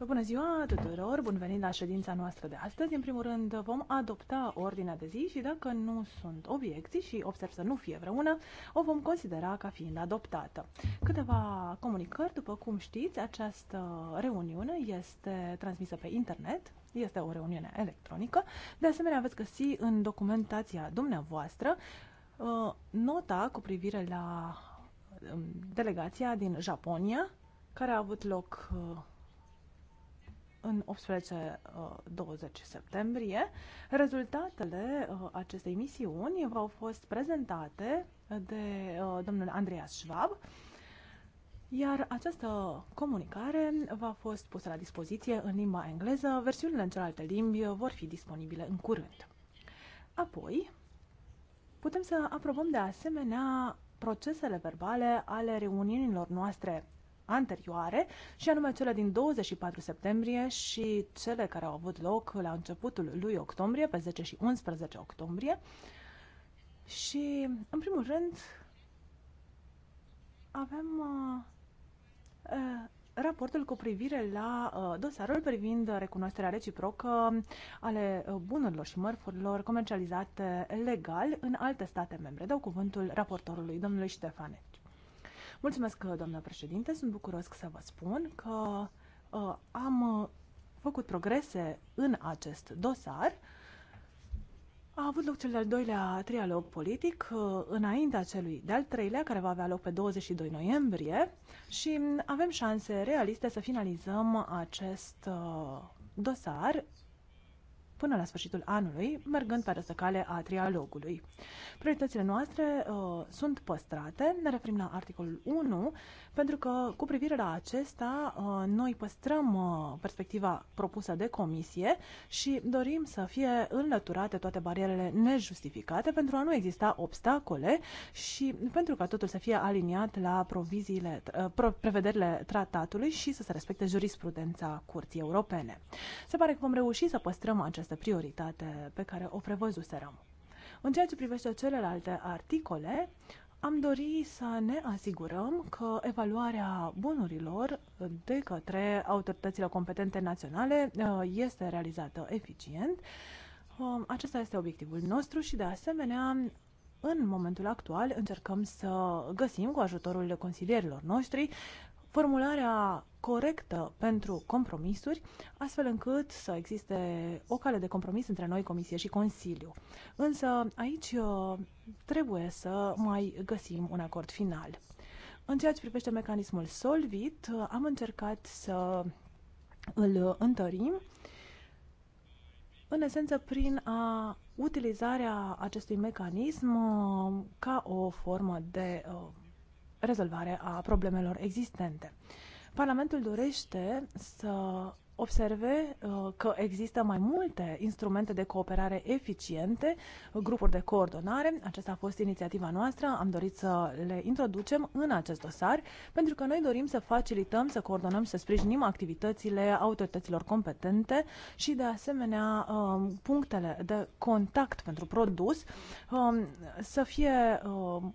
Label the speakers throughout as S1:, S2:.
S1: Uh, bună ziua tuturor, bun venit la ședința noastră de astăzi. În primul rând vom adopta ordinea de zi și dacă nu sunt obiecții și observ să nu fie vreuna, o vom considera ca fiind adoptată. Câteva comunicări, după cum știți, această reuniune este transmisă pe internet, este o reuniune electronică. De asemenea, veți găsi în documentația dumneavoastră uh, nota cu privire la Um, delegația din Japonia, care a avut loc uh, în 18-20 uh, septembrie. Rezultatele uh, acestei misiuni v-au fost prezentate de domnul Andreas Schwab, iar această comunicare va fost pusă la dispoziție în limba engleză. Versiunile în celelalte limbi vor fi disponibile în curând. Apoi, putem să aprobăm de asemenea procesele verbale ale reuniunilor noastre anterioare, și anume cele din 24 septembrie și cele care au avut loc la începutul lui octombrie, pe 10 și 11 octombrie. Și, în primul rând, avem uh, uh, raportul cu privire la uh, dosarul privind recunoașterea reciprocă ale uh, bunurilor și mărfurilor comercializate legal în alte state membre. Dau cuvântul raportorului, domnului Ștefaneci. Mulțumesc, uh, doamnă președinte. Sunt bucuros să vă spun că am făcut progrese în acest dosar. Uh, a avut loc cel de-al doilea trialog politic, uh, înaintea celui de-al treilea, care va avea loc pe 22 noiembrie și avem șanse realiste să finalizăm acest uh, dosar până la sfârșitul anului, mergând pe această cale a trialogului. Prioritățile noastre uh, sunt păstrate, ne referim la articolul 1, pentru că cu privire la acesta uh, noi păstrăm uh, perspectiva propusă de comisie și dorim să fie înlăturate toate barierele nejustificate pentru a nu exista obstacole și pentru ca totul să fie aliniat la proviziile, uh, prevederile tratatului și să se respecte jurisprudența Curții Europene. Se pare că vom reuși să păstrăm acest această prioritate pe care o prevăzuserăm. În ceea ce privește celelalte articole, am dori să ne asigurăm că evaluarea bunurilor de către autoritățile competente naționale uh, este realizată eficient. Um, acesta este obiectivul nostru și, de asemenea, în momentul actual încercăm să găsim, cu ajutorul consilierilor noștri, formularea corectă pentru compromisuri, astfel încât să existe o cale de compromis între noi, Comisie și Consiliu. Însă aici uh, trebuie să mai găsim un acord final. În ceea ce privește mecanismul Solvit, uh, am încercat să îl întărim, în esență prin a utilizarea acestui mecanism uh, ca o formă de rezolvare a problemelor existente. Parlamentul dorește să observe uh, că există mai multe instrumente de cooperare eficiente, uh, grupuri de coordonare. Aceasta a fost inițiativa noastră, am dorit să le introducem în acest dosar, pentru că noi dorim să facilităm, să coordonăm și să sprijinim activitățile autorităților competente și, de asemenea, um, punctele de contact pentru produs um, să fie um,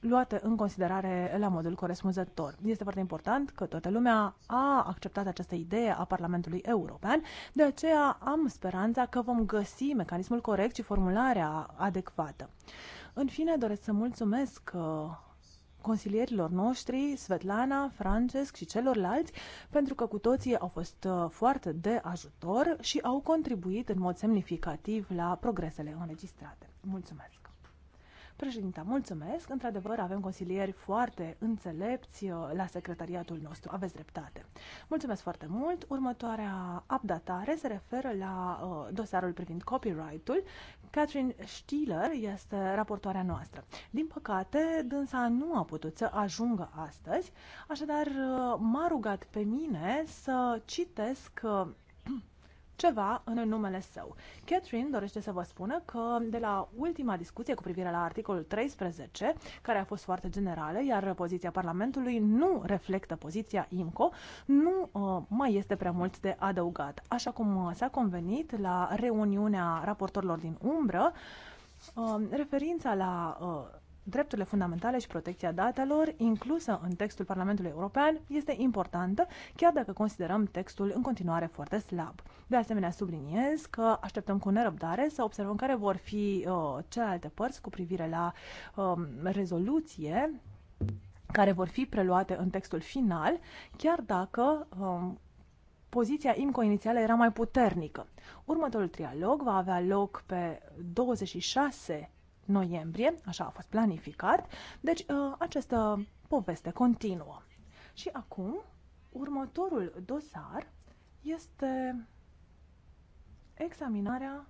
S1: luate în considerare la modul corespunzător. Este foarte important că toată lumea a acceptat această idee a Parlamentului European, de aceea am speranța că vom găsi mecanismul corect și formularea adecvată. În fine, doresc să mulțumesc uh, consilierilor noștri, Svetlana, Francesc și celorlalți, pentru că cu toții au fost uh, foarte de ajutor și au contribuit în mod semnificativ la progresele înregistrate. Mulțumesc! Președinta, mulțumesc. Într-adevăr, avem consilieri foarte înțelepți uh, la secretariatul nostru. Aveți dreptate. Mulțumesc foarte mult. Următoarea updatare se referă la uh, dosarul privind copyright-ul. Catherine Stieler este raportoarea noastră. Din păcate, dânsa nu a putut să ajungă astăzi, așadar uh, m-a rugat pe mine să citesc uh, ceva în numele său. Catherine dorește să vă spună că de la ultima discuție cu privire la articolul 13, care a fost foarte generală, iar poziția Parlamentului nu reflectă poziția IMCO, nu uh, mai este prea mult de adăugat. Așa cum uh, s-a convenit la reuniunea raportorilor din umbră, uh, referința la uh, drepturile fundamentale și protecția datelor, inclusă în textul Parlamentului European, este importantă, chiar dacă considerăm textul în continuare foarte slab. De asemenea, subliniez că așteptăm cu nerăbdare să observăm care vor fi uh, celelalte părți cu privire la uh, rezoluție care vor fi preluate în textul final, chiar dacă um, poziția IMCO inițială era mai puternică. Următorul trialog va avea loc pe 26 noiembrie, așa a fost planificat, deci uh, această poveste continuă. Și acum, următorul dosar este examinarea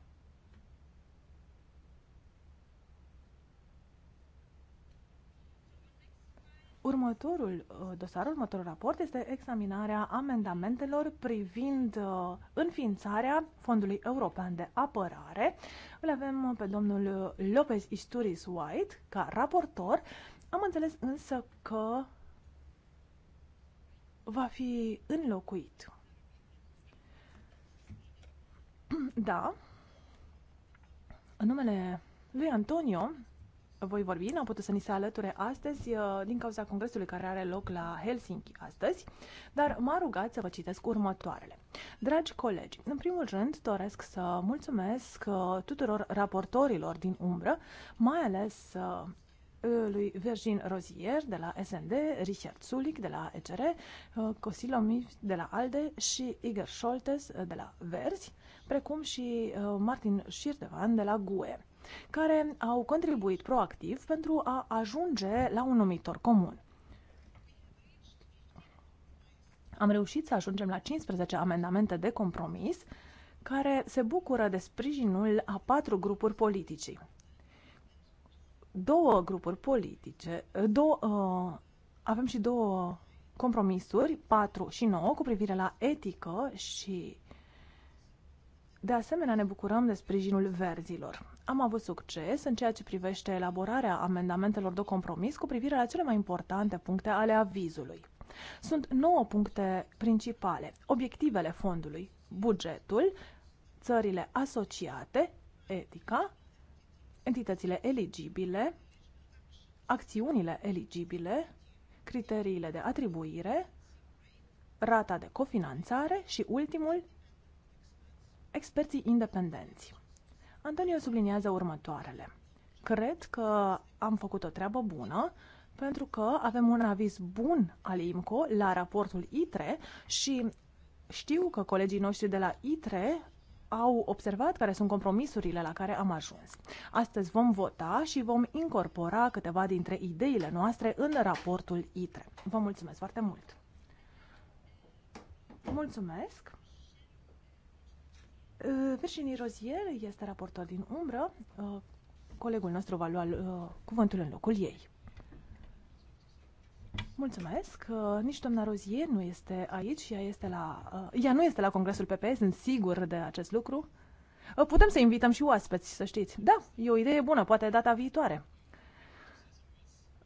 S1: Următorul uh, dosar, următorul raport este examinarea amendamentelor privind uh, înființarea Fondului European de Apărare. Îl avem uh, pe domnul Lopez Isturiz White ca raportor. Am înțeles însă că va fi înlocuit. Da, în numele lui Antonio voi vorbi, n-au putut să ni se alăture astăzi uh, din cauza congresului care are loc la Helsinki astăzi, dar m-a rugat să vă citesc următoarele. Dragi colegi, în primul rând doresc să mulțumesc uh, tuturor raportorilor din umbră, mai ales uh, lui Virgin Rozier de la SND, Richard Sulik de la ECR, Mif de la ALDE și Iger Scholtes de la Verzi, precum și Martin Șirdevan de la GUE care au contribuit proactiv pentru a ajunge la un numitor comun. Am reușit să ajungem la 15 amendamente de compromis care se bucură de sprijinul a patru grupuri politice. Două grupuri politice, două, uh, avem și două compromisuri, 4 și 9, cu privire la etică și de asemenea ne bucurăm de sprijinul verzilor am avut succes în ceea ce privește elaborarea amendamentelor de compromis cu privire la cele mai importante puncte ale avizului. Sunt nouă puncte principale. Obiectivele fondului, bugetul, țările asociate, etica, entitățile eligibile, acțiunile eligibile, criteriile de atribuire, rata de cofinanțare și, ultimul, experții independenți. Antonio subliniază următoarele. Cred că am făcut o treabă bună pentru că avem un aviz bun al IMCO la raportul ITRE și știu că colegii noștri de la ITRE au observat care sunt compromisurile la care am ajuns. Astăzi vom vota și vom incorpora câteva dintre ideile noastre în raportul ITRE. Vă mulțumesc foarte mult! Mulțumesc! Uh, Virginie Rozier este raportor din umbră. Uh, colegul nostru va lua uh, cuvântul în locul ei. Mulțumesc. Nici doamna Rozier nu este aici. Ea, este la, ea nu este la congresul PPS sunt sigur de acest lucru. Putem să invităm și oaspeți, să știți. Da, e o idee bună, poate data viitoare.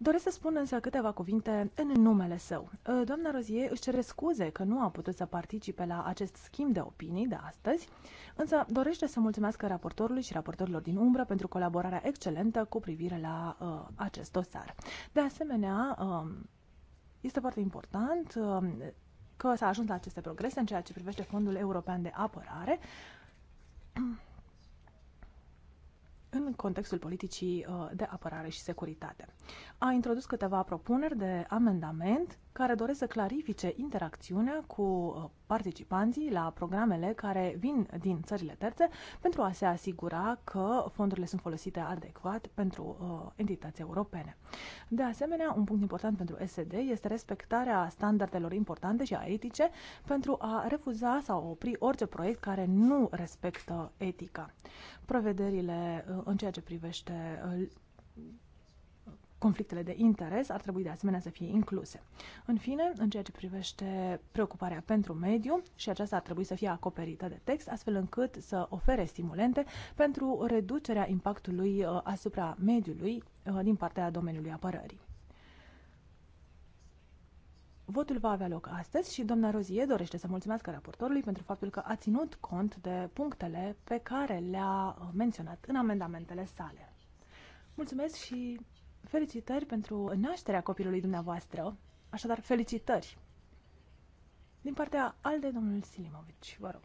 S1: Doresc să spun însă câteva cuvinte în numele său. Uh, doamna Rozie își cere scuze că nu a putut să participe la acest schimb de opinii de astăzi, însă dorește să mulțumească raportorului și raportorilor din umbră pentru colaborarea excelentă cu privire la uh, acest dosar. De asemenea, uh, este foarte important uh, că s-a ajuns la aceste progrese în ceea ce privește Fondul European de Apărare în contextul politicii uh, de apărare și securitate. A introdus câteva propuneri de amendament care doresc să clarifice interacțiunea cu uh, participanții la programele care vin din țările terțe pentru a se asigura că fondurile sunt folosite adecvat pentru uh, entități europene. De asemenea, un punct important pentru SD este respectarea standardelor importante și a etice pentru a refuza sau opri orice proiect care nu respectă etica. Prevederile în ceea ce privește uh, conflictele de interes ar trebui de asemenea să fie incluse. În fine, în ceea ce privește preocuparea pentru mediu, și aceasta ar trebui să fie acoperită de text, astfel încât să ofere stimulente pentru reducerea impactului uh, asupra mediului uh, din partea domeniului apărării. Votul va avea loc astăzi și doamna Rozie dorește să mulțumească raportorului pentru faptul că a ținut cont de punctele pe care le-a uh, menționat în amendamentele sale. Mulțumesc și felicitări pentru nașterea copilului dumneavoastră, așadar felicitări! Din partea ALDE, domnul Silimovici, vă rog.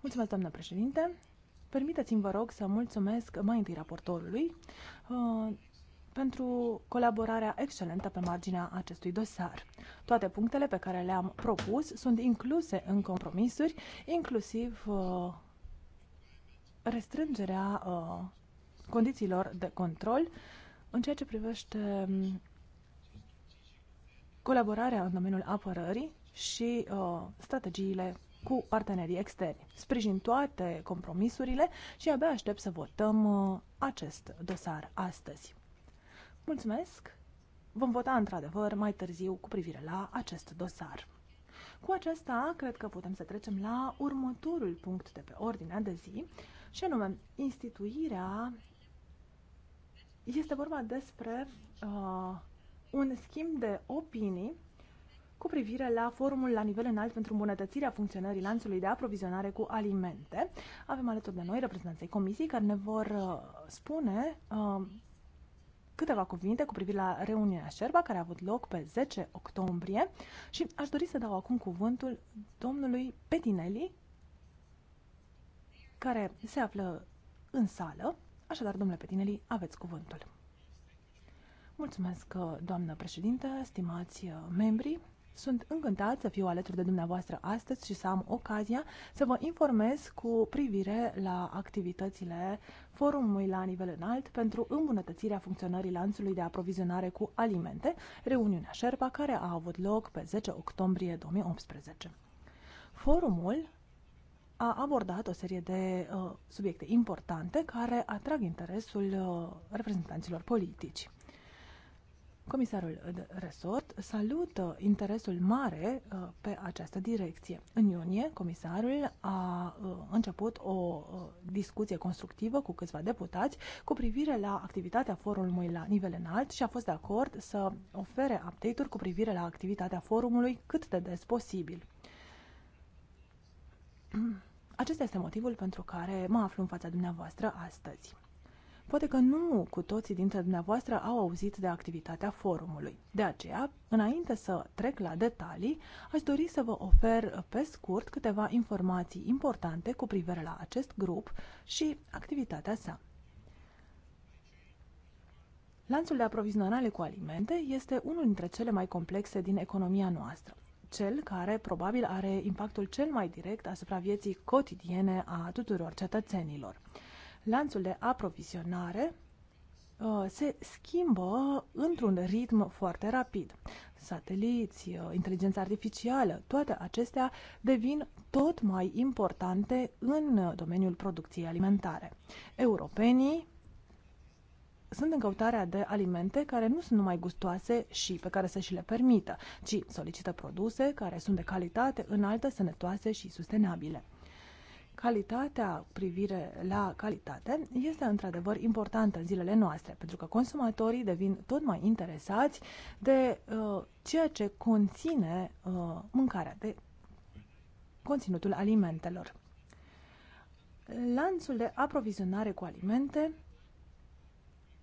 S1: Mulțumesc, doamnă președinte. Permiteți-mi, vă rog, să mulțumesc mai întâi raportorului. Uh, pentru colaborarea excelentă pe marginea acestui dosar. Toate punctele pe care le-am propus sunt incluse în compromisuri, inclusiv uh, restrângerea uh, condițiilor de control în ceea ce privește um, colaborarea în domeniul apărării și uh, strategiile cu partenerii externi. Sprijin toate compromisurile și abia aștept să votăm uh, acest dosar astăzi. Mulțumesc! Vom vota într-adevăr mai târziu cu privire la acest dosar. Cu acesta, cred că putem să trecem la următorul punct de pe ordinea de zi, și anume, instituirea este vorba despre uh, un schimb de opinii cu privire la forumul la nivel înalt pentru îmbunătățirea funcționării lanțului de aprovizionare cu alimente. Avem alături de noi reprezentanții comisiei care ne vor uh, spune uh, câteva cuvinte cu privire la reuniunea Șerba, care a avut loc pe 10 octombrie și aș dori să dau acum cuvântul domnului Petinelli, care se află în sală. Așadar, domnule Petinelli, aveți cuvântul. Mulțumesc, doamnă președinte, stimați membri. Sunt încântat să fiu alături de dumneavoastră astăzi și să am ocazia să vă informez cu privire la activitățile forumului la nivel înalt pentru îmbunătățirea funcționării lanțului de aprovizionare cu alimente, reuniunea Șerpa, care a avut loc pe 10 octombrie 2018. Forumul a abordat o serie de uh, subiecte importante care atrag interesul uh, reprezentanților politici. Comisarul resort salută interesul mare uh, pe această direcție. În iunie, comisarul a uh, început o uh, discuție constructivă cu câțiva deputați cu privire la activitatea forumului la nivel înalt și a fost de acord să ofere update-uri cu privire la activitatea forumului cât de des posibil. Acesta este motivul pentru care mă aflu în fața dumneavoastră astăzi. Poate că nu cu toții dintre dumneavoastră au auzit de activitatea forumului. De aceea, înainte să trec la detalii, aș dori să vă ofer pe scurt câteva informații importante cu privire la acest grup și activitatea sa. Lanțul de aprovizionare cu alimente este unul dintre cele mai complexe din economia noastră cel care probabil are impactul cel mai direct asupra vieții cotidiene a tuturor cetățenilor lanțul de aprovizionare uh, se schimbă într-un ritm foarte rapid. Sateliți, uh, inteligența artificială, toate acestea devin tot mai importante în uh, domeniul producției alimentare. Europenii sunt în căutarea de alimente care nu sunt numai gustoase și pe care să și le permită, ci solicită produse care sunt de calitate înaltă, sănătoase și sustenabile calitatea, privire la calitate, este într-adevăr importantă în zilele noastre, pentru că consumatorii devin tot mai interesați de uh, ceea ce conține uh, mâncarea, de conținutul alimentelor. Lanțul de aprovizionare cu alimente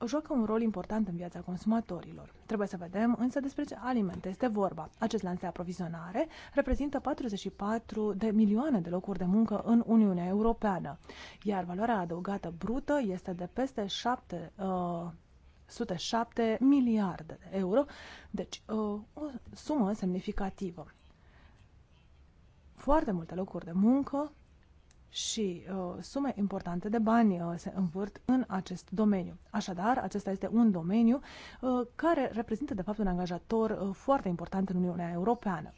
S1: joacă un rol important în viața consumatorilor. Trebuie să vedem însă despre ce alimente este vorba. Acest lanț de aprovizionare reprezintă 44 de milioane de locuri de muncă în Uniunea Europeană, iar valoarea adăugată brută este de peste 7 uh, 107 miliarde de euro, deci uh, o sumă semnificativă. Foarte multe locuri de muncă și uh, sume importante de bani uh, se învârt în acest domeniu. Așadar, acesta este un domeniu uh, care reprezintă, de fapt, un angajator uh, foarte important în Uniunea Europeană.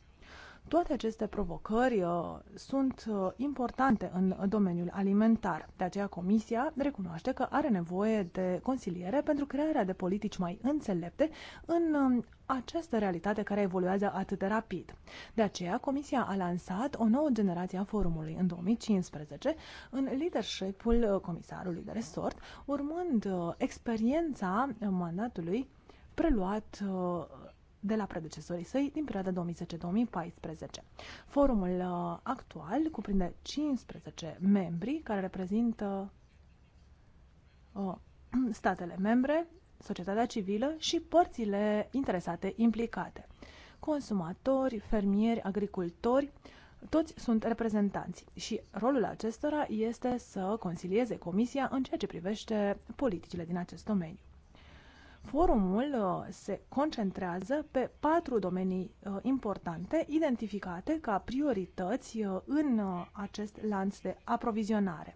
S1: Toate aceste provocări uh, sunt uh, importante în uh, domeniul alimentar. De aceea Comisia recunoaște că are nevoie de consiliere pentru crearea de politici mai înțelepte în um, această realitate care evoluează atât de rapid. De aceea, Comisia a lansat o nouă generație a forumului în 2015 în leadershipul comisarului de resort, urmând experiența mandatului preluat de la predecesorii săi din perioada 2010-2014. Forumul uh, actual cuprinde 15 membri care reprezintă uh, statele membre, societatea civilă și părțile interesate implicate. Consumatori, fermieri, agricultori, toți sunt reprezentanți și rolul acestora este să consilieze Comisia în ceea ce privește politicile din acest domeniu. Forumul uh, se concentrează pe patru domenii uh, importante identificate ca priorități uh, în acest lanț de aprovizionare.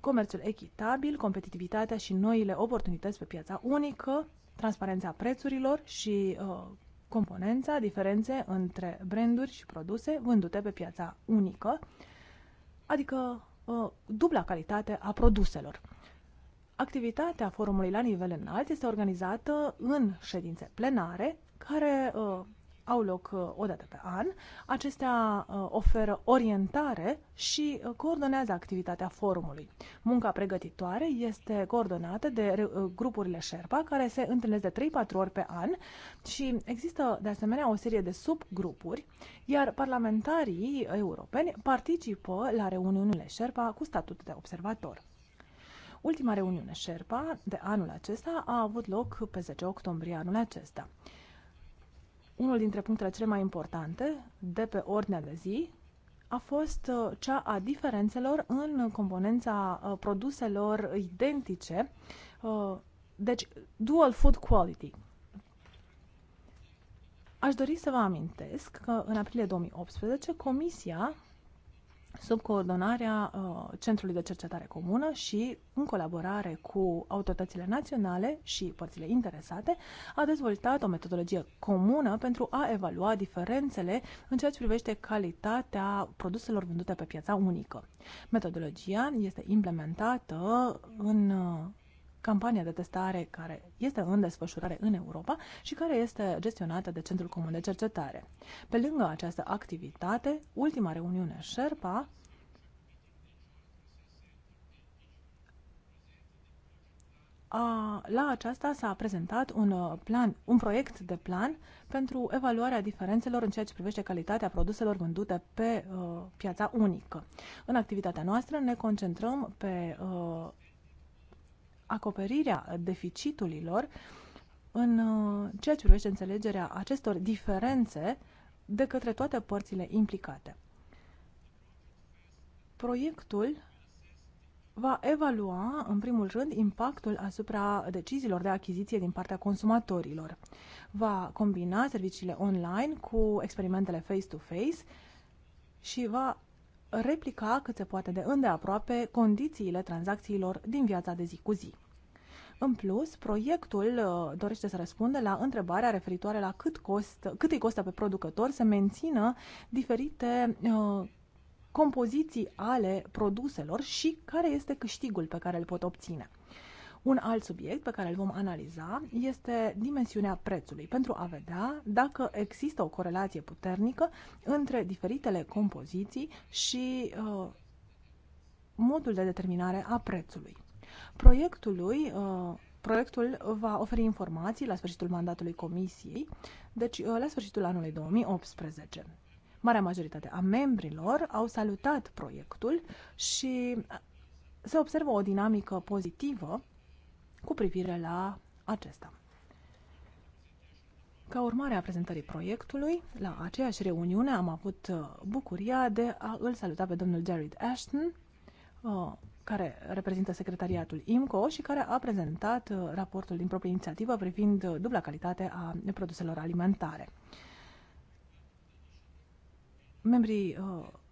S1: Comerțul echitabil, competitivitatea și noile oportunități pe piața unică, transparența prețurilor și componența, diferențe între branduri și produse vândute pe piața unică, adică dubla calitate a produselor activitatea forumului la nivel înalt este organizată în ședințe plenare, care uh, au loc uh, o dată pe an. Acestea uh, oferă orientare și uh, coordonează activitatea forumului. Munca pregătitoare este coordonată de uh, grupurile Sherpa, care se întâlnesc de 3-4 ori pe an și există de asemenea o serie de subgrupuri, iar parlamentarii europeni participă la reuniunile Sherpa cu statut de observator. Ultima reuniune Sherpa de anul acesta a avut loc pe 10 octombrie anul acesta. Unul dintre punctele cele mai importante de pe ordinea de zi a fost uh, cea a diferențelor în componența uh, produselor identice, uh, deci dual food quality. Aș dori să vă amintesc că în aprilie 2018 Comisia sub coordonarea uh, Centrului de Cercetare Comună și în colaborare cu autoritățile naționale și părțile interesate, a dezvoltat o metodologie comună pentru a evalua diferențele în ceea ce privește calitatea produselor vândute pe piața unică. Metodologia este implementată în uh, campania de testare care este în desfășurare în Europa și care este gestionată de Centrul Comun de Cercetare. Pe lângă această activitate, ultima reuniune Sherpa A, la aceasta s-a prezentat un, uh, plan, un proiect de plan pentru evaluarea diferențelor în ceea ce privește calitatea produselor vândute pe uh, piața unică. În activitatea noastră ne concentrăm pe uh, acoperirea deficiturilor în uh, ceea ce privește înțelegerea acestor diferențe de către toate părțile implicate. Proiectul va evalua, în primul rând, impactul asupra deciziilor de achiziție din partea consumatorilor. Va combina serviciile online cu experimentele face-to-face -face și va replica cât se poate de îndeaproape condițiile tranzacțiilor din viața de zi cu zi. În plus, proiectul uh, dorește să răspundă la întrebarea referitoare la cât, cost, cât îi costă pe producător să mențină diferite uh, compoziții ale produselor și care este câștigul pe care îl pot obține. Un alt subiect pe care îl vom analiza este dimensiunea prețului, pentru a vedea dacă există o corelație puternică între diferitele compoziții și uh, modul de determinare a prețului. Proiectului, uh, proiectul va oferi informații la sfârșitul mandatului comisiei, deci uh, la sfârșitul anului 2018. Marea majoritate a membrilor au salutat proiectul și se observă o dinamică pozitivă cu privire la acesta. Ca urmare a prezentării proiectului, la aceeași reuniune am avut uh, bucuria de a îl saluta pe domnul Jared Ashton, uh, care reprezintă secretariatul IMCO și care a prezentat uh, raportul din proprie inițiativă privind dubla calitate a produselor alimentare. Membrii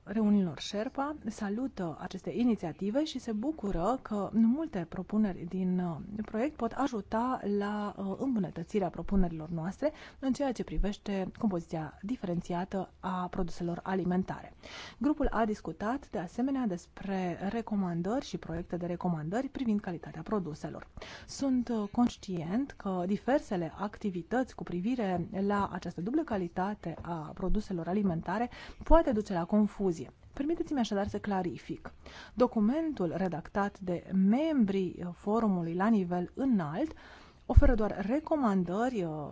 S1: reunilor Sherpa salută aceste inițiative și se bucură că multe propuneri din uh, proiect pot ajuta la uh, îmbunătățirea propunerilor noastre în ceea ce privește compoziția diferențiată a produselor alimentare. Grupul a discutat de asemenea despre recomandări și proiecte de recomandări privind calitatea produselor. Sunt uh, conștient că diversele activități cu privire la această dublă calitate a produselor alimentare poate duce la confuzie confuzie. Permiteți-mi așadar să clarific. Documentul redactat de membrii uh, forumului la nivel înalt oferă doar recomandări uh,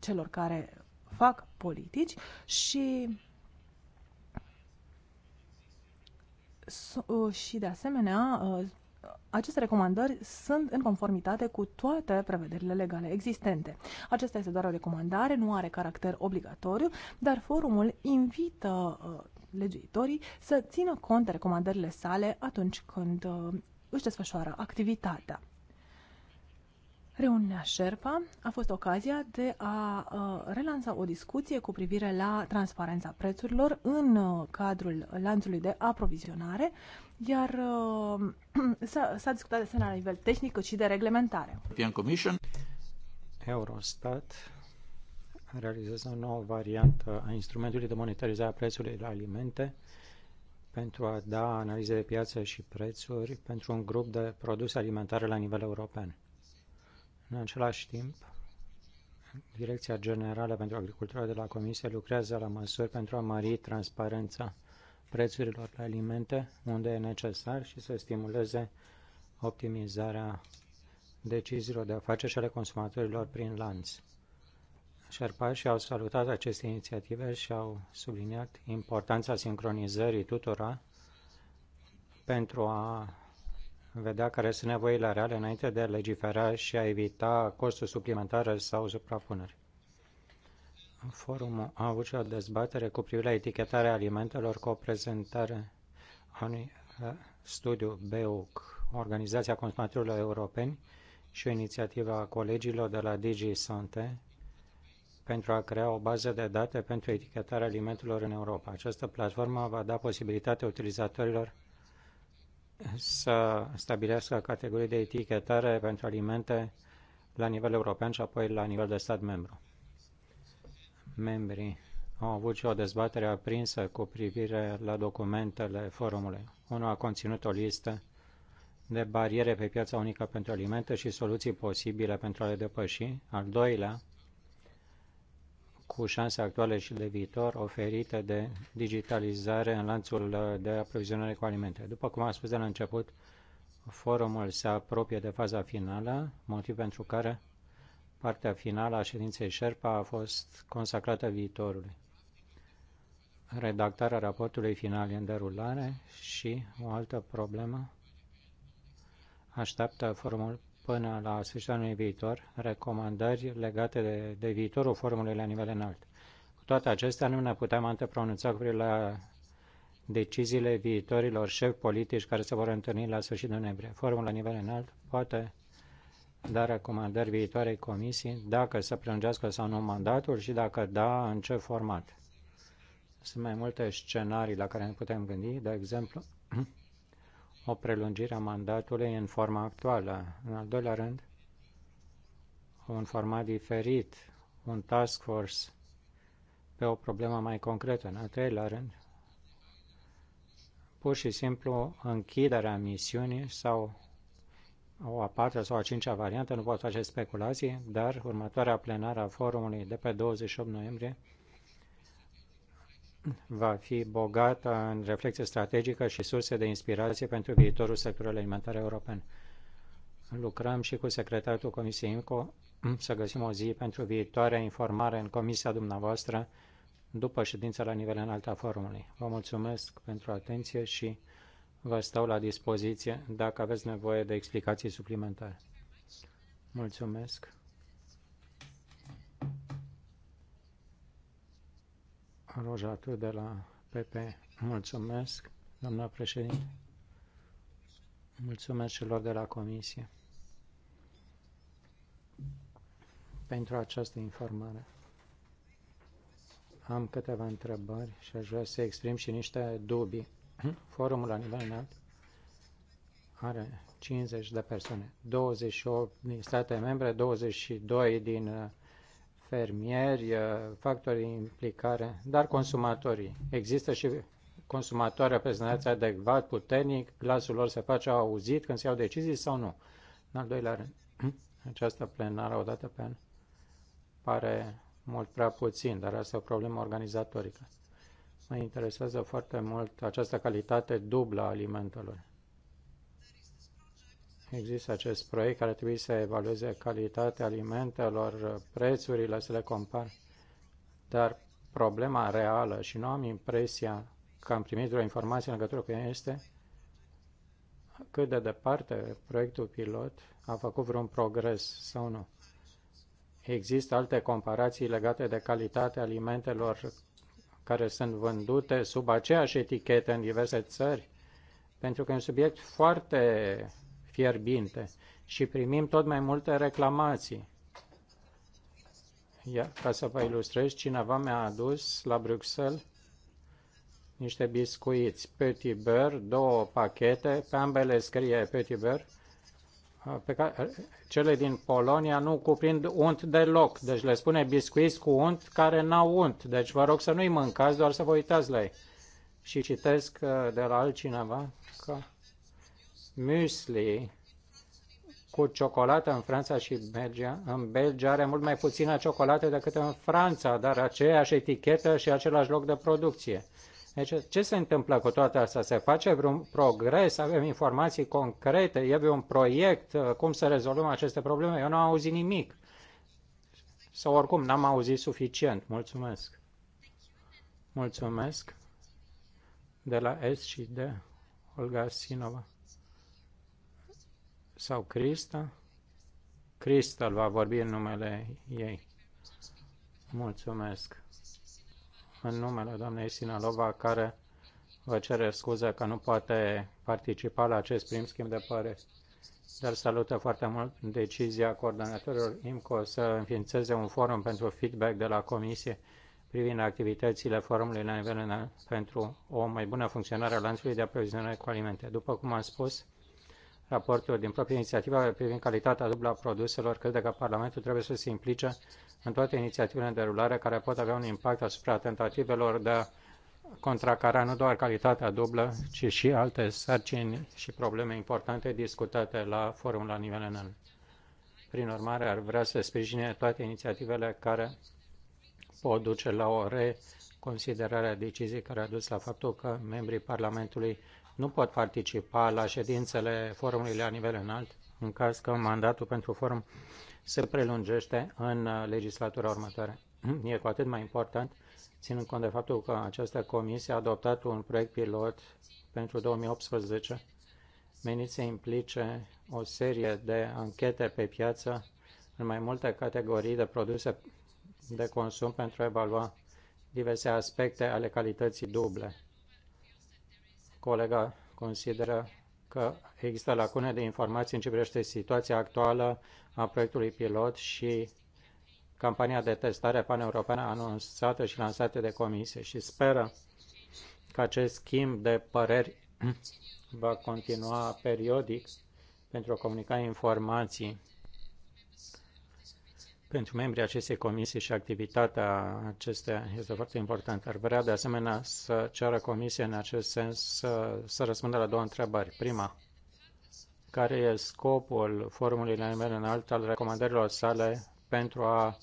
S1: celor care fac politici și uh, și de asemenea aceste recomandări sunt în conformitate cu toate prevederile legale existente. Acesta este doar o recomandare, nu are caracter obligatoriu, dar forumul invită legiuitorii să țină cont de recomandările sale atunci când uh, își desfășoară activitatea. Reuniunea Șerpa a fost ocazia de a uh, relansa o discuție cu privire la transparența prețurilor în uh, cadrul lanțului de aprovizionare, iar s-a discutat de asemenea la nivel tehnic cât și de reglementare.
S2: European Commission. Eurostat realizează o nouă variantă a instrumentului de monetarizare a prețului la alimente pentru a da analize de piață și prețuri pentru un grup de produse alimentare la nivel european. În același timp, Direcția Generală pentru Agricultură de la Comisie lucrează la măsuri pentru a mări transparența prețurilor la alimente unde e necesar și să stimuleze optimizarea deciziilor de afaceri și ale consumatorilor prin lanț. Șerpașii au salutat aceste inițiative și au subliniat importanța sincronizării tuturor pentru a vedea care sunt nevoile reale înainte de a legifera și a evita costuri suplimentare sau suprapuneri. Forumul a avut și o dezbatere cu privire la etichetarea alimentelor cu o prezentare a unui studiu BEUC, Organizația Consumatorilor Europeni și o inițiativă a colegilor de la DG Sante pentru a crea o bază de date pentru etichetarea alimentelor în Europa. Această platformă va da posibilitatea utilizatorilor să stabilească categorii de etichetare pentru alimente la nivel european și apoi la nivel de stat membru. Membrii au avut și o dezbatere aprinsă cu privire la documentele forumului. Unul a conținut o listă de bariere pe piața unică pentru alimente și soluții posibile pentru a le depăși. Al doilea cu șanse actuale și de viitor oferite de digitalizare în lanțul uh, de aprovizionare cu alimente. După cum am spus de la început, forumul se apropie de faza finală, motiv pentru care partea finală a ședinței Șerpa a fost consacrată viitorului. Redactarea raportului final e în derulare și o altă problemă așteaptă forumul până la sfârșitul anului viitor recomandări legate de, de viitorul formului la nivel înalt. Cu toate acestea, nu ne putem antepronunța cu la deciziile viitorilor șefi politici care se vor întâlni la sfârșitul noiembrie. Formul la nivel înalt poate da recomandări viitoarei comisii dacă să prelungească sau nu mandatul și dacă da, în ce format. Sunt mai multe scenarii la care ne putem gândi, de exemplu, o prelungire a mandatului în forma actuală. În al doilea rând, un format diferit, un task force pe o problemă mai concretă. În al treilea rând, pur și simplu închiderea misiunii sau o a patra sau a cincea variantă, nu pot face speculații, dar următoarea plenară a forumului de pe 28 noiembrie va fi bogată în reflexie strategică și surse de inspirație pentru viitorul sectorului alimentar european. Lucrăm și cu secretarul Comisiei INCO mm, să găsim o zi pentru viitoarea informare în comisia dumneavoastră după ședința la nivel înalt a forumului. Vă mulțumesc pentru atenție și vă stau la dispoziție dacă aveți nevoie de explicații suplimentare. Mulțumesc. Rojatu de la PP. Mulțumesc, doamna președinte. Mulțumesc celor de la comisie pentru această informare. Am câteva întrebări și aș vrea să exprim și niște dubii. Forumul la nivel înalt are 50 de persoane, 28 din state membre, 22 din uh, fermieri, eh, factorii implicare, dar consumatorii. Există și consumatori reprezentați adecvat, puternic, glasul lor se face auzit când se iau decizii sau nu. În al doilea rând, această plenară odată pe an pare mult prea puțin, dar asta e o problemă organizatorică. Mă interesează foarte mult această calitate dublă a alimentelor. Există acest proiect care trebuie să evalueze calitatea alimentelor, prețurile, să le compare. Dar problema reală, și nu am impresia că am primit vreo informație în legătură cu ea, este cât de departe proiectul pilot a făcut vreun progres sau nu. Există alte comparații legate de calitatea alimentelor care sunt vândute sub aceeași etichetă în diverse țări, pentru că e un subiect foarte fierbinte și primim tot mai multe reclamații. Ia, ca să vă ilustrez, cineva mi-a adus la Bruxelles niște biscuiți Petit Beurre, două pachete, pe ambele scrie Petit Beurre, pe care, cele din Polonia nu cuprind unt deloc, deci le spune biscuiți cu unt care n-au unt, deci vă rog să nu-i mâncați, doar să vă uitați la ei. Și citesc uh, de la altcineva că muesli cu ciocolată în Franța și Belgia. În Belgia are mult mai puțină ciocolată decât în Franța, dar aceeași etichetă și același loc de producție. Deci ce se întâmplă cu toate astea? Se face vreun progres? Avem informații concrete? E un proiect? Cum să rezolvăm aceste probleme? Eu nu am auzit nimic. Sau oricum n-am auzit suficient. Mulțumesc. Mulțumesc. De la S și de Olga Sinova sau Crista? Crista va vorbi în numele ei. Mulțumesc. În numele doamnei Sinalova, care vă cere scuze că nu poate participa la acest prim schimb de pare, dar salută foarte mult decizia coordonatorilor IMCO să înființeze un forum pentru feedback de la Comisie privind activitățile forumului la nivel pentru o mai bună funcționare a lanțului de aprovizionare cu alimente. După cum am spus, raportul din proprie inițiativă privind calitatea dublă a produselor, crede că Parlamentul trebuie să se implice în toate inițiativele în derulare care pot avea un impact asupra tentativelor de a contracara nu doar calitatea dublă, ci și alte sarcini și probleme importante discutate la forum la nivel înalt. Prin urmare, ar vrea să sprijine toate inițiativele care pot duce la o re- considerarea deciziei care a dus la faptul că membrii Parlamentului nu pot participa la ședințele forumului la nivel înalt, în caz că mandatul pentru forum se prelungește în legislatura următoare. E cu atât mai important, ținând cont de faptul că această comisie a adoptat un proiect pilot pentru 2018 menit să implice o serie de anchete pe piață în mai multe categorii de produse de consum pentru a evalua diverse aspecte ale calității duble. Colega consideră că există lacune de informații în ce privește situația actuală a proiectului pilot și campania de testare paneuropeană anunțată și lansată de comisie și speră că acest schimb de păreri va continua periodic pentru a comunica informații pentru membrii acestei comisii și activitatea acestea este foarte importantă. Ar vrea de asemenea să ceară comisie în acest sens să, să răspundă la două întrebări. Prima, care e scopul formului la nivel înalt al recomandărilor sale pentru a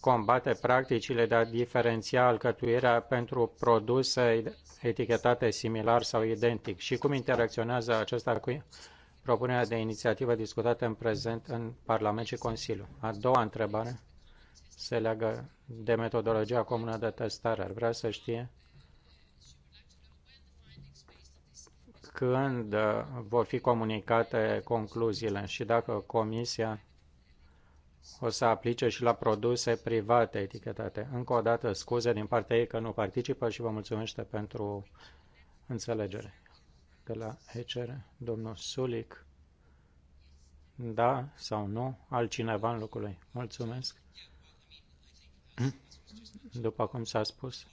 S2: combate practicile de a diferenția alcătuirea pentru produse etichetate similar sau identic și cum interacționează acesta cu propunerea de inițiativă discutată în prezent în Parlament și Consiliu. A doua întrebare se leagă de metodologia comună de testare. Ar vrea să știe când uh, vor fi comunicate concluziile și dacă Comisia o să aplice și la produse private etichetate. Încă o dată scuze din partea ei că nu participă și vă mulțumesc pentru înțelegere că la Hecher domnul Sulic da sau nu, altcineva în locul lui. Mulțumesc. După cum s-a spus,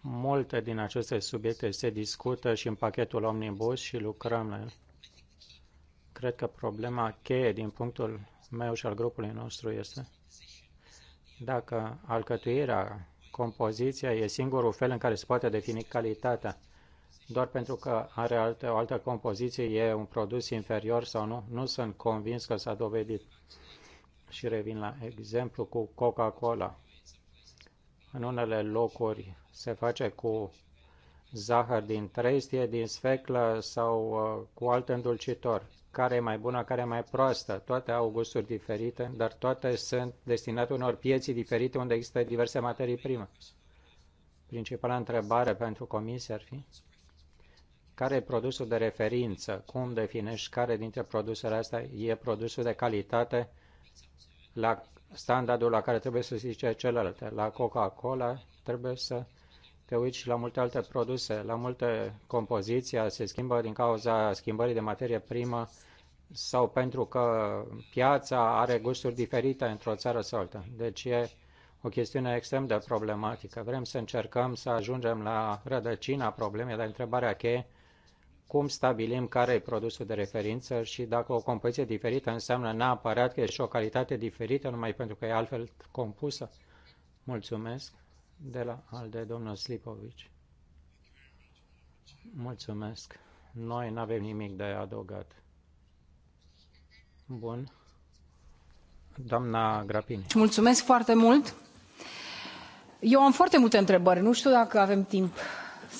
S2: multe din aceste subiecte se discută și în pachetul Omnibus și lucrăm la el. Cred că problema cheie din punctul meu și al grupului nostru este dacă alcătuirea, compoziția e singurul fel în care se poate defini calitatea doar pentru că are alte, o altă compoziție, e un produs inferior sau nu, nu sunt convins că s-a dovedit. Și revin la exemplu cu Coca-Cola. În unele locuri se face cu zahăr din trestie, din sfeclă sau uh, cu alt îndulcitor. Care e mai bună, care e mai proastă? Toate au gusturi diferite, dar toate sunt destinate unor pieții diferite unde există diverse materii prime. Principala întrebare pentru comisie ar fi care e produsul de referință, cum definești care dintre produsele astea e produsul de calitate la standardul la care trebuie să zice celelalte. La Coca-Cola trebuie să te uiți și la multe alte produse, la multe compoziția se schimbă din cauza schimbării de materie primă sau pentru că piața are gusturi diferite într-o țară sau altă. Deci e o chestiune extrem de problematică. Vrem să încercăm să ajungem la rădăcina problemei, dar întrebarea cheie cum stabilim care e produsul de referință și dacă o compoziție diferită înseamnă neapărat că e și o calitate diferită numai pentru că e altfel compusă? Mulțumesc. De la al de domnul Slipovici. Mulțumesc. Noi nu avem nimic de adăugat. Bun. Doamna Grapini. Mulțumesc
S3: foarte mult. Eu am foarte multe întrebări. Nu știu dacă avem timp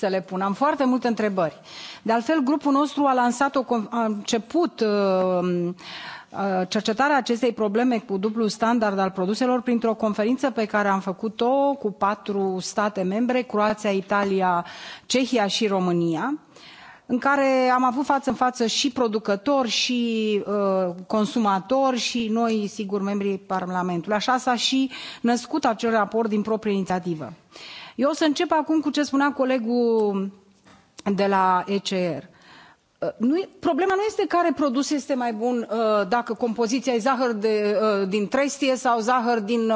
S3: să le pun. Am foarte multe întrebări. De altfel, grupul nostru a lansat o, a început uh, uh, cercetarea acestei probleme cu dublul standard al produselor printr o conferință pe care am făcut o cu patru state membre croația italia cehia și românia în care am avut față în față și producători și uh, consumatori și noi sigur membrii parlamentului așa s a și născut acel raport din proprie inițiativă. Uh, eu o să încep acum cu ce spunea colegul de la ECR. Uh, nu, problema nu este care produs este mai bun uh, dacă compoziția e zahăr de, uh, din trestie sau zahăr din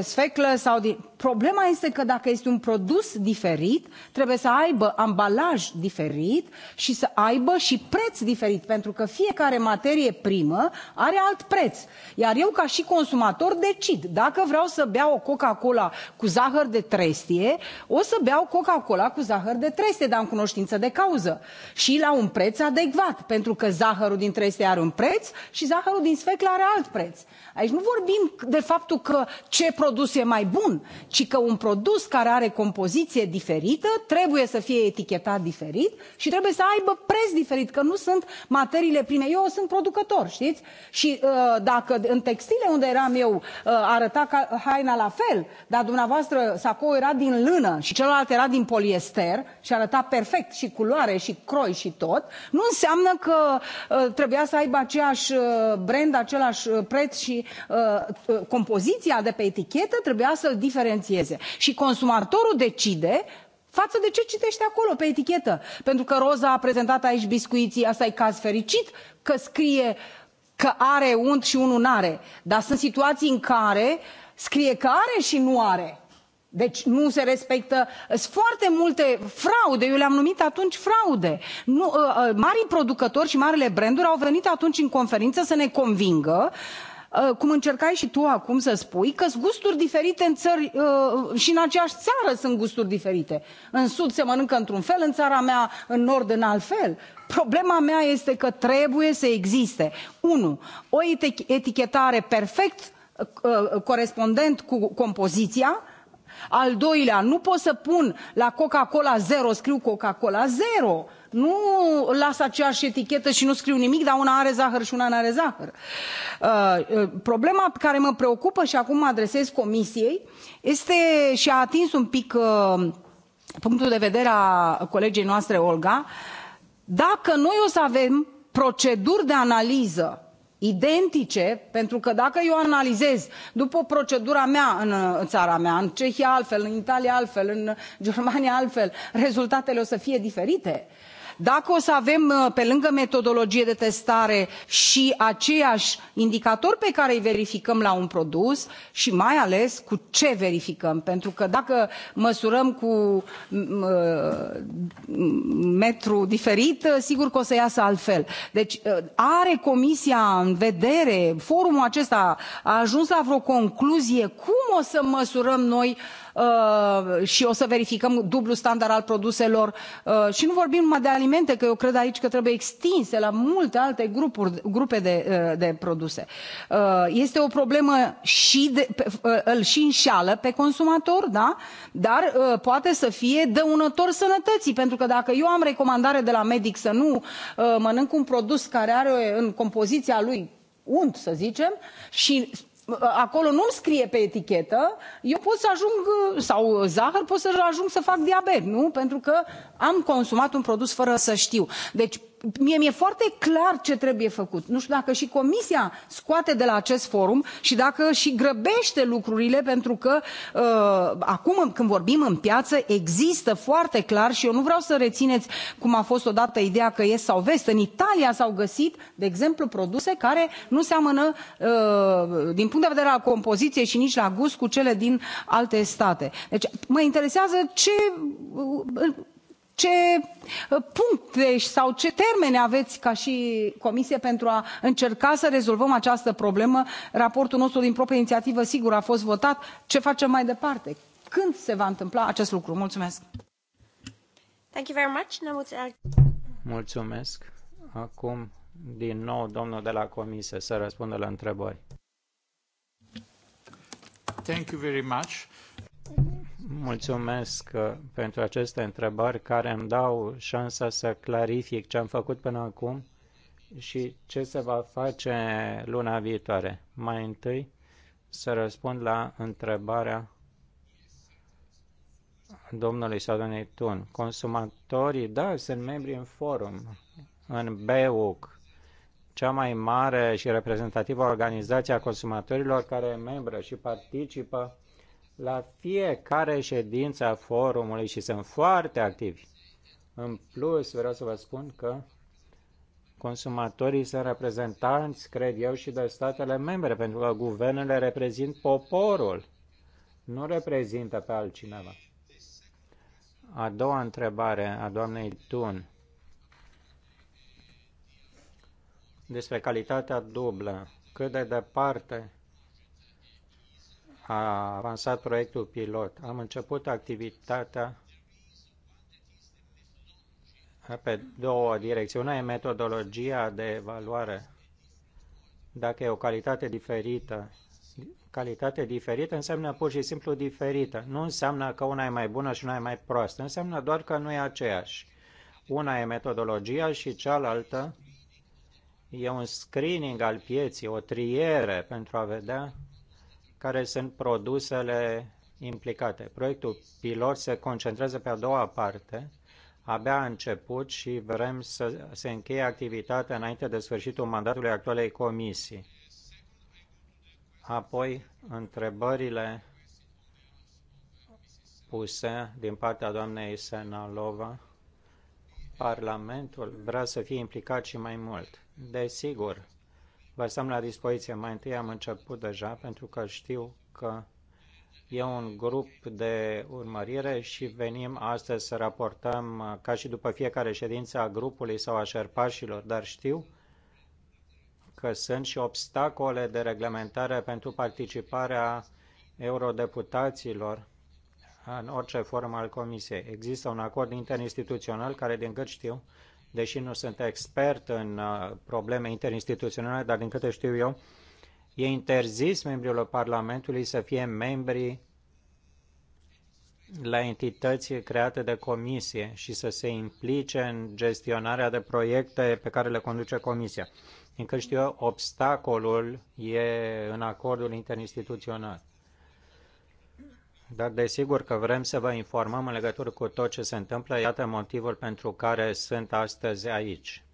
S3: sfeclă sau din Problema este că dacă este un produs diferit, trebuie să aibă ambalaj diferit și să aibă și preț diferit, pentru că fiecare materie primă are alt preț. Iar eu, ca și consumator, decid. Dacă vreau să beau o Coca-Cola cu zahăr de trestie, o să beau Coca-Cola cu zahăr de trestie, dar în cunoștință de cauză și la un preț adecvat, pentru că zahărul din trestie are un preț și zahărul din sfeclă are alt preț. Aici nu vorbim de faptul că ce produs e mai bun, ci că un produs care are compoziție diferită trebuie să fie etichetat diferit și trebuie să aibă preț diferit, că nu sunt materiile prime. Eu sunt producător, știți? Și uh, dacă în textile unde eram eu uh, arăta ca haina la fel, dar dumneavoastră sacoul era din lână și celălalt era din poliester și arăta perfect și culoare și croi și tot, nu înseamnă că uh, trebuia să aibă aceeași brand, același preț și compoziția de pe etichetă trebuia să diferențieze diferențieze și consumatorul decide față de ce citește acolo pe etichetă. Pentru că Roza a prezentat aici biscuiții, asta e caz fericit că scrie că are unt și unul nu are Dar sunt situații în care scrie că are și nu are. Deci nu se respectă. Sunt foarte multe fraude, eu le-am numit atunci fraude. Nu, uh, uh, marii producători și marile branduri au venit atunci în conferință să ne convingă uh, Uh, cum încercai și tu acum să spui că sunt gusturi diferite în țări uh, și în aceeași țară sunt gusturi diferite. În sud se mănâncă într-un fel, în țara mea, în nord în alt fel. Problema mea este că trebuie să existe, unu, o etichetare perfect uh, corespondent cu compoziția, al doilea, nu pot să pun la Coca-Cola zero, scriu Coca-Cola zero nu las aceeași etichetă și nu scriu nimic dar una are zahăr și una nu are zahăr. Uh, uh, problema care mă preocupă și acum mă adresez comisiei este și a atins un pic uh, punctul de vedere al colegei noastre olga dacă noi o să avem proceduri de analiză identice pentru că dacă eu analizez după procedura mea în țara mea în cehia altfel în italia altfel în germania altfel rezultatele o să fie diferite. Uh, dacă o să avem uh, pe lângă metodologie de testare și aceiași indicatori pe care îi verificăm la un produs și mai ales cu ce verificăm pentru că dacă măsurăm cu mm, uh, metru diferit uh, sigur că o să iasă altfel. deci are comisia în vedere forumul acesta a ajuns la vreo concluzie cum o să măsurăm noi Uh, și o să verificăm dublul standard al produselor uh, și nu vorbim numai de alimente că eu cred aici că trebuie extinse la multe alte grupuri, grupe de, uh, de produse. Este o problemă și de, îl și înșală pe consumator, da? dar poate să fie dăunător sănătății, pentru că dacă eu am recomandare de la medic să nu mănânc un produs care are în compoziția lui unt, să zicem, și acolo nu mi scrie pe etichetă, eu pot să ajung, sau zahăr, pot să ajung să fac diabet, nu? Pentru că am consumat un produs fără să știu. Deci mie mi e foarte clar ce trebuie făcut nu știu dacă și comisia scoate de la acest forum și dacă și grăbește lucrurile pentru că uh, acum când vorbim în piață există foarte clar și eu nu vreau să rețineți cum a fost odată ideea că est sau vest în italia s au găsit de exemplu produse care nu seamănă uh, din punct de vedere al compoziției și nici la gust cu cele din alte state. deci mă interesează ce uh, ce uh, puncte sau ce termene aveți ca și comisie pentru a încerca să rezolvăm această problemă? raportul nostru din proprie inițiativă sigur a fost votat ce facem mai departe? când se va întâmpla acest lucru? mulțumesc.
S2: Mulțumesc. Acum, din nou, domnul de la comisie să răspundă la întrebări. Thank you very much. Mulțumesc uh, pentru aceste întrebări care îmi dau șansa să clarific ce am făcut până acum și ce se va face luna viitoare. Mai întâi să răspund la întrebarea domnului sau Tun. Consumatorii, da, sunt membri în forum, în BEUC, cea mai mare și reprezentativă organizație a consumatorilor care e membră și participă la fiecare ședință a forumului și sunt foarte activi. În plus, vreau să vă spun că consumatorii sunt reprezentanți, cred eu, și de statele membre, pentru că guvernele reprezint poporul, nu reprezintă pe altcineva. A doua întrebare a doamnei Tun despre calitatea dublă. Cât de departe a avansat proiectul pilot. Am început activitatea pe două direcții. Una e metodologia de evaluare. Dacă e o calitate diferită, calitate diferită înseamnă pur și simplu diferită. Nu înseamnă că una e mai bună și una e mai proastă. Înseamnă doar că nu e aceeași. Una e metodologia și cealaltă e un screening al pieții, o triere pentru a vedea care sunt produsele implicate. Proiectul pilot se concentrează pe a doua parte, abia a început și vrem să se încheie activitatea înainte de sfârșitul mandatului actualei comisii. Apoi, întrebările puse din partea doamnei Senalova. Parlamentul vrea să fie implicat și mai mult. Desigur, vă stăm la dispoziție. Mai întâi am început deja pentru că știu că e un grup de urmărire și venim astăzi să raportăm ca și după fiecare ședință a grupului sau a șerpașilor, dar știu că sunt și obstacole de reglementare pentru participarea eurodeputaților în orice formă al Comisiei. Există un acord interinstituțional care, din cât știu, deși nu sunt expert în uh, probleme interinstituționale, dar din câte știu eu, e interzis membrilor Parlamentului să fie membri la entități create de comisie și să se implice în gestionarea de proiecte pe care le conduce comisia. Din câte știu eu, obstacolul e în acordul interinstituțional. Dar desigur că vrem să vă informăm în legătură cu tot ce se întâmplă. Iată motivul pentru care sunt astăzi aici.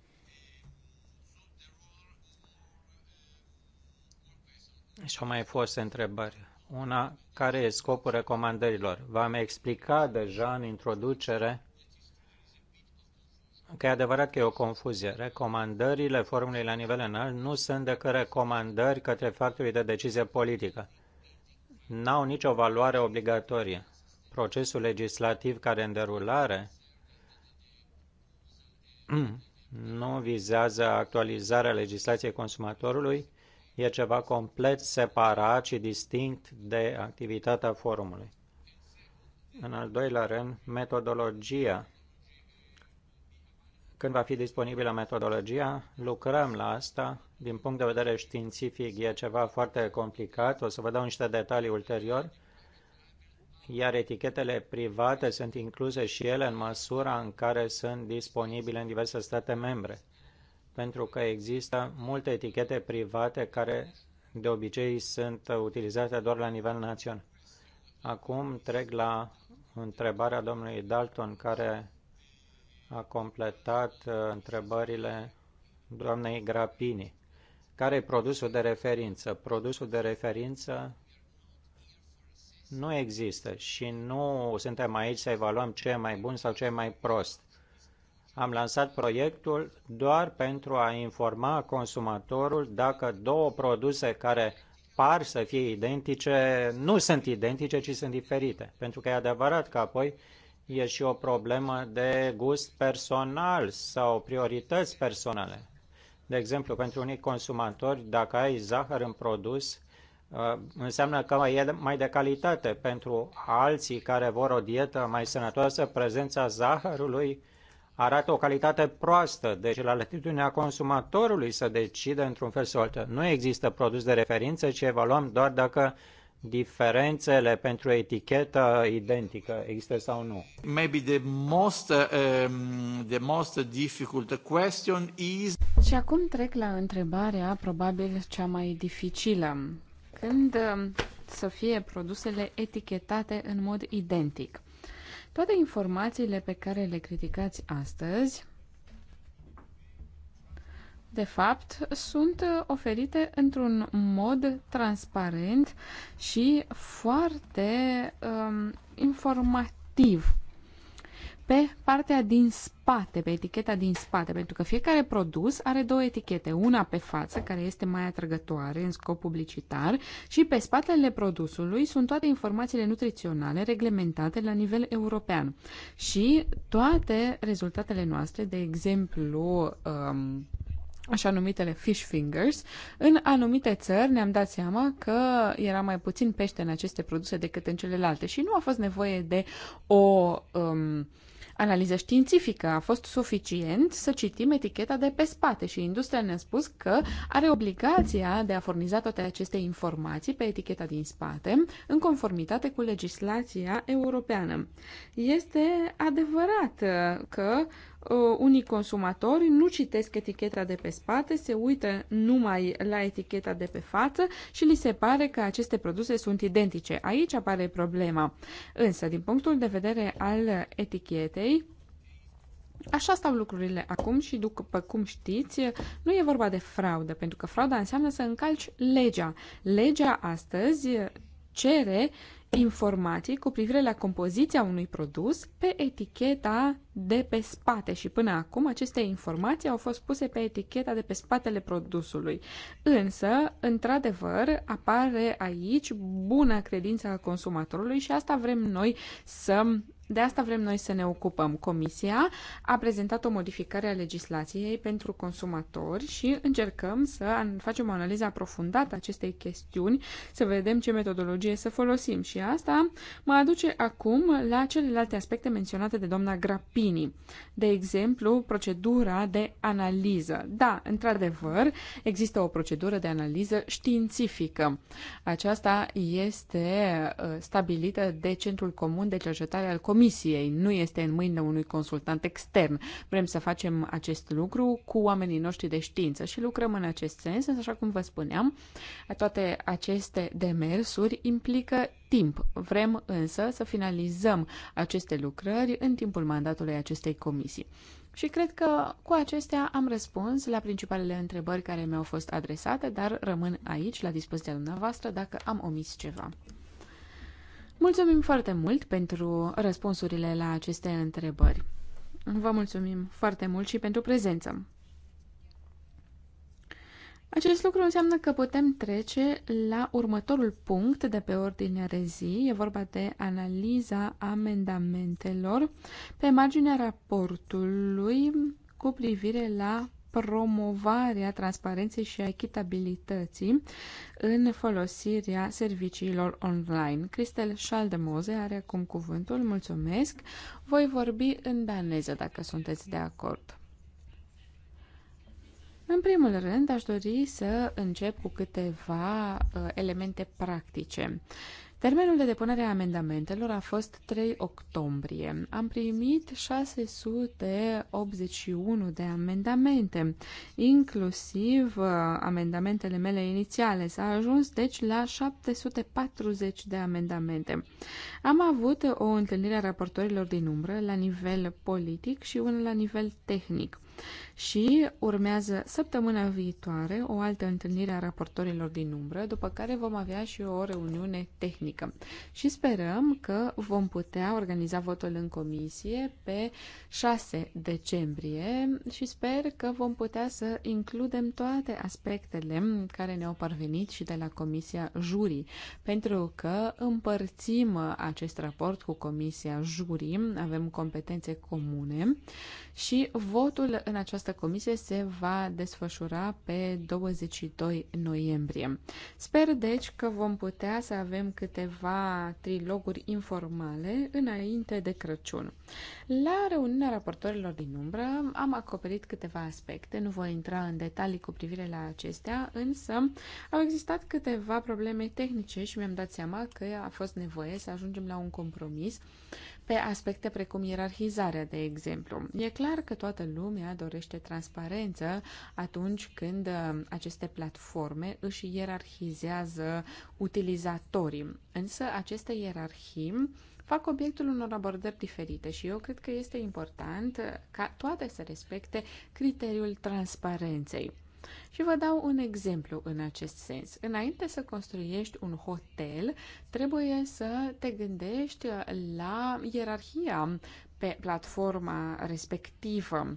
S2: Și au mai fost întrebări. Una, care e scopul recomandărilor? V-am explicat deja în introducere că e adevărat că e o confuzie. Recomandările formulei la nivel înalt nu sunt decât recomandări către factorii de decizie politică n-au nicio valoare obligatorie. Procesul legislativ care în derulare nu vizează actualizarea legislației consumatorului, e ceva complet separat și distinct de activitatea forumului. În al doilea rând, metodologia. Când va fi disponibilă metodologia, lucrăm la asta din punct de vedere științific e ceva foarte complicat, o să vă dau niște detalii ulterior, iar etichetele private sunt incluse și ele în măsura în care sunt disponibile în diverse state membre, pentru că există multe etichete private care de obicei sunt utilizate doar la nivel național. Acum trec la întrebarea domnului Dalton, care a completat uh, întrebările doamnei Grapini. Care e produsul de referință? Produsul de referință nu există și nu suntem aici să evaluăm ce e mai bun sau ce e mai prost. Am lansat proiectul doar pentru a informa consumatorul dacă două produse care par să fie identice nu sunt identice, ci sunt diferite. Pentru că e adevărat că apoi e și o problemă de gust personal sau priorități personale. De exemplu, pentru unii consumatori, dacă ai zahăr în produs, uh, înseamnă că e mai de calitate. Pentru alții care vor o dietă mai sănătoasă, prezența zahărului arată o calitate proastă, deci la latitudinea consumatorului să decide într-un fel sau altul. Nu există produs de referință, ci evaluăm doar dacă diferențele pentru etichetă identică există sau nu? Maybe the most, uh, um, the most difficult question
S4: is... Și acum trec la întrebarea probabil cea mai dificilă. Când um, să fie produsele etichetate în mod identic? Toate informațiile pe care le criticați astăzi de fapt, sunt uh, oferite într-un mod transparent și foarte um, informativ pe partea din spate, pe eticheta din spate, pentru că fiecare produs are două etichete, una pe față, care este mai atrăgătoare în scop publicitar, și pe spatele produsului sunt toate informațiile nutriționale reglementate la nivel european. Și toate rezultatele noastre, de exemplu, um, așa numitele fish fingers, în anumite țări ne-am dat seama că era mai puțin pește în aceste produse decât în celelalte și nu a fost nevoie de o um, analiză științifică. A fost suficient să citim eticheta de pe spate și industria ne-a spus că are obligația de a furniza toate aceste informații pe eticheta din spate în conformitate cu legislația europeană. Este adevărat uh, că Uh, unii consumatori nu citesc eticheta de pe spate, se uită numai la eticheta de pe față și li se pare că aceste produse sunt identice. Aici apare problema. Însă, din punctul de vedere al etichetei, Așa stau lucrurile acum și, după cum știți, nu e vorba de fraudă, pentru că frauda înseamnă să încalci legea. Legea astăzi cere uh, informații cu privire la compoziția unui produs pe eticheta de pe spate și până acum aceste informații au fost puse pe eticheta de pe spatele produsului. Însă, într-adevăr, apare aici bună credință a consumatorului și asta vrem noi să de asta vrem noi să ne ocupăm. Comisia a prezentat o modificare a legislației pentru consumatori și încercăm să facem o analiză aprofundată a acestei chestiuni, să vedem ce metodologie să folosim. Și asta mă aduce acum la celelalte aspecte menționate de doamna Grappini. De exemplu, procedura de analiză. Da, într-adevăr, există o procedură de analiză științifică. Aceasta este uh, stabilită de Centrul Comun de Cercetare al Comisiei comisiei, nu este în mâinile unui consultant extern. Vrem să facem acest lucru cu oamenii noștri de știință și lucrăm în acest sens, însă, așa cum vă spuneam, toate aceste demersuri implică timp. Vrem însă să finalizăm aceste lucrări în timpul mandatului acestei comisii. Și cred că cu acestea am răspuns la principalele întrebări care mi-au fost adresate, dar rămân aici, la dispoziția dumneavoastră, dacă am omis ceva. Mulțumim foarte mult pentru răspunsurile la aceste întrebări. Vă mulțumim foarte mult și pentru prezență. Acest lucru înseamnă că putem trece la următorul punct de pe ordinea de zi. E vorba de analiza amendamentelor pe marginea raportului cu privire la promovarea transparenței și a echitabilității în folosirea serviciilor online. Cristel Schaldemose are acum cuvântul, mulțumesc. Voi vorbi în daneză dacă sunteți de acord. În primul rând, aș dori să încep cu câteva uh, elemente practice. Uh, Termenul de depunere a amendamentelor a fost 3 octombrie. Am primit 681 de amendamente, inclusiv uh, amendamentele mele inițiale. S-a ajuns deci la 740 de amendamente. Am avut o întâlnire a raportorilor din umbră la nivel politic și una la nivel tehnic și urmează săptămâna viitoare o altă întâlnire a raportorilor din umbră, după care vom avea și o reuniune tehnică. Și sperăm că vom putea organiza votul în comisie pe 6 decembrie și sper că vom putea să includem toate aspectele care ne-au parvenit și de la Comisia Jurii, pentru că împărțim acest raport cu Comisia Jurii, avem competențe comune și votul în această această comisie se va desfășura pe 22 noiembrie. Sper deci că vom putea să avem câteva triloguri informale înainte de Crăciun. La reuniunea raportorilor din umbră am acoperit câteva aspecte, nu voi intra în detalii cu privire la acestea, însă au existat câteva probleme tehnice și mi-am dat seama că a fost nevoie să ajungem la un compromis pe aspecte precum ierarhizarea, de exemplu. E clar că toată lumea dorește transparență atunci când uh, aceste platforme își ierarhizează utilizatorii. Însă aceste ierarhii fac obiectul unor abordări diferite și eu cred că este important ca toate să respecte criteriul transparenței. Și vă dau un exemplu în acest sens. Înainte să construiești un hotel, trebuie să te gândești la ierarhia pe platforma respectivă,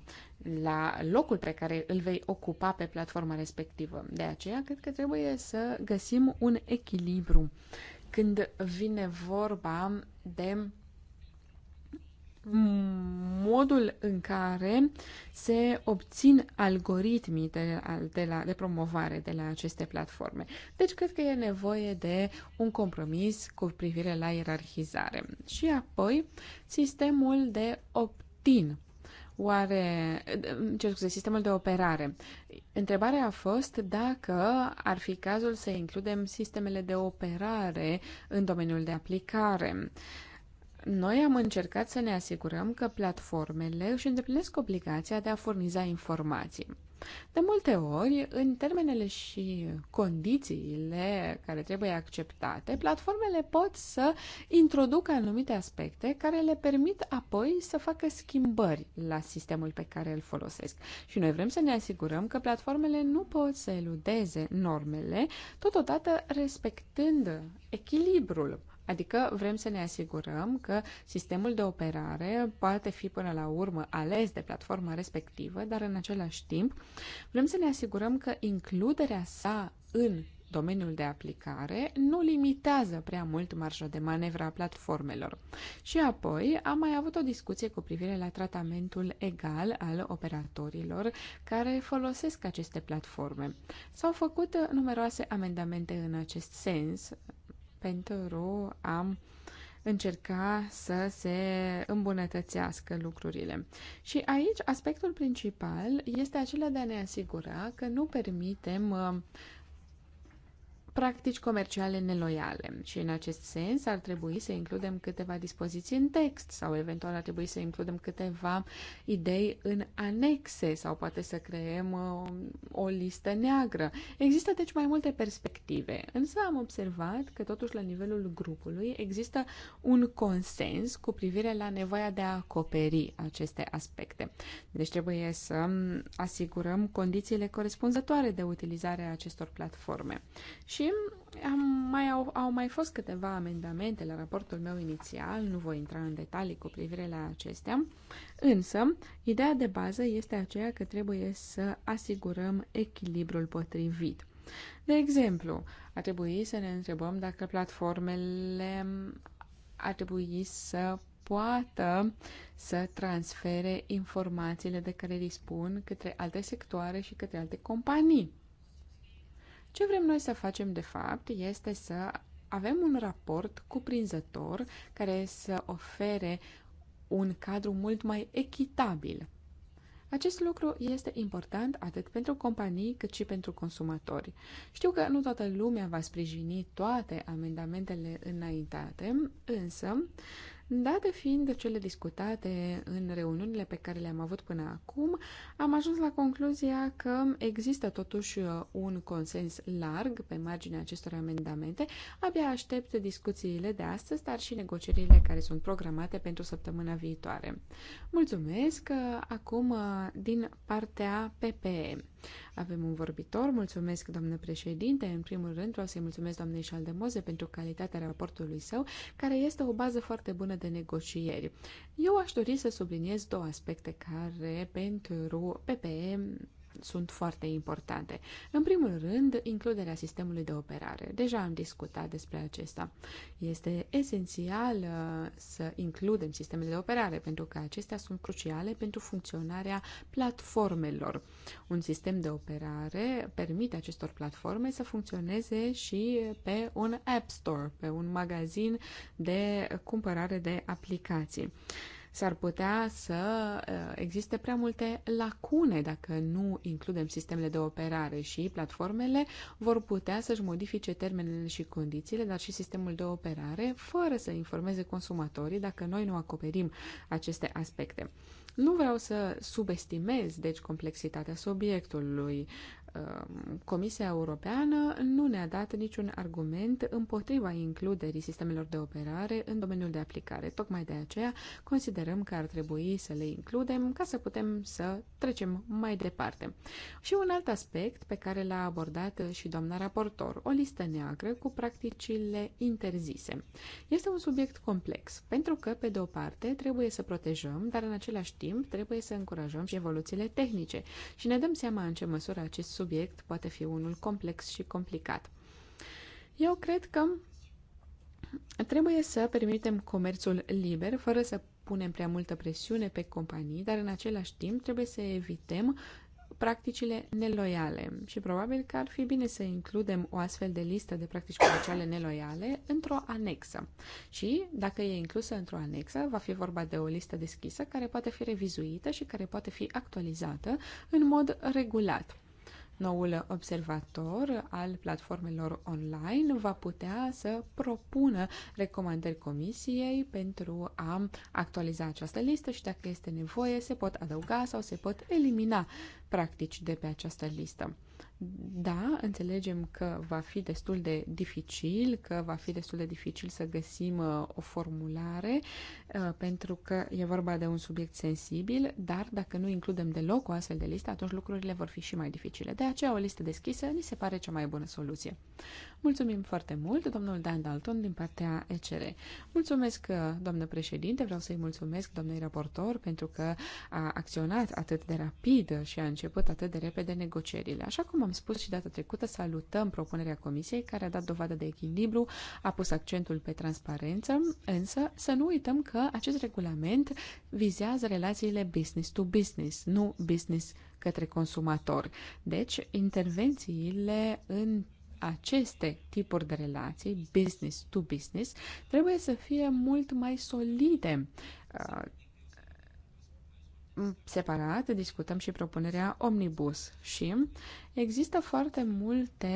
S4: la locul pe care îl vei ocupa pe platforma respectivă. De aceea, cred că trebuie să găsim un echilibru când vine vorba de modul în care se obțin algoritmii de, de, la, de promovare de la aceste platforme. Deci cred că e nevoie de un compromis cu privire la ierarhizare. Și apoi sistemul de opt-in. Oare, ce scuze, sistemul de operare. Întrebarea a fost dacă ar fi cazul să includem sistemele de operare în domeniul de aplicare. Uh, noi am încercat să ne asigurăm că platformele își îndeplinesc obligația de a furniza informații. De multe ori, în termenele și condițiile care trebuie acceptate, platformele pot să introducă anumite aspecte care le permit apoi să facă schimbări la sistemul pe care îl folosesc. Și noi vrem să ne asigurăm că platformele nu pot să eludeze normele, totodată respectând echilibrul Adică vrem să ne asigurăm că sistemul de operare poate fi până la urmă ales de platforma respectivă, dar în același timp vrem să ne asigurăm că includerea sa în domeniul de aplicare nu limitează prea mult marja de manevră a platformelor. Și apoi am mai avut o discuție cu privire la tratamentul egal al operatorilor care folosesc aceste platforme. S-au făcut numeroase amendamente în acest sens pentru a încerca să se îmbunătățească lucrurile. Și aici aspectul principal este acela de a ne asigura că nu permitem uh, practici comerciale neloiale și în acest sens ar trebui să includem câteva dispoziții în text sau eventual ar trebui să includem câteva idei în anexe sau poate să creăm o, uh, o listă neagră. Există deci mai multe perspective, însă am observat că totuși la nivelul grupului există un consens cu privire la nevoia de a acoperi aceste aspecte. Deci trebuie să um, asigurăm condițiile corespunzătoare de utilizare a acestor platforme. Și am mai, au, au mai fost câteva amendamente la raportul meu inițial, nu voi intra în detalii cu privire la acestea, însă ideea de bază este aceea că trebuie să asigurăm echilibrul potrivit. De exemplu, ar trebui să ne întrebăm dacă platformele ar trebui să poată să transfere informațiile de care dispun către alte sectoare și către alte companii. Ce vrem noi să facem, de fapt, este să avem un raport cuprinzător care să ofere un cadru mult mai echitabil. Acest lucru este important atât pentru companii cât și pentru consumatori. Știu că nu toată lumea va sprijini toate amendamentele înaintate, însă Date fiind cele discutate în reuniunile pe care le-am avut până acum, am ajuns la concluzia că există totuși uh, un consens larg pe marginea acestor amendamente. Abia aștept discuțiile de astăzi, dar și negocierile care sunt programate pentru săptămâna viitoare. Mulțumesc! Uh, acum uh, din partea PPM. Avem un vorbitor. Mulțumesc, doamnă președinte. În primul rând, vreau să-i mulțumesc doamnei Șaldemoze pentru calitatea raportului său, care este o bază foarte bună de negocieri. Eu aș dori să subliniez două aspecte care, pentru PPM, sunt foarte importante. În primul rând, includerea sistemului de operare. Deja am discutat despre acesta. Este esențial uh, să includem sistemele de operare pentru că acestea sunt cruciale pentru funcționarea platformelor. Un sistem de operare permite acestor platforme să funcționeze și pe un App Store, pe un magazin de cumpărare de aplicații. S-ar putea să uh, existe prea multe lacune dacă nu includem sistemele de operare și platformele vor putea să-și modifice termenele și condițiile, dar și sistemul de operare, fără să informeze consumatorii dacă noi nu acoperim aceste aspecte. Nu vreau să subestimez, deci, complexitatea subiectului. Um, Comisia Europeană nu ne-a dat niciun argument împotriva includerii sistemelor de operare în domeniul de aplicare. Tocmai de aceea considerăm că ar trebui să le includem ca să putem să trecem mai departe. Și un alt aspect pe care l-a abordat și doamna raportor, o listă neagră cu practicile interzise. Este un subiect complex, pentru că, pe de o parte, trebuie să protejăm, dar în același timp trebuie să încurajăm și evoluțiile tehnice și ne dăm seama în ce măsură acest subiect poate fi unul complex și complicat. Eu cred că trebuie să permitem comerțul liber fără să punem prea multă presiune pe companii, dar în același timp trebuie să evităm practicile neloiale și probabil că ar fi bine să includem o astfel de listă de practici comerciale neloiale într-o anexă. Și dacă e inclusă într-o anexă, va fi vorba de o listă deschisă care poate fi revizuită și care poate fi actualizată în mod regulat. Noul observator al platformelor online va putea să propună recomandări comisiei pentru a actualiza această listă și dacă este nevoie se pot adăuga sau se pot elimina practici de pe această listă. Da, înțelegem că va fi destul de dificil, că va fi destul de dificil să găsim uh, o formulare, uh, pentru că e vorba de un subiect sensibil, dar dacă nu includem deloc o astfel de listă, atunci lucrurile vor fi și mai dificile. De aceea, o listă deschisă ni se pare cea mai bună soluție. Mulțumim foarte mult, domnul Dan Dalton, din partea ECR. Mulțumesc, uh, doamnă președinte, vreau să-i mulțumesc domnului raportor pentru că a acționat atât de rapid și a început atât de repede negocierile. Așa cum am am spus și data trecută, salutăm propunerea Comisiei care a dat dovadă de echilibru, a pus accentul pe transparență, însă să nu uităm că acest regulament vizează relațiile business to business, nu business către consumator. Deci, intervențiile în aceste tipuri de relații, business to business, trebuie să fie mult mai solide. Uh, separat discutăm și propunerea Omnibus și Există foarte multe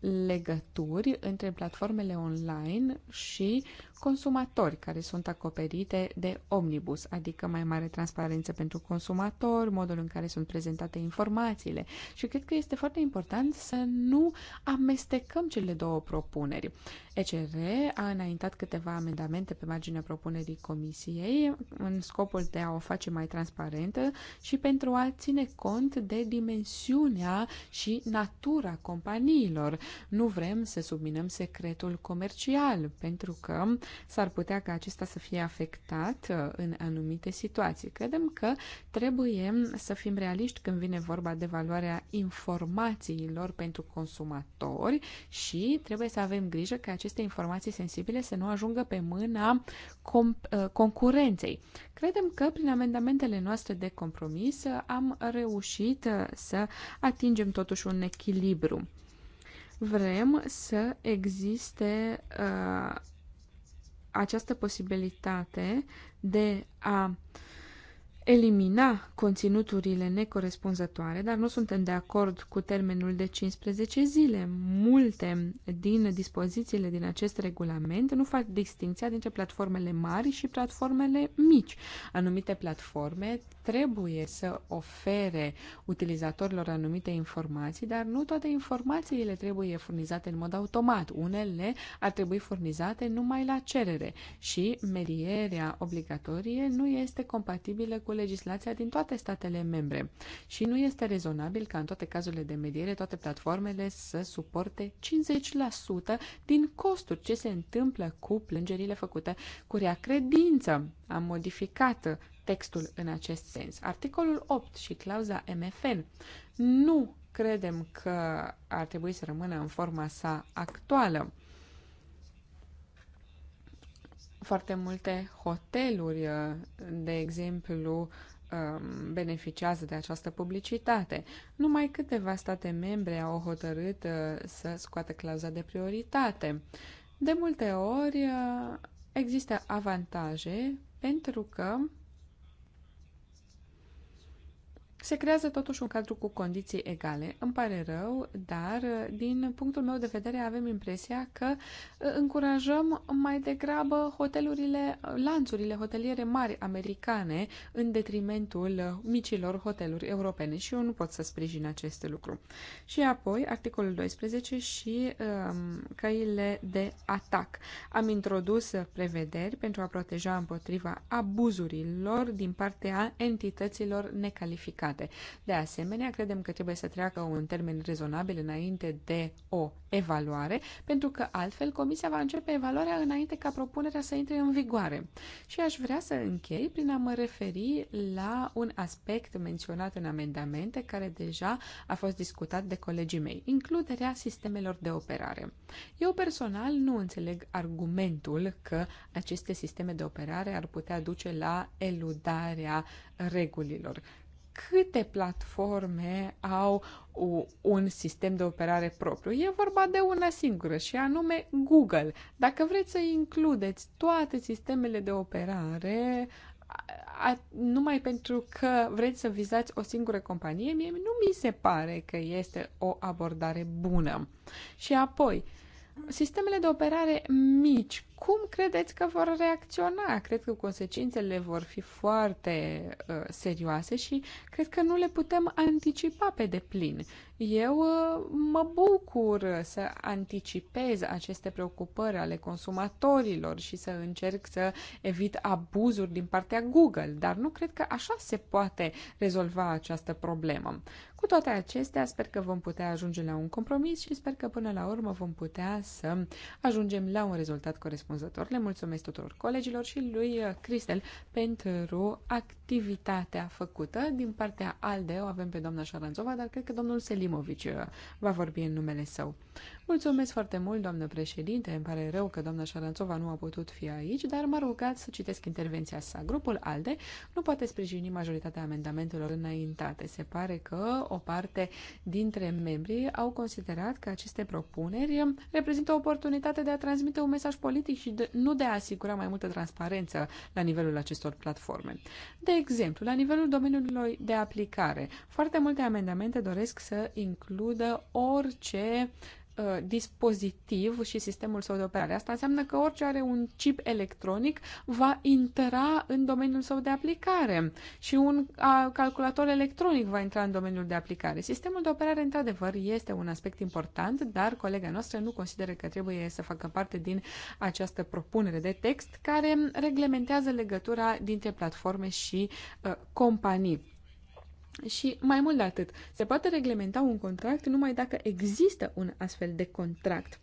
S4: legături între platformele online și consumatori care sunt acoperite de omnibus, adică mai mare transparență pentru consumator, modul în care sunt prezentate informațiile. Și cred că este foarte important să nu amestecăm cele două propuneri. ECR a înaintat câteva amendamente pe marginea propunerii comisiei în scopul de a o face mai transparentă și pentru a ține cont de dimensiunea și natura companiilor. Nu vrem să subminăm secretul comercial, pentru că s-ar putea ca acesta să fie afectat uh, în anumite situații. Credem că trebuie să fim realiști când vine vorba de valoarea informațiilor pentru consumatori și trebuie să avem grijă că aceste informații sensibile să nu ajungă pe mâna uh, concurenței. Credem că prin amendamentele noastre de compromis am reușit să atingem totuși un echilibru. Vrem să existe uh, această posibilitate de a uh, elimina conținuturile necorespunzătoare, dar nu suntem de acord cu termenul de 15 zile. Multe din dispozițiile din acest regulament nu fac distinția dintre platformele mari și platformele mici. Anumite platforme trebuie să ofere utilizatorilor anumite informații, dar nu toate informațiile trebuie furnizate în mod automat. Unele ar trebui furnizate numai la cerere și medierea obligatorie nu este compatibilă cu legislația din toate statele membre și nu este rezonabil ca în toate cazurile de mediere toate platformele să suporte 50% din costuri ce se întâmplă cu plângerile făcute cu rea credință. Am modificat textul în acest sens. Articolul 8 și clauza MFN nu credem că ar trebui să rămână în forma sa actuală. Foarte multe hoteluri, de exemplu, um, beneficiază de această publicitate. Numai câteva state membre au hotărât uh, să scoată clauza de prioritate. De multe ori uh, există avantaje pentru că se creează totuși un cadru cu condiții egale. Îmi pare rău, dar uh, din punctul meu de vedere avem impresia că uh, încurajăm mai degrabă hotelurile, uh, lanțurile hoteliere mari americane în detrimentul micilor hoteluri europene și eu nu pot să sprijin acest lucru. Și apoi articolul 12 și um, căile de atac. Am introdus prevederi pentru a proteja împotriva abuzurilor din partea entităților necalificate menționate. De asemenea, credem că trebuie să treacă un termen rezonabil înainte de o evaluare, pentru că altfel Comisia va începe evaluarea înainte ca propunerea să intre în vigoare. Și aș vrea să închei prin a mă referi la un aspect menționat în amendamente care deja a fost discutat de colegii mei, includerea sistemelor de operare. Eu personal nu înțeleg argumentul că aceste sisteme de operare ar putea duce la eludarea regulilor câte platforme au un sistem de operare propriu. E vorba de una singură și anume Google. Dacă vreți să includeți toate sistemele de operare a, numai pentru că vreți să vizați o singură companie, mie nu mi se pare că este o abordare bună. Și apoi, sistemele de operare mici, cum credeți că vor reacționa? Cred că consecințele vor fi foarte uh, serioase și cred că nu le putem anticipa pe deplin. Eu uh, mă bucur să anticipez aceste preocupări ale consumatorilor și să încerc să evit abuzuri din partea Google, dar nu cred că așa se poate rezolva această problemă. Cu toate acestea, sper că vom putea ajunge la un compromis și sper că până la urmă vom putea să ajungem la un rezultat corespunzător corespunzător. Le mulțumesc tuturor colegilor și lui uh, Cristel pentru activitatea făcută. Din partea ALDE o avem pe doamna Șaranțova, dar cred că domnul Selimovici uh, va vorbi în numele său. Mulțumesc foarte mult, doamnă președinte. Îmi pare rău că doamna Șaranțova nu a putut fi aici, dar m-a rugat să citesc intervenția sa. Grupul ALDE nu poate sprijini majoritatea amendamentelor înaintate. Se pare că o parte dintre membrii au considerat că aceste propuneri reprezintă o oportunitate de a transmite un mesaj politic și de, nu de a asigura mai multă transparență la nivelul acestor platforme. De exemplu, la nivelul domeniului de aplicare, foarte multe amendamente doresc să includă orice Uh, dispozitiv și sistemul său de operare. Asta înseamnă că orice are un chip electronic va intra în domeniul său de aplicare și un calculator electronic va intra în domeniul de aplicare. Sistemul de operare, într-adevăr, este un aspect important, dar colega noastră nu consideră că trebuie să facă parte din această propunere de text care reglementează legătura dintre platforme și uh, companii. Și mai mult de atât, se poate reglementa un contract numai dacă există un astfel de contract.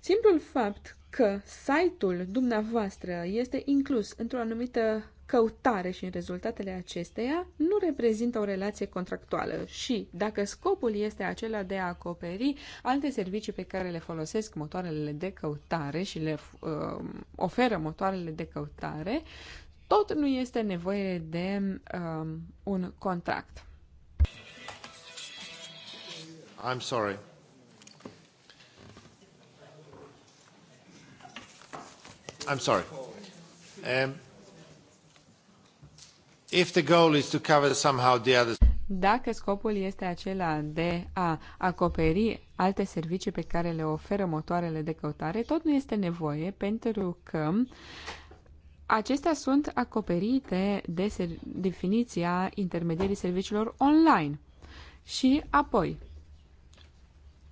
S4: Simplul fapt că site-ul dumneavoastră este inclus într-o anumită căutare și în rezultatele acesteia nu reprezintă o relație contractuală și, dacă scopul este acela de a acoperi alte servicii pe care le folosesc motoarele de căutare și le uh, oferă motoarele de căutare, tot nu este nevoie de um, un contract. I'm
S1: sorry. I'm sorry. Um, if the
S2: goal is to cover somehow the others.
S4: Dacă scopul este acela de a acoperi alte servicii pe care le oferă motoarele de căutare, tot nu este nevoie pentru că uh, acestea sunt acoperite de definiția intermedierii serviciilor online. Și apoi,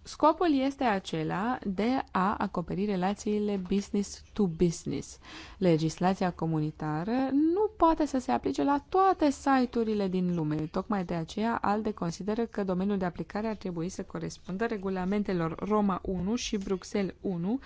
S4: Scopul este acela de a acoperi relațiile business to business. Legislația comunitară nu poate să se aplice la toate site-urile din lume. Tocmai de aceea ALDE consideră că domeniul de aplicare ar trebui să corespundă regulamentelor Roma 1 și Bruxelles 1,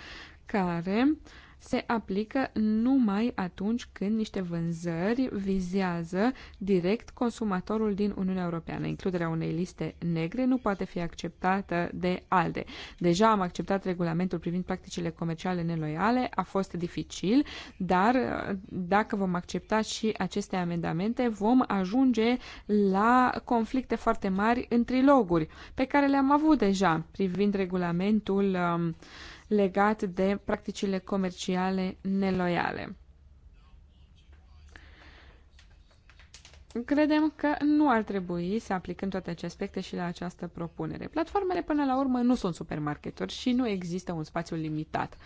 S4: care se aplică numai atunci când niște vânzări vizează direct consumatorul din Uniunea Europeană. Includerea unei liste negre nu poate fi acceptată de ALDE. Deja am acceptat regulamentul privind practicile comerciale neloiale, a fost dificil, dar uh, dacă vom accepta și aceste amendamente, vom ajunge la conflicte foarte mari în triloguri, pe care le-am avut deja privind regulamentul um, legat de practicile comerciale neloiale. Credem că nu ar trebui să aplicăm toate aceste aspecte și la această propunere. Platformele, până la urmă, nu sunt supermarketuri și nu există un spațiu limitat.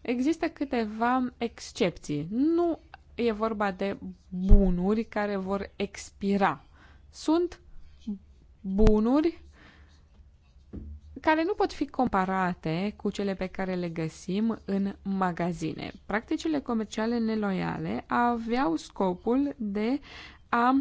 S4: Există câteva excepții. Nu e vorba de bunuri care vor expira. Sunt bunuri care nu pot fi comparate cu cele pe care le găsim în magazine. Practicile comerciale neloiale aveau scopul de a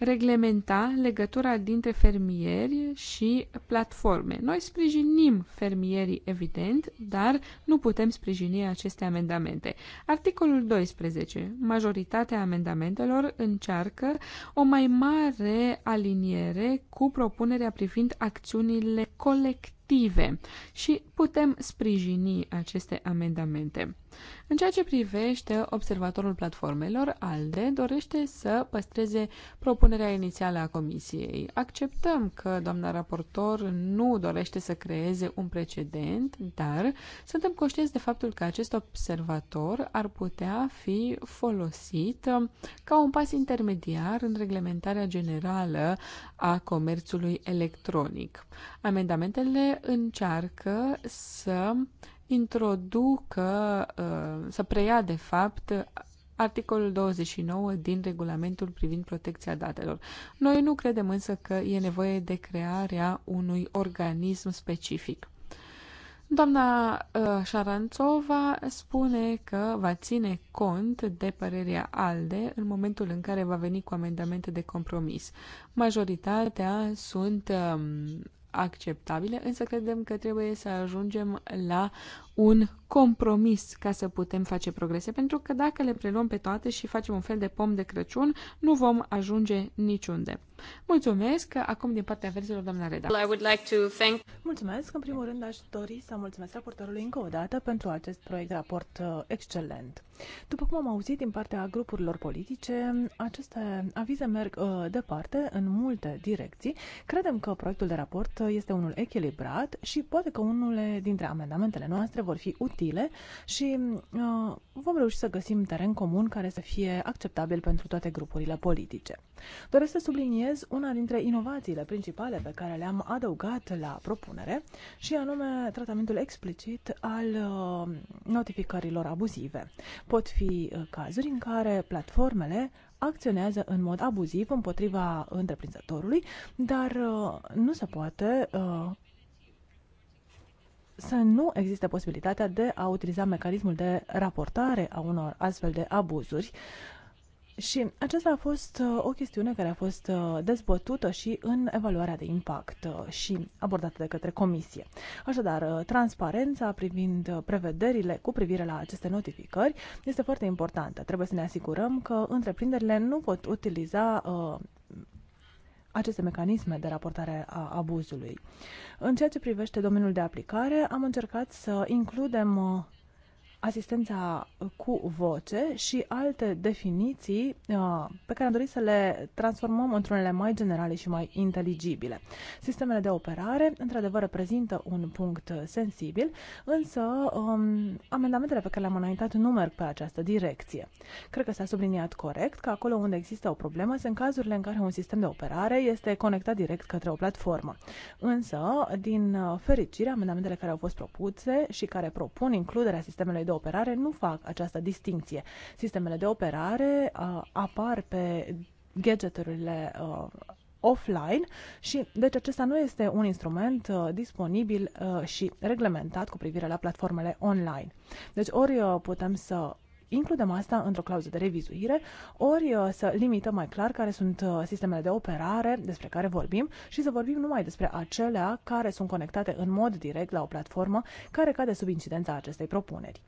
S4: reglementa legătura dintre fermieri și platforme. Noi sprijinim fermierii, evident, dar nu putem sprijini aceste amendamente. Articolul 12. Majoritatea amendamentelor încearcă o mai mare aliniere cu propunerea privind acțiunile colective active și putem sprijini aceste amendamente. În ceea ce privește observatorul platformelor, ALDE dorește să păstreze propunerea inițială a Comisiei. Acceptăm că doamna raportor nu dorește să creeze un precedent, dar suntem conștienți de faptul că acest observator ar putea fi folosit um, ca un pas intermediar în reglementarea generală a comerțului electronic. Amendamentele încearcă să introducă, uh, să preia de fapt articolul 29 din regulamentul privind protecția datelor. Noi nu credem însă că e nevoie de crearea unui organism specific. Doamna uh, Șaranțova spune că va ține cont de părerea ALDE în momentul în care va veni cu amendamente de compromis. Majoritatea sunt um, acceptabile, însă credem că trebuie să ajungem la un compromis ca să putem face progrese, pentru că dacă le preluăm pe toate și facem un fel de pom de Crăciun, nu vom ajunge niciunde. Mulțumesc! Acum din partea verzilor, doamna Reda. I would like to thank...
S1: Mulțumesc! În primul rând aș dori să mulțumesc raportorului încă o dată pentru acest proiect de raport uh, excelent. După cum am auzit din partea grupurilor politice, aceste avize merg uh, departe în multe direcții. Credem că proiectul de raport uh, este unul echilibrat și poate că unul dintre amendamentele noastre vor fi utile și uh, vom reuși să găsim teren comun care să fie acceptabil pentru toate grupurile politice. Doresc să subliniez una dintre inovațiile principale pe care le-am adăugat la propunere și anume tratamentul explicit al uh, notificărilor abuzive. Pot fi uh, cazuri în care platformele acționează în mod abuziv împotriva întreprinzătorului, dar uh, nu se poate uh, să nu existe posibilitatea de a utiliza mecanismul de raportare a unor astfel de abuzuri. Și aceasta a fost uh, o chestiune care a fost uh, dezbătută și în evaluarea de impact uh, și abordată de către comisie. Așadar, transparența privind prevederile cu privire la aceste notificări este foarte importantă. Trebuie să ne asigurăm că întreprinderile nu pot utiliza aceste mecanisme de raportare a abuzului. În ceea ce privește domeniul de aplicare, am încercat să includem uh, asistența cu voce și alte definiții uh, pe care am dorit să le transformăm într-unele mai generale și mai inteligibile. Sistemele de operare, într-adevăr, reprezintă un punct sensibil, însă um, amendamentele pe care le-am înaintat nu merg pe această direcție. Cred că s-a subliniat corect că acolo unde există o problemă sunt cazurile în care un sistem de operare este conectat direct către o platformă. Însă, din uh, fericire, amendamentele care au fost propuse și care propun includerea sistemelor de operare nu fac această distinție. Sistemele de operare uh, apar pe gadgeturile uh, offline și deci acesta nu este un instrument uh, disponibil uh, și reglementat cu privire la platformele online. Deci ori uh, putem să includem asta într-o clauză de revizuire, ori uh, să limităm mai clar care sunt uh, sistemele de operare despre care vorbim și să vorbim numai despre acelea care sunt conectate în mod direct la o platformă care cade sub incidența acestei propuneri.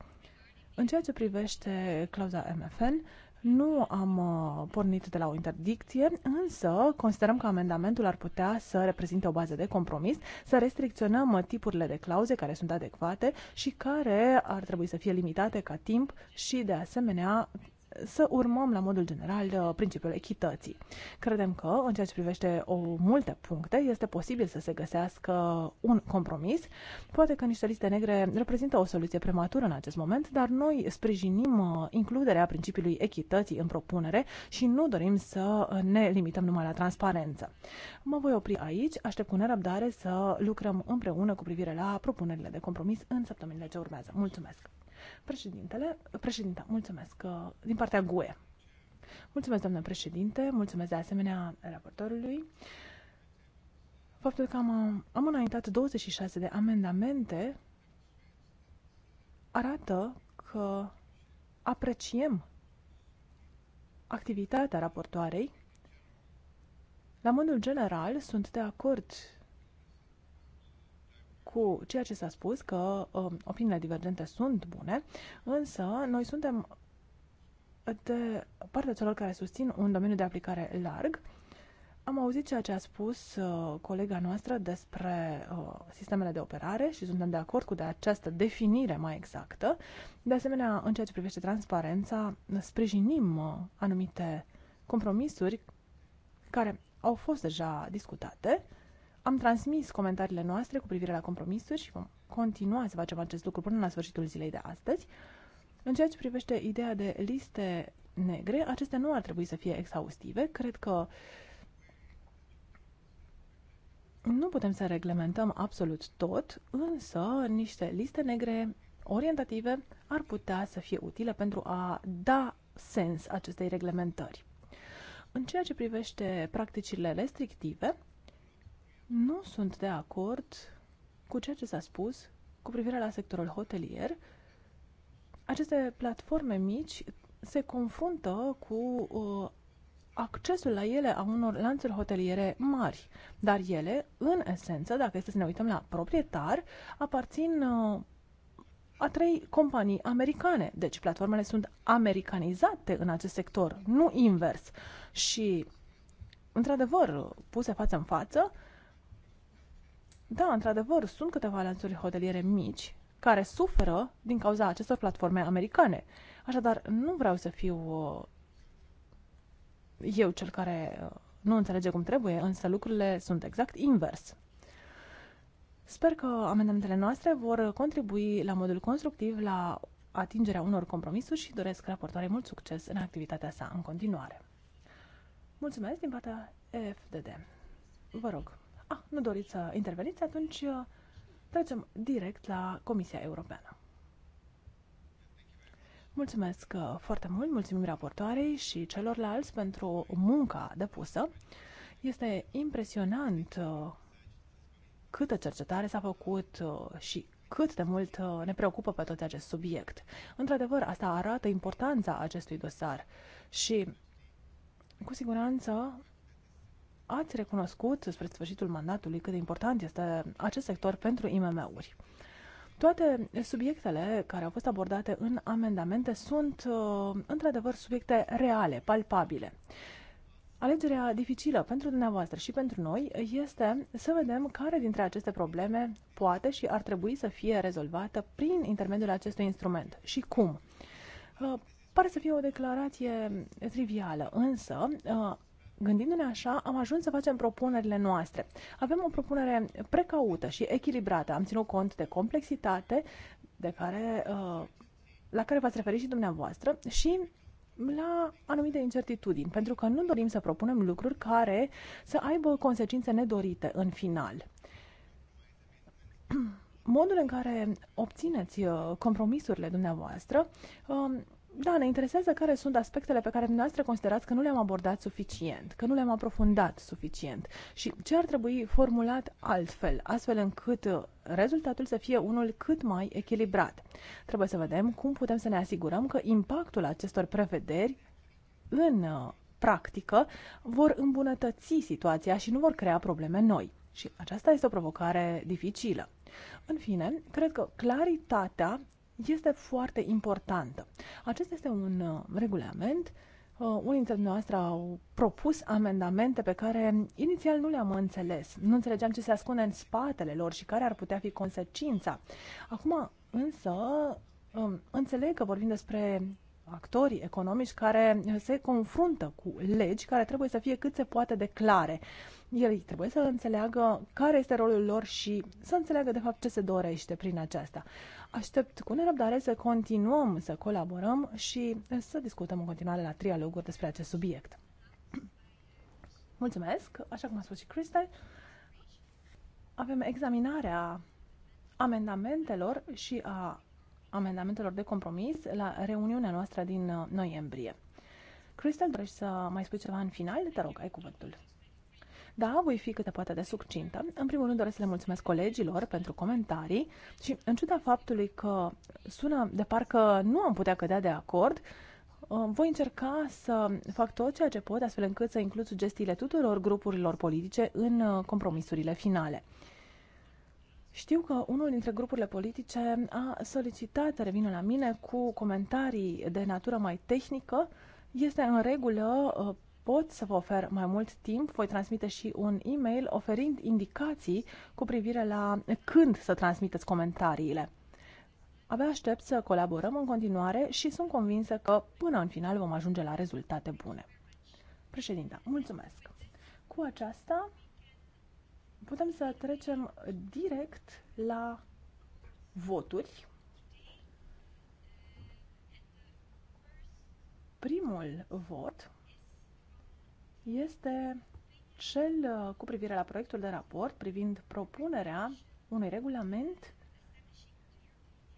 S1: În ceea ce privește clauza MFN, nu am uh, pornit de la o interdicție, însă considerăm că amendamentul ar putea să reprezinte o bază de compromis, să restricționăm tipurile de clauze care sunt adecvate și care ar trebui să fie limitate ca timp și, de asemenea, să urmăm la modul general uh, principiul echității. Credem că, în ceea ce privește o, multe puncte, este posibil să se găsească un compromis. Poate că niște liste negre reprezintă o soluție prematură în acest moment, dar noi sprijinim uh, includerea principiului echității în propunere și nu dorim să ne limităm numai la transparență. Mă voi opri aici, aștept cu nerăbdare să lucrăm împreună cu privire la propunerile de compromis în săptămânile ce urmează. Mulțumesc! Președintele, președinta, mulțumesc uh, din partea GUE. Mulțumesc, doamnă președinte, mulțumesc de asemenea raportorului. Faptul că am, uh, am înaintat 26 de amendamente arată că apreciem activitatea raportoarei. La modul general, sunt de acord cu ceea ce s-a spus că um, opiniile divergente sunt bune, însă noi suntem de partea celor care susțin un domeniu de aplicare larg. Am auzit ceea ce a spus uh, colega noastră despre uh, sistemele de operare și suntem de acord cu de această definire mai exactă. De asemenea, în ceea ce privește transparența, sprijinim uh, anumite compromisuri care au fost deja discutate am transmis comentariile noastre cu privire la compromisuri și vom continua să facem acest lucru până la sfârșitul zilei de astăzi. În ceea ce privește ideea de liste negre, acestea nu ar trebui să fie exhaustive. Cred că nu putem să reglementăm absolut tot, însă niște liste negre orientative ar putea să fie utile pentru a da sens acestei reglementări. În ceea ce privește practicile restrictive, nu sunt de acord cu ceea ce s-a spus cu privire la sectorul hotelier. Aceste platforme mici se confruntă cu uh, accesul la ele a unor lanțuri hoteliere mari, dar ele, în esență, dacă este să ne uităm la proprietar, aparțin uh, a trei companii americane. Deci platformele sunt americanizate în acest sector, nu invers. Și, într-adevăr, puse față în față, uh, da, într-adevăr, sunt câteva lanțuri hoteliere mici care suferă din cauza acestor platforme americane. Așadar, nu vreau să fiu uh, eu cel care uh, nu înțelege cum trebuie, însă lucrurile sunt exact invers. Sper că amendamentele noastre vor contribui la modul constructiv la atingerea unor compromisuri și doresc raportoare mult succes în activitatea sa în continuare. Mulțumesc din partea EFDD. Vă rog. Ah, nu doriți să interveniți, atunci uh, trecem direct la Comisia Europeană. Mulțumesc uh, foarte mult, mulțumim raportoarei și celorlalți pentru munca depusă. Este impresionant uh, câtă cercetare s-a făcut și cât de mult ne preocupă pe tot acest subiect. Într-adevăr, asta arată importanța acestui dosar și cu siguranță ați recunoscut spre sfârșitul mandatului cât de important este acest sector pentru IMM-uri. Toate subiectele care au fost abordate în amendamente sunt, uh, într-adevăr, subiecte reale, palpabile. Alegerea dificilă pentru dumneavoastră și pentru noi este să vedem care dintre aceste probleme poate și ar trebui să fie rezolvată prin intermediul acestui instrument și cum. Uh, pare să fie o declarație trivială, însă uh, gândindu-ne așa, am ajuns să facem propunerile noastre. Avem o propunere precaută și echilibrată. Am ținut cont de complexitate de care, uh, la care v-ați referit și dumneavoastră și la anumite incertitudini, pentru că nu dorim să propunem lucruri care să aibă consecințe nedorite în final. Modul în care obțineți uh, compromisurile dumneavoastră um, da, ne interesează care sunt aspectele pe care dumneavoastră considerați că nu le-am abordat suficient, că nu le-am aprofundat suficient și ce ar trebui formulat altfel, astfel încât uh, rezultatul să fie unul cât mai echilibrat. Trebuie să vedem cum putem să ne asigurăm că impactul acestor prevederi în uh, practică vor îmbunătăți situația și nu vor crea probleme noi. Și aceasta este o provocare dificilă. În fine, cred că claritatea este foarte importantă. Acesta este un uh, regulament. Uh, unii dintre noastre au propus amendamente pe care inițial nu le-am înțeles. Nu înțelegeam ce se ascunde în spatele lor și care ar putea fi consecința. Acum însă um, înțeleg că vorbim despre actorii economici care se confruntă cu legi care trebuie să fie cât se poate de clare. Ei trebuie să înțeleagă care este rolul lor și să înțeleagă de fapt ce se dorește prin aceasta. Aștept cu nerăbdare să continuăm să colaborăm și să discutăm în continuare la trialoguri despre acest subiect. Mulțumesc, așa cum a spus și Crystal. Avem examinarea amendamentelor și a amendamentelor de compromis la reuniunea noastră din noiembrie. Crystal, dorești să mai spui ceva în final? Te rog, ai cuvântul. Da, voi fi câte poate de succintă. În primul rând doresc să le mulțumesc colegilor pentru comentarii și în ciuda faptului că sună de parcă nu am putea cădea de acord, uh, voi încerca să fac tot ceea ce pot astfel încât să includ sugestiile tuturor grupurilor politice în uh, compromisurile finale. Știu că unul dintre grupurile politice a solicitat să revină la mine cu comentarii de natură mai tehnică. Este în regulă uh, pot să vă ofer mai mult timp, voi transmite și un e-mail oferind indicații cu privire la când să transmiteți comentariile. Abia aștept să colaborăm în continuare și sunt convinsă că până în final vom ajunge la rezultate bune. Președinta, mulțumesc! Cu aceasta putem să trecem direct la voturi. Primul vot este cel uh, cu privire la proiectul de raport privind propunerea unui regulament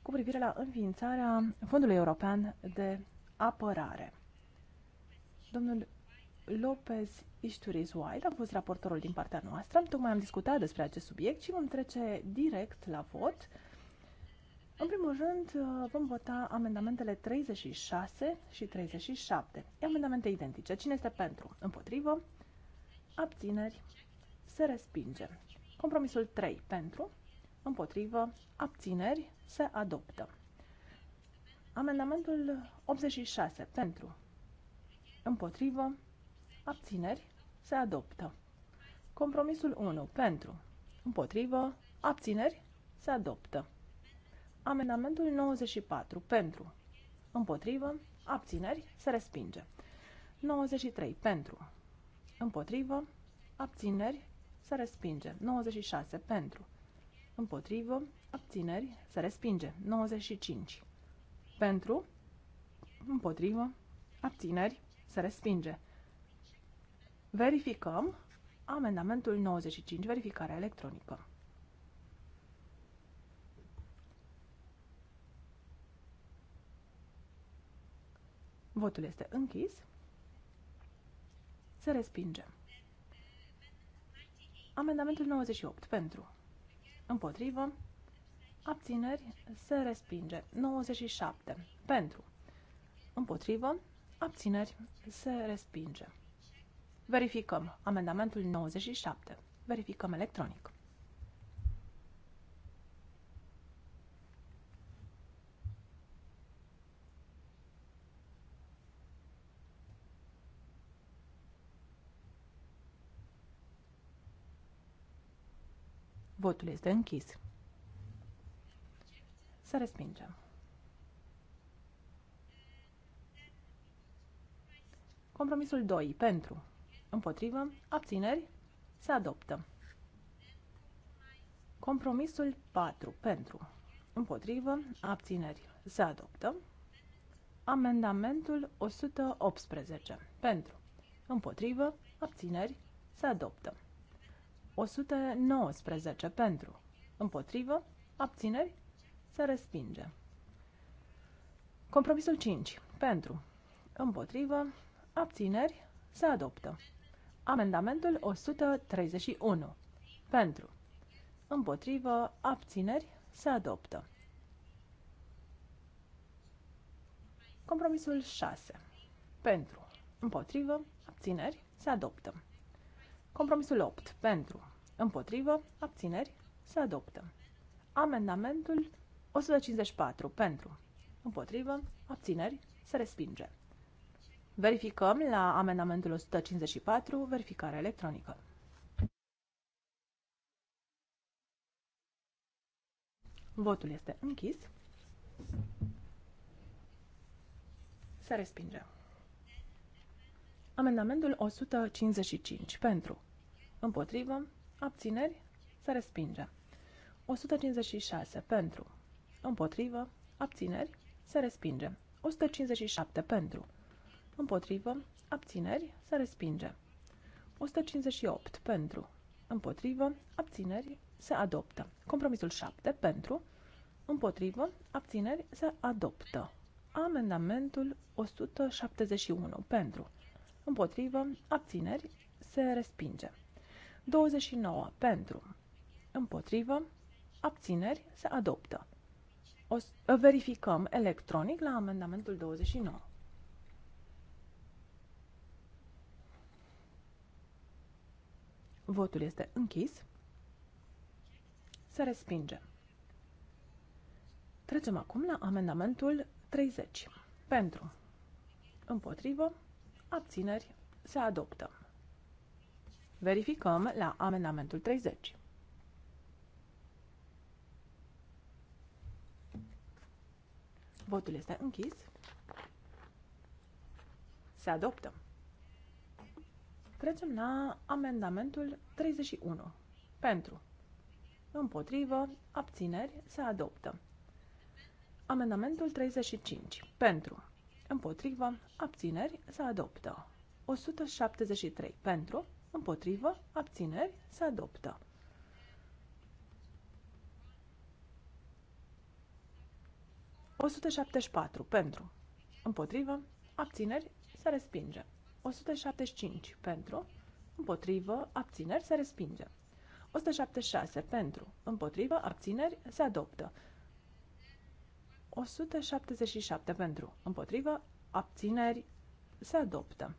S1: cu privire la înființarea Fondului European de Apărare. Domnul Lopez Isturiz White a fost raportorul din partea noastră. Tocmai am discutat despre acest subiect și vom trece direct la vot. În primul rând, uh, vom vota amendamentele 36 și 37. Amendamente identice. Cine este pentru? Împotrivă? Abțineri? Se respinge. Compromisul 3. Pentru? Împotrivă? Abțineri? Se adoptă. Amendamentul 86. Pentru? Împotrivă? Abțineri? Se adoptă. Compromisul 1. Pentru? Împotrivă? Abțineri? Se adoptă. Amendamentul 94 pentru, împotrivă, abțineri, se respinge. 93 pentru, împotrivă, abțineri, se respinge. 96 pentru, împotrivă, abțineri, se respinge. 95 pentru, împotrivă, abțineri, se respinge. Verificăm amendamentul 95, verificarea electronică. Votul este închis. Se respinge. Amendamentul 98. Pentru. Împotrivă. Abțineri. Se respinge. 97. Pentru. Împotrivă. Abțineri. Se respinge. Verificăm. Amendamentul 97. Verificăm electronic. Votul este închis. Să respingem. Compromisul 2. Pentru. Împotrivă. Abțineri. Se adoptă. Compromisul 4. Pentru. Împotrivă. Abțineri. Se adoptă. Amendamentul 118. Pentru. Împotrivă. Abțineri. Se adoptă. 119 pentru, împotrivă, abțineri, se respinge. Compromisul 5 pentru, împotrivă, abțineri, se adoptă. Amendamentul 131 pentru, împotrivă, abțineri, se adoptă. Compromisul 6. Pentru. Împotrivă. Abțineri. Se adoptă. Compromisul 8. Pentru. Împotrivă, abțineri, se adoptă. Amendamentul 154 pentru. Împotrivă, abțineri, se respinge. Verificăm la amendamentul 154 verificare electronică. Votul este închis. Se respinge. Amendamentul 155 pentru. Împotrivă, abțineri, se respinge. 156 pentru, împotrivă, abțineri, se respinge. 157 pentru, împotrivă, abțineri, se respinge. 158 pentru, împotrivă, abțineri, se adoptă. Compromisul 7 pentru, împotrivă, abțineri, se adoptă. Amendamentul 171 pentru, împotrivă, abțineri, se respinge. 29 pentru, împotrivă, abțineri, se adoptă. O verificăm electronic la amendamentul 29. Votul este închis. Se respinge. Trecem acum la amendamentul 30. Pentru, împotrivă, abțineri, se adoptă. Verificăm la amendamentul 30. Votul este închis. Se adoptă. Trecem la amendamentul 31. Pentru. Împotrivă. Abțineri. Se adoptă. Amendamentul 35. Pentru. Împotrivă. Abțineri. Se adoptă. 173. Pentru împotrivă, abțineri, se adoptă. O pentru, împotrivă, abțineri, se respinge. 175 pentru, împotrivă, abțineri, se respinge. 176 pentru, împotrivă, abțineri, se adoptă. 177 pentru, împotrivă, abțineri, se adoptă.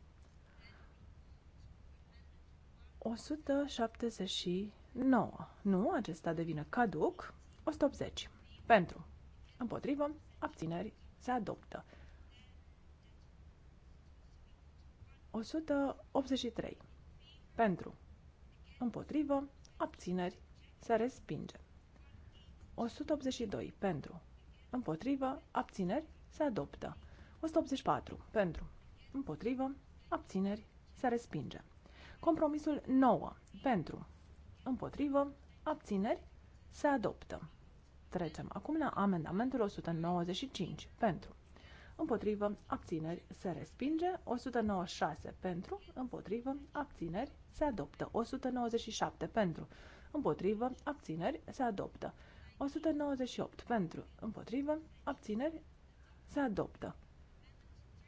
S1: 179. Nu, acesta devine caduc. 180. Pentru. Împotrivă. Abțineri. Se adoptă. 183. Pentru. Împotrivă. Abțineri. Se respinge. 182. Pentru. Împotrivă. Abțineri. Se adoptă. 184. Pentru. Împotrivă. Abțineri. Se respinge. Compromisul 9. Pentru. Împotrivă. Abțineri. Se adoptă. Trecem acum la amendamentul 195. Pentru. Împotrivă. Abțineri. Se respinge. 196. Pentru. Împotrivă. Abțineri. Se adoptă. 197. Pentru. Împotrivă. Abțineri. Se adoptă. 198. Pentru. Împotrivă. Abțineri. Se adoptă.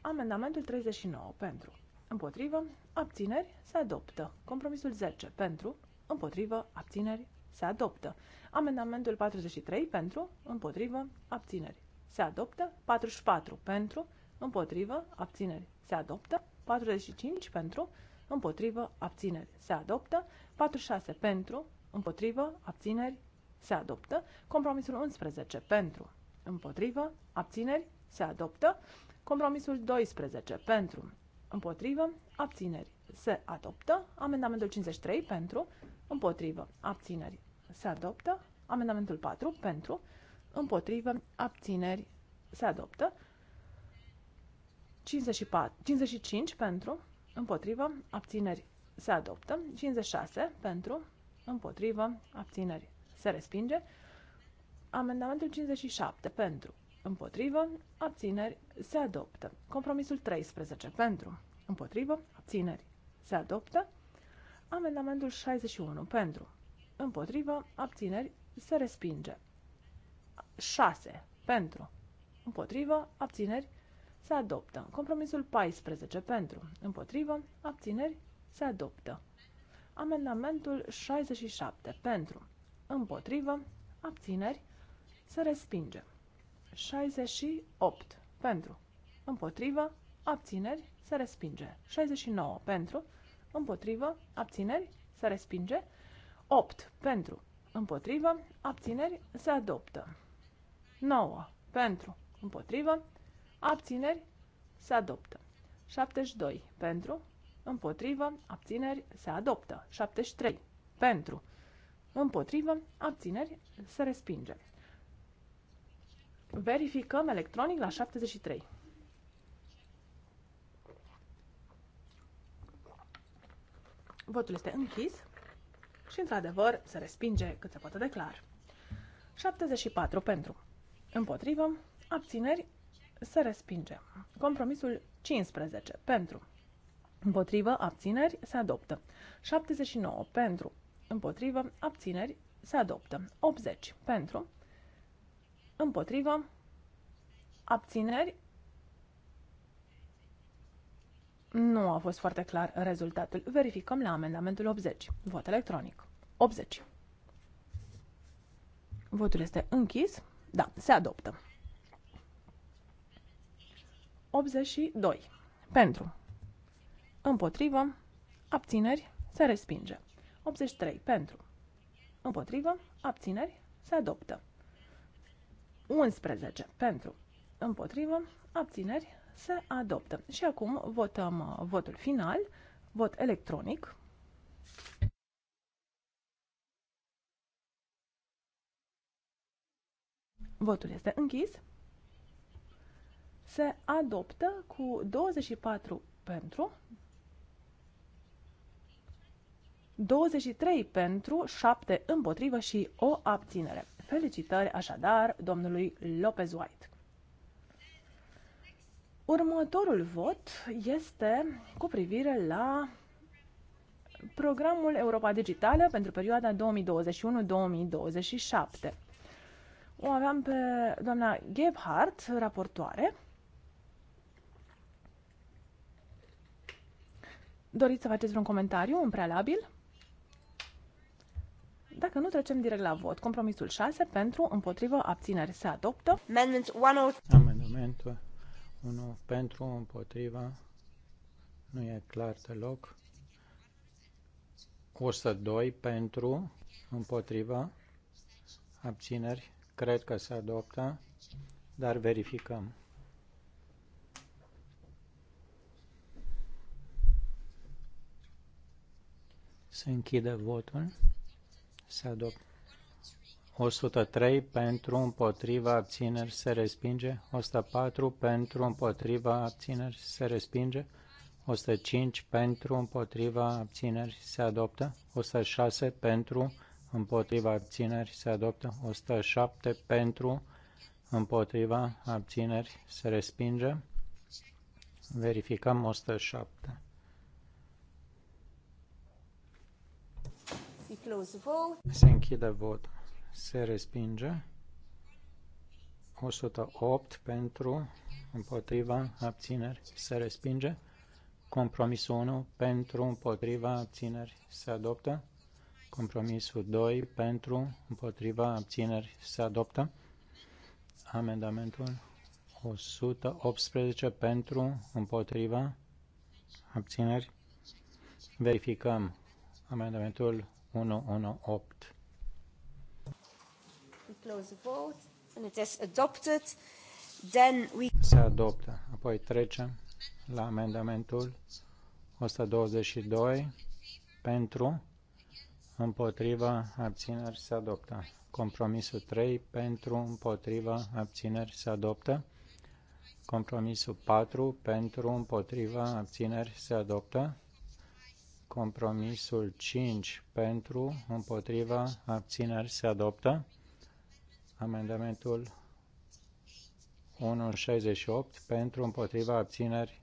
S1: Amendamentul 39. Pentru. Împotrivă abțineri, se adoptă. Compromisul 10 pentru, împotrivă, abțineri, se adoptă. Amendamentul 43 pentru, împotrivă, abțineri, se adoptă. 44 pentru, împotrivă, abțineri, se adoptă. 45 pentru, împotrivă, abțineri, se adoptă. 46 pentru, împotrivă, abțineri, se adoptă. Compromisul 11 pentru, împotrivă, abțineri, se adoptă. Compromisul 12 pentru, Împotrivă. Abțineri. Se adoptă. Amendamentul 53 pentru. Împotrivă. Abțineri. Se adoptă. Amendamentul 4 pentru. Împotrivă. Abțineri. Se adoptă. 54, 55 pentru. Împotrivă. Abțineri. Se adoptă. 56 pentru. Împotrivă. Abțineri. Se respinge. Amendamentul 57 pentru. Împotrivă, abțineri, se adoptă. Compromisul 13 pentru. Împotrivă, abțineri, se adoptă. Amendamentul 61 pentru. Împotrivă, abțineri, se respinge. 6 pentru. Împotrivă, abțineri, se adoptă. Compromisul 14 pentru. Împotrivă, abțineri, se adoptă. Amendamentul 67 pentru. Împotrivă, abțineri, se respinge. 68 pentru, împotrivă, abțineri, se respinge. 69 pentru, împotrivă, abțineri, se respinge. 8 pentru, împotrivă, abțineri, se adoptă. 9 pentru, împotrivă, abțineri, se adoptă. 72 pentru, împotrivă, abțineri, se adoptă. 73 pentru, împotrivă, abțineri, se respinge. Verificăm electronic la 73. Votul este închis și, într-adevăr, se respinge cât se poate de clar. 74 pentru. Împotrivă. Abțineri. Se respinge. Compromisul 15 pentru. Împotrivă. Abțineri. Se adoptă. 79 pentru. Împotrivă. Abțineri. Se adoptă. 80 pentru. Împotrivă. Abțineri. Nu a fost foarte clar rezultatul. Verificăm la amendamentul 80. Vot electronic. 80. Votul este închis. Da, se adoptă. 82. Pentru. Împotrivă. Abțineri. Se respinge. 83. Pentru. Împotrivă. Abțineri. Se adoptă. 11 pentru, împotrivă, abțineri, se adoptă. Și acum votăm uh, votul final, vot electronic. Votul este închis. Se adoptă cu 24 pentru, 23 pentru, 7 împotrivă și o abținere. Felicitări așadar domnului Lopez White. Următorul vot este cu privire la programul Europa Digitală pentru perioada 2021-2027. O aveam pe doamna Gebhardt, raportoare. Doriți să faceți vreun comentariu în prealabil? Dacă nu, trecem direct la vot. Compromisul 6 pentru, împotrivă, abțineri se adoptă. Amendment 1.
S2: Amendamentul 1 pentru, împotriva, nu e clar deloc. 102 pentru, împotriva, abțineri, cred că se adoptă, dar verificăm. Se închide votul se adoptă. 103 pentru împotriva abțineri se respinge, 104 pentru împotriva abțineri se respinge, 105 pentru împotriva abțineri se adoptă, 106 pentru împotriva abțineri se adoptă, 107 pentru împotriva abțineri se respinge. Verificăm 107.
S4: Close vote. Se
S2: închide vot. Se respinge. 108 pentru, împotriva, abțineri, se respinge. Compromisul 1 pentru, împotriva, abțineri, se adoptă. Compromisul 2 pentru, împotriva, abțineri, se adoptă. Amendamentul 118 pentru, împotriva, abțineri. Verificăm amendamentul
S4: 118. Se
S2: adoptă. Apoi trecem la amendamentul 122 pentru, împotriva, abțineri se adoptă. Compromisul 3 pentru, împotriva, abțineri se adoptă. Compromisul 4 pentru, împotriva, abțineri se adoptă. Compromisul 5 pentru, împotriva, abțineri se adoptă. Amendamentul 168 pentru, împotriva, abțineri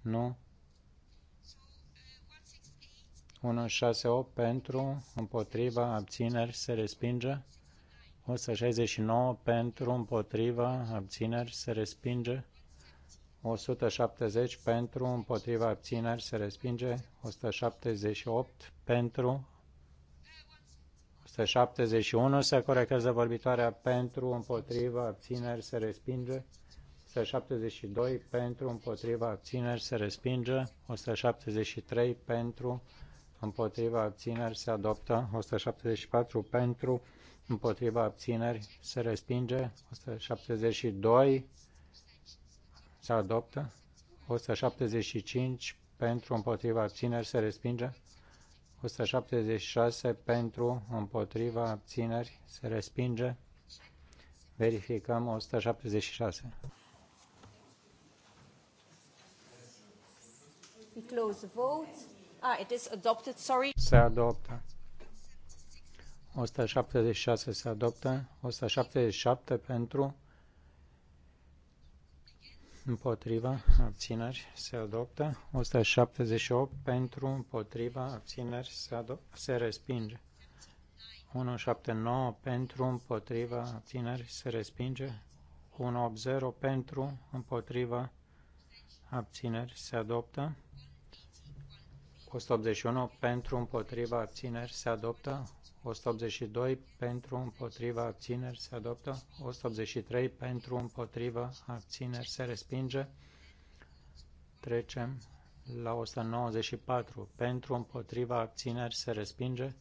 S2: nu. 168 pentru, împotriva, abțineri se respinge. 169 pentru, împotriva, abțineri se respinge. 170 pentru, împotriva abțineri se respinge, 178 pentru, 171 se corectează vorbitoarea pentru, împotriva abțineri se respinge, 172 pentru, împotriva abțineri se respinge, 173 pentru, împotriva abțineri se adoptă, 174 pentru, împotriva abțineri se respinge, 172 se adoptă, 175 pentru, împotriva, abțineri, se respinge, 176 pentru, împotriva, abțineri, se respinge, verificăm 176.
S3: We close the vote. Ah, it is
S4: adopted, sorry. Se
S2: adoptă. 176 se adoptă, 177 pentru, împotriva, abțineri, se adoptă. 178 pentru, împotriva, abțineri, se, ado- se respinge. 179 pentru, împotriva, abțineri, se respinge. 180 pentru, împotriva, abțineri, se adoptă. 181 pentru, împotriva, abțineri, se adoptă. 182 pentru împotriva abțineri se adoptă, 183 pentru împotriva abțineri se respinge. Trecem la 194 pentru împotriva abțineri se respinge.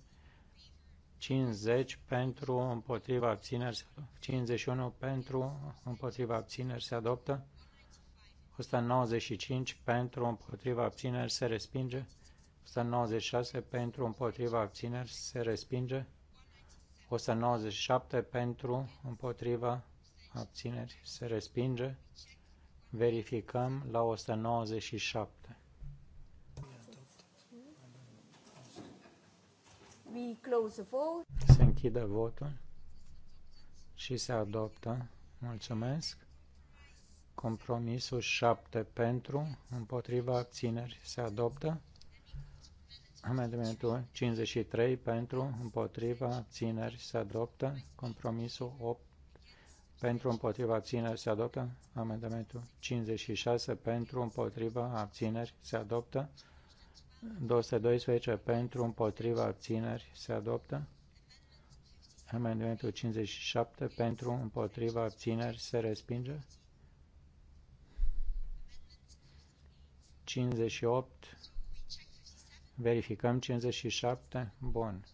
S2: 50 pentru împotriva abțineri, 51 pentru împotriva abțineri se adoptă, 195 pentru împotriva abțineri se respinge, 196 pentru, împotriva abțineri se respinge. 197 pentru, împotriva abțineri se respinge. Verificăm la 197.
S4: We close the vote.
S2: Se închide votul și se adoptă. Mulțumesc. Compromisul 7 pentru, împotriva abțineri se adoptă. Amendamentul 53 pentru, împotriva, țineri se adoptă. Compromisul 8 pentru, împotriva, țineri se adoptă. Amendamentul 56 pentru, împotriva, abțineri se adoptă. 212 pentru, împotriva, abțineri se adoptă. Amendamentul 57 pentru, împotriva, abțineri se respinge. 58 Verificăm 57. Bun.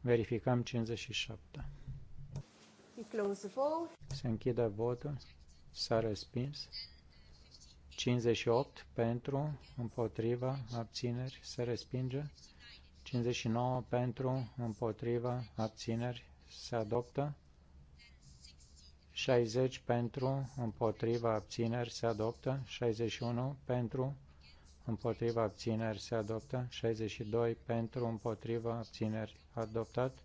S2: Verificăm 57. Se închide votul. S-a respins. 58 pentru, împotriva, abțineri, se respinge. 59 pentru, împotriva, abțineri, se adoptă. 60 pentru, împotriva, abțineri, se adoptă. 61 pentru, împotriva abțineri se adoptă, 62 pentru împotriva abțineri adoptat,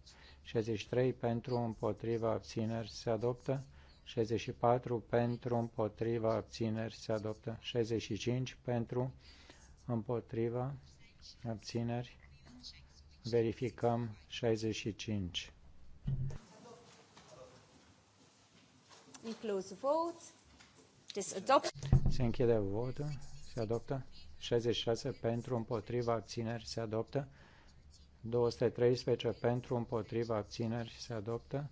S2: 63 pentru împotriva abțineri se adoptă, 64 pentru împotriva abțineri se adoptă, 65 pentru împotriva abțineri verificăm 65. Se închide votul, se adoptă 66 pentru, împotriva, abțineri se adoptă. 213 pentru, împotriva, abțineri se adoptă.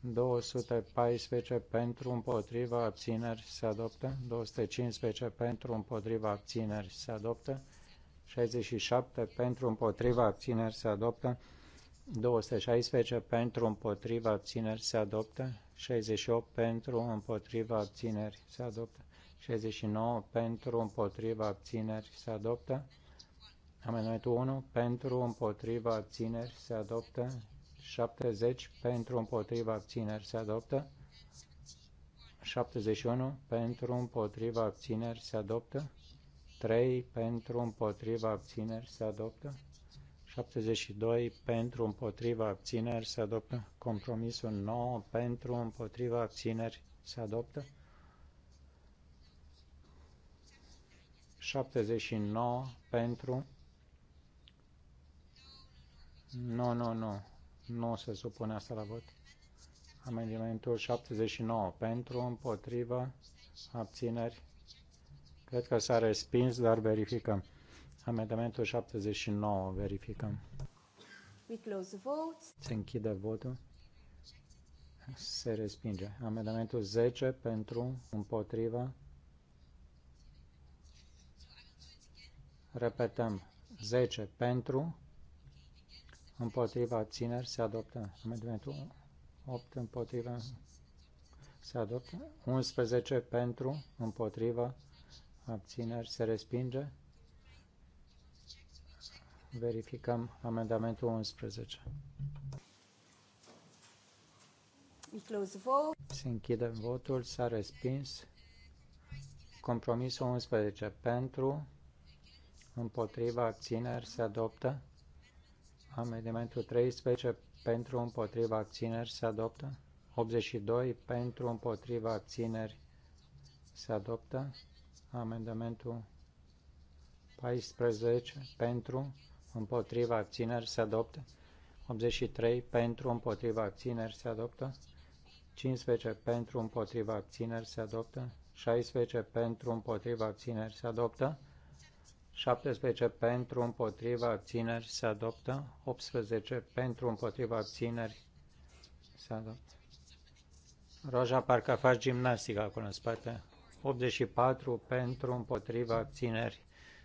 S2: 214 pentru, împotriva, abțineri se adoptă. 215 pentru, împotriva, abțineri se adoptă. 67 pentru, împotriva, abțineri se adoptă. 216 pentru, împotriva, abțineri se adoptă. 68 pentru, împotriva, abțineri se adoptă. 69 pentru, împotriva, abțineri se adoptă. Amendamentul 1 pentru, împotriva, abțineri se adoptă. 70 pentru, împotriva, abțineri se adoptă. 71 pentru, împotriva, abțineri se adoptă. 3 pentru, împotriva, abțineri se adoptă. 72 pentru, împotriva, abțineri se adoptă. Compromisul 9 pentru, împotriva, abțineri se adoptă. 79 pentru. Nu, nu, nu. Nu se supune asta la vot. Amendamentul 79 pentru, împotrivă, abțineri. Cred că s-a respins, dar verificăm. Amendamentul 79, verificăm.
S4: We close vote.
S2: Se închide votul. Se respinge. Amendamentul 10 pentru, împotrivă, Repetăm. 10 pentru, împotriva țineri se adoptă. Amendamentul 8 împotriva se adoptă. 11 pentru, împotriva abțineri se respinge. Verificăm amendamentul 11. Se închide votul, s-a respins. Compromisul 11 pentru, împotriva abțineri se adoptă. Amendamentul 13 pentru împotriva abțineri se adoptă. 82 pentru împotriva abțineri se adoptă. Amendamentul 14 pentru împotriva abțineri se adoptă. 83 pentru împotriva abțineri se adoptă. 15 pentru împotriva abțineri se adoptă. 16 pentru împotriva abțineri se adoptă. 17 pentru, împotriva, abțineri, se adoptă. 18 pentru, împotriva, abțineri, se adoptă. Roja, parcă faci gimnastică acolo în spate. 84 pentru, împotriva, abțineri,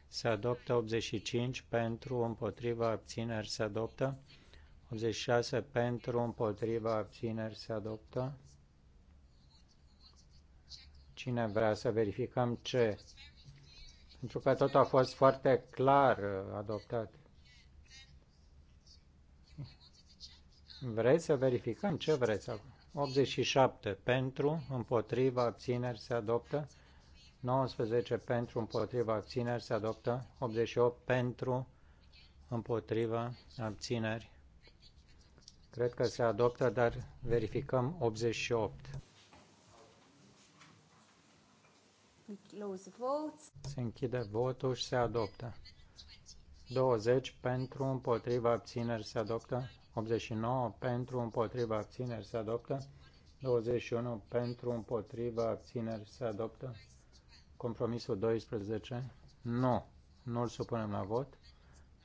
S2: se adoptă. 85 pentru, împotriva, abțineri, se adoptă. 86 pentru, împotriva, abțineri, se adoptă. Cine vrea să verificăm ce? pentru că tot a fost foarte clar uh, adoptat. Vreți să verificăm ce vreți acum? 87 pentru, împotriva, abțineri se adoptă. 19 pentru, împotriva, abțineri se adoptă. 88 pentru, împotriva, abțineri. Cred că se adoptă, dar verificăm 88. Se închide votul și se adoptă. 20 pentru, împotriva, abțineri se adoptă. 89 pentru, împotriva, abțineri se adoptă. 21 pentru, împotriva, abțineri se adoptă. Compromisul 12. Nu. Nu-l supunem la vot.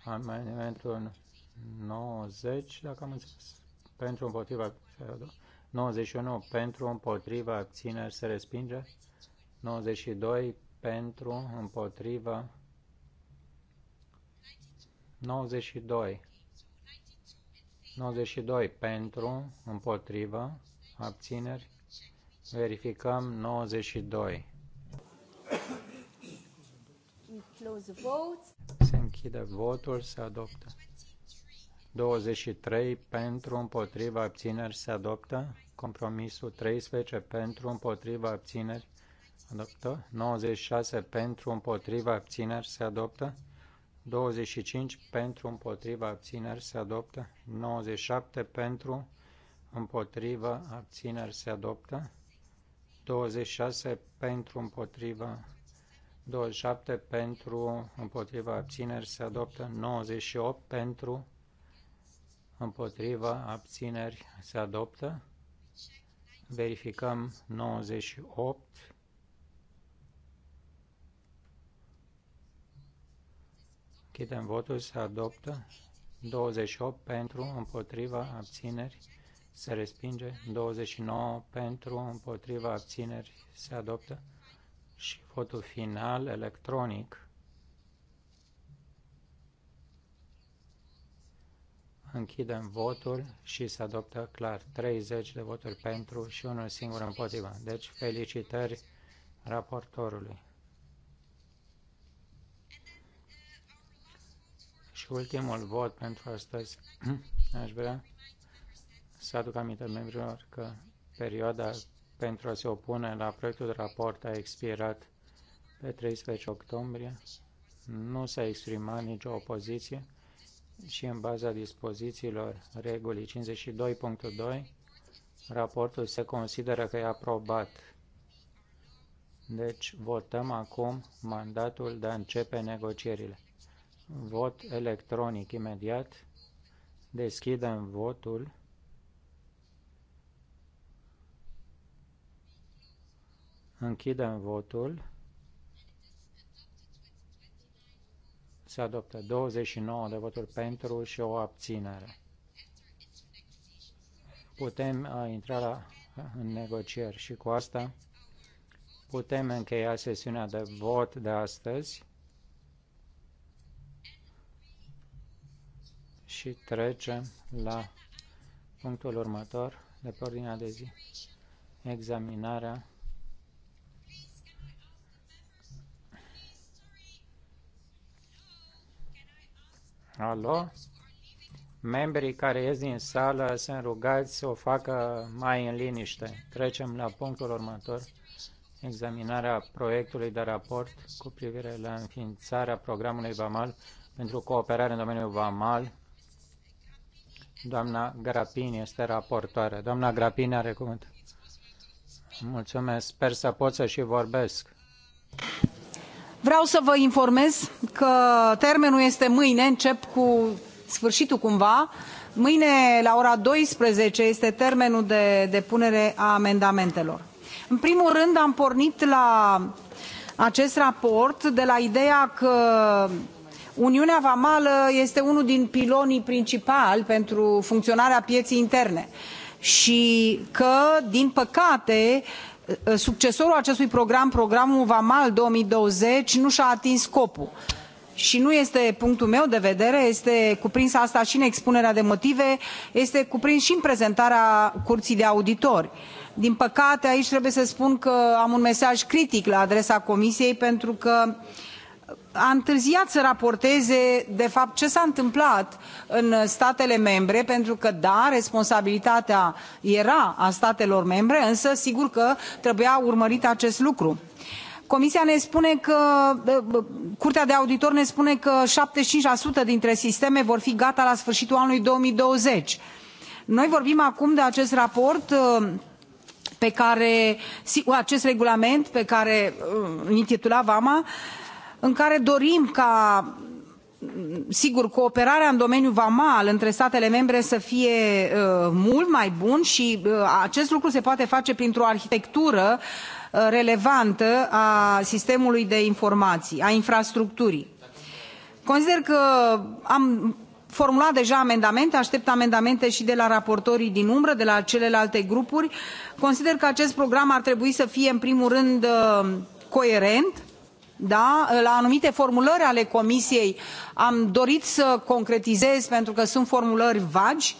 S2: Amendamentul 90, dacă am înțeles. Pentru, împotriva, se adoptă. 91 pentru, împotriva, abțineri se respinge. 92 pentru, împotrivă, 92, 92 pentru, împotrivă, abțineri, verificăm 92. Se închide votul, se adoptă. 23 pentru, împotriva, abțineri, se adoptă. Compromisul 13 pentru, împotriva, abțineri, adoptă. 96 pentru, împotriva, abțineri se adoptă. 25 pentru, împotriva, abțineri se adoptă. 97 pentru, împotriva, abțineri se adoptă. 26 pentru, împotriva, 27 pentru, împotriva, abțineri se adoptă. 98 pentru, împotriva, abțineri se adoptă. Verificăm 98 Închidem votul, se adoptă. 28 pentru, împotriva, abțineri, se respinge. 29 pentru, împotriva, abțineri, se adoptă. Și votul final, electronic. Închidem votul și se adoptă clar 30 de voturi pentru și unul singur împotriva. Deci, felicitări raportorului. Și ultimul vot pentru astăzi, aș vrea să aduc aminte membrilor că perioada pentru a se opune la proiectul de raport a expirat pe 13 octombrie. Nu s-a exprimat nicio opoziție și în baza dispozițiilor regulii 52.2, raportul se consideră că e aprobat. Deci votăm acum mandatul de a începe negocierile. Vot electronic imediat. Deschidem votul. Închidem votul. Se adoptă 29 de voturi pentru și o abținere. Putem uh, intra la, uh, în negocieri și cu asta putem încheia sesiunea de vot de astăzi. și trecem la punctul următor de pe ordinea de zi. Examinarea Alo? Membrii care ies din sală sunt rugați să o facă mai în liniște. Trecem la punctul următor, examinarea proiectului de raport cu privire la înființarea programului VAMAL pentru cooperare în domeniul VAMAL Doamna Grapini este raportoare. Doamna Grapini are cuvânt. Mulțumesc. Sper să pot să și vorbesc.
S3: Vreau să vă informez că termenul este mâine, încep cu sfârșitul cumva. Mâine, la ora 12, este termenul de depunere a amendamentelor. În primul rând, am pornit la acest raport de la ideea că uniunea vamală este unul din pilonii principali pentru funcționarea pieței interne și că din păcate succesorul acestui program programul vamal două mii douăzeci nu și a atins scopul și nu este punctul meu de vedere este cuprins asta și în expunerea de motive este cuprins și în prezentarea curții de auditori. din păcate aici trebuie să spun că am un mesaj critic la adresa comisiei pentru că uh, a întârziat să raporteze de fapt ce s a întâmplat în statele membre pentru că da responsabilitatea era a statelor membre însă sigur că trebuia urmărit acest lucru. comisia ne spune că curtea de auditori ne spune că șaptezeci și cinci dintre sisteme vor fi gata la sfârșitul anului. două mii douăzeci noi vorbim acum de acest raport ă, pe care acest regulament pe care ă, îl intitula vama și în care dorim ca sigur cooperarea în domeniul vamal între statele membre să fie uh, mult mai bună și uh, acest lucru se poate face printr o arhitectură uh, relevantă a sistemului de informații a infrastructurii. consider că am formulat deja amendamente aștept amendamente și de la raportorii din umbră de la celelalte grupuri. consider că acest program ar trebui să fie în primul rând uh, coerent da? la anumite formulări ale comisiei am dorit să concretizez pentru că sunt formulări vagi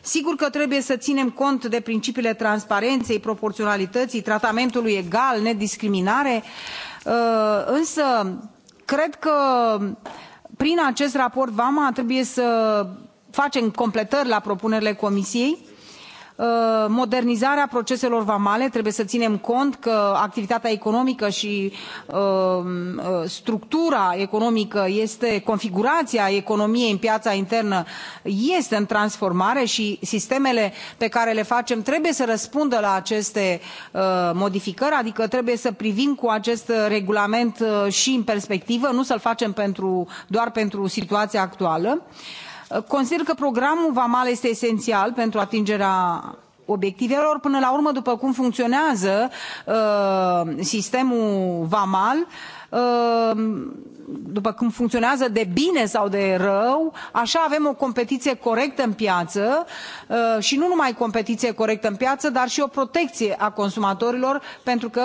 S3: sigur că trebuie să ținem cont de principiile transparenței proporționalității tratamentului egal nediscriminare uh, însă cred că prin acest raport vama trebuie să facem completări la propunerile comisiei Uh, modernizarea proceselor vamale trebuie să ținem cont că activitatea economică și uh, uh, structura economică este configurația economiei în piața internă este în transformare și sistemele pe care le facem trebuie să răspundă la aceste modificări adică trebuie să privim cu acest regulament și în perspectivă nu să l facem pentru, doar pentru situația actuală și Consider că programul VAMAL este esențial pentru atingerea obiectivelor. Până la urmă, după cum funcționează uh, sistemul VAMAL, uh, după cum funcționează de bine sau de rău, așa avem o competiție corectă în piață uh, și nu numai competiție corectă în piață, dar și o protecție a consumatorilor, pentru că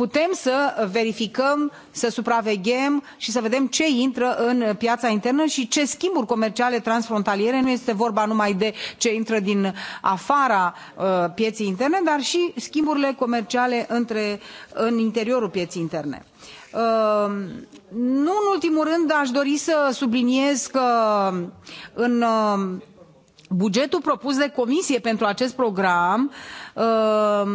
S3: putem să verificăm, să supraveghem și să vedem ce intră în piața internă și ce schimburi comerciale transfrontaliere. Nu este vorba numai de ce intră din afara uh, pieței interne, dar și schimburile comerciale între, în interiorul pieței interne. Uh, nu în ultimul rând aș dori să subliniez că în uh, bugetul propus de comisie pentru acest program uh, Ehm,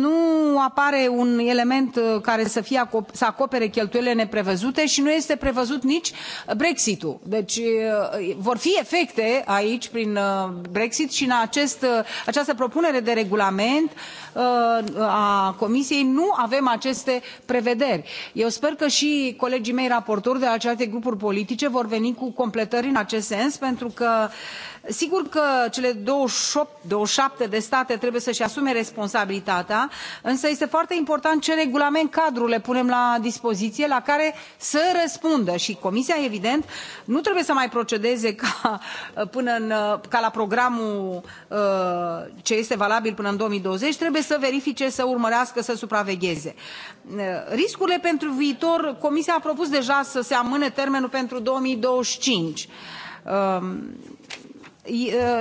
S3: nu apare un element uh, care să, fie, să acopere cheltuielile neprevăzute și nu este prevăzut nici brexit ul deci uh, vor fi efecte aici prin uh, brexit și în acest, această propunere de regulament a comisiei nu avem aceste prevederi. eu sper că și colegii mei raportori de la celelalte grupuri politice vor veni cu completări în acest sens pentru că sigur că cele douăzeci și șapte de state trebuie să își asume responsabilitatea însă este foarte important ce regulament cadru le punem la dispoziție la care să răspundă și comisia evident nu trebuie să mai procedeze ca, până ca la programul uh, ce este valabil până în două mii douăzeci trebuie să verifice să urmărească să supravegheze. Uh, riscurile pentru viitor comisia a propus deja să se amâne termenul pentru două mii douăzeci și cinci um,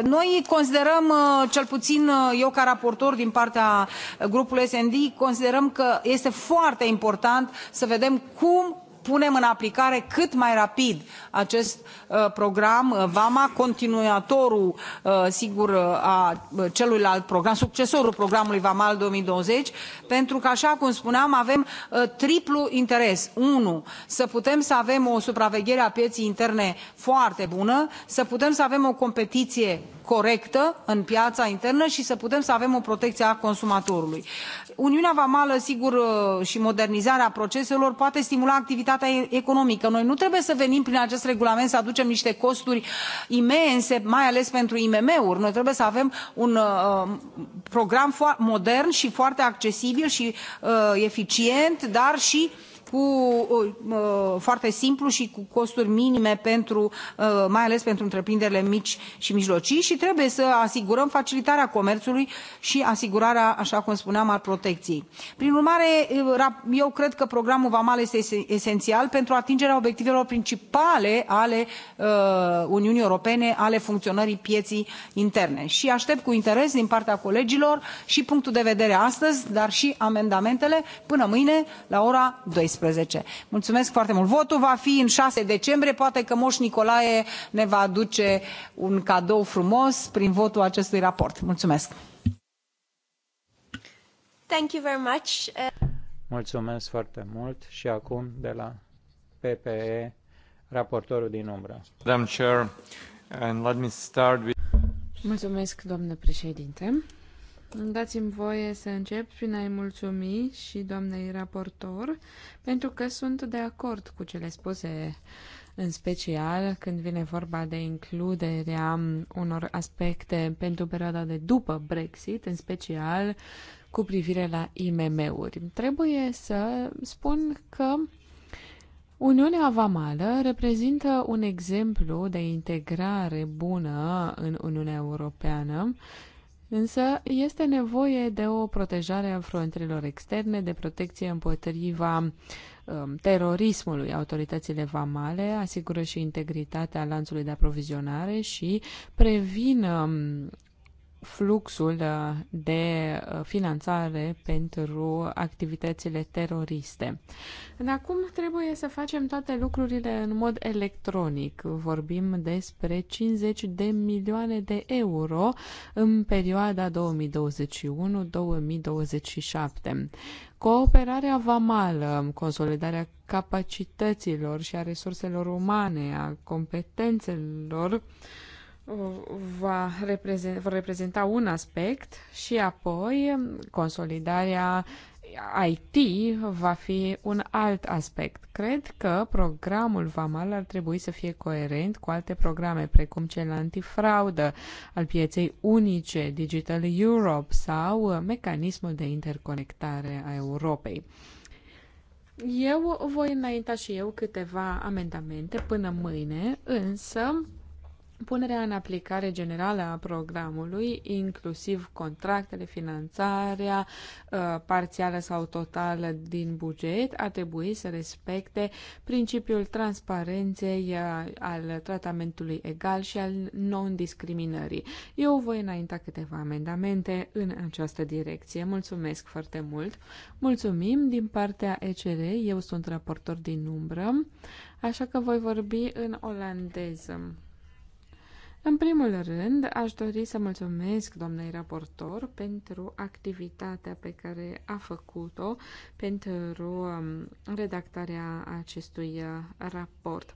S3: noi considerăm, cel puțin eu ca raportor din partea grupului SND, considerăm că este foarte important să vedem cum punem în aplicare cât mai rapid acest uh, program uh, vama continuatorul uh, sigur a celuilalt program succesorul programului vamal două mii douăzeci pentru că așa cum spuneam avem triplu interes unu să putem să avem o supraveghere a pieței interne foarte bună să putem să avem o competiție corectă în piața internă și să putem să avem o protecție a consumatorului. Uniunea Vamală, sigur, uh, și modernizarea proceselor poate stimula activitatea economică. Noi nu trebuie să venim prin acest regulament să aducem niște costuri imense, mai ales pentru IMM-uri. Noi trebuie să avem un uh, program modern și foarte accesibil și uh, eficient, dar și cu, foarte simplu și cu costuri minime, pentru, ă, mai ales pentru întreprinderile mici și mijlocii și trebuie să asigurăm facilitarea comerțului și asigurarea, așa cum spuneam, a protecției. Prin urmare, ă, eu cred că programul VAMAL este esențial pentru atingerea obiectivelor principale ale ă, Uniunii Europene, ale funcționării pieții interne. Și aștept cu interes din partea colegilor și punctul de vedere astăzi, dar și amendamentele până mâine la ora 12 douăsprezece mulțumesc foarte mult votul va fi în șase decembrie poate că moș nicolae ne va aduce un cadou frumos prin votul acestui raport. mulțumesc.
S1: Uh,
S2: mulțumesc foarte
S4: mult și acum
S2: de la PPE, raportorul din umbră.
S4: Mulțumesc, doamnă președinte. Dați-mi voie să încep prin a-i mulțumi și doamnei raportor, pentru că sunt de acord cu cele spuse, în special când vine vorba de includerea unor aspecte pentru perioada de după Brexit, în special cu privire la IMM-uri. Trebuie să spun că Uniunea Vamală reprezintă un exemplu de integrare bună în Uniunea Europeană Însă este nevoie de o protejare a frontierelor externe, de protecție împotriva um, terorismului. Autoritățile vamale asigură și integritatea lanțului de aprovizionare și previn um, fluxul uh, de uh, finanțare pentru activitățile teroriste. De acum trebuie să facem toate lucrurile în mod electronic. Vorbim despre 50 de milioane de euro în perioada 2021-2027. Cooperarea vamală, consolidarea capacităților și a resurselor umane, a competențelor va reprezenta, vor reprezenta un aspect și apoi consolidarea IT va fi un alt aspect. Cred că programul VAMAL ar trebui să fie coerent cu alte programe, precum cel antifraudă al pieței unice, Digital Europe sau mecanismul de interconectare a Europei. Eu voi înainta și eu câteva amendamente până mâine, însă Punerea în aplicare generală a programului, inclusiv contractele, finanțarea uh, parțială sau totală din buget, ar trebui să respecte principiul transparenței uh, al tratamentului egal și al non-discriminării. Eu voi înainta câteva amendamente în această direcție. Mulțumesc foarte mult! Mulțumim din partea ECR, eu sunt raportor din umbră, așa că voi vorbi în olandeză. În primul rând, aș dori să mulțumesc doamnei raportor pentru activitatea pe care a făcut-o pentru um, redactarea acestui uh, raport.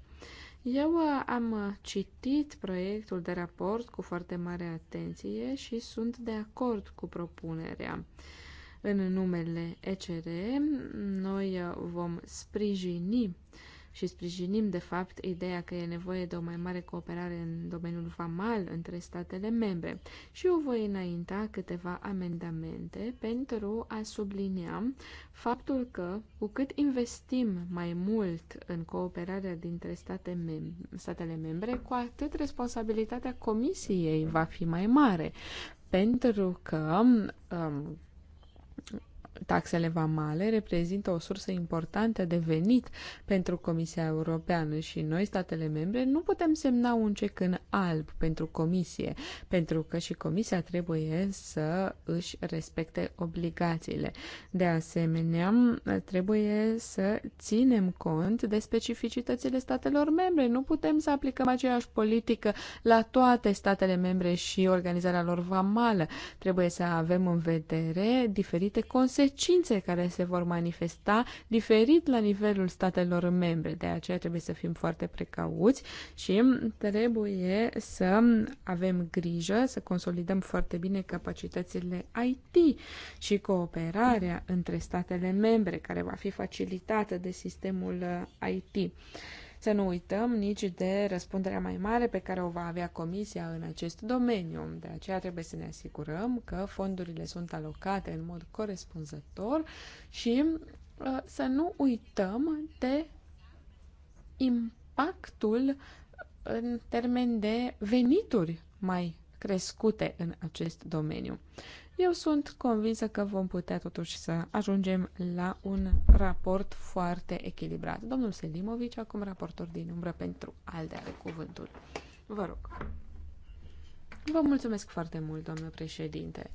S4: Eu uh, am citit proiectul de raport cu foarte mare atenție și sunt de acord cu propunerea. În numele ECR, noi uh, vom sprijini uh, și sprijinim, de fapt, ideea că e nevoie de o mai mare cooperare în domeniul vamal între statele membre. Și eu voi înainta câteva amendamente pentru a sublinia faptul că, cu cât investim mai mult în cooperarea dintre state mem- statele membre, cu atât responsabilitatea Comisiei va fi mai mare. Pentru că um, taxele vamale reprezintă o sursă importantă de venit pentru Comisia Europeană și noi, statele membre, nu putem semna un cec în alb pentru Comisie, pentru că și Comisia trebuie să își respecte obligațiile. De asemenea, trebuie să ținem cont de specificitățile statelor membre. Nu putem să aplicăm aceeași politică la toate statele membre și organizarea lor vamală. Trebuie să avem în vedere diferite consecințe consecințe care se vor manifesta diferit la nivelul statelor membre. De aceea trebuie să fim foarte precauți și trebuie să avem grijă, să consolidăm foarte bine capacitățile IT și cooperarea între statele membre, care va fi facilitată de sistemul IT. Să nu uităm nici de răspunderea mai mare pe care o va avea Comisia în acest domeniu. De aceea trebuie să ne asigurăm că fondurile sunt alocate în mod corespunzător și ă, să nu uităm de impactul în termen de venituri mai crescute în acest domeniu. Eu sunt convinsă că vom putea totuși să ajungem la un raport foarte echilibrat. Domnul Selimovici, acum raportor din umbră pentru al de are cuvântul. Vă rog. Vă mulțumesc foarte mult, domnule președinte.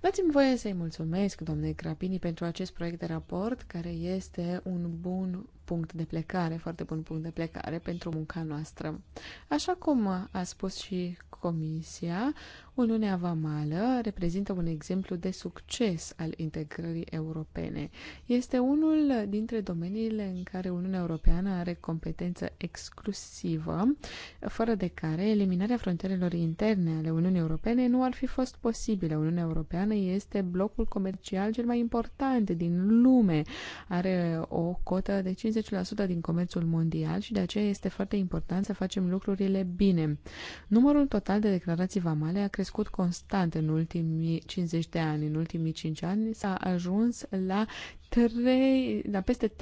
S4: Dați-mi voie să-i mulțumesc, domnule Crapini, pentru acest proiect de raport, care este un bun punct de plecare, foarte bun punct de plecare pentru munca noastră. Așa cum a spus și Comisia, Uniunea Vamală reprezintă un exemplu de succes al integrării europene. Este unul dintre domeniile în care Uniunea Europeană are competență exclusivă, fără de care eliminarea frontierelor interne ale Uniunii Europene nu ar fi fost posibilă. Uniunea Europeană este blocul comercial cel mai important din lume. Are o cotă de 50 70% din comerțul mondial și de aceea este foarte important să facem lucrurile bine. Numărul total de declarații vamale a crescut constant în ultimii 50 de ani. În ultimii 5 ani s-a ajuns la 3, da, peste 30.000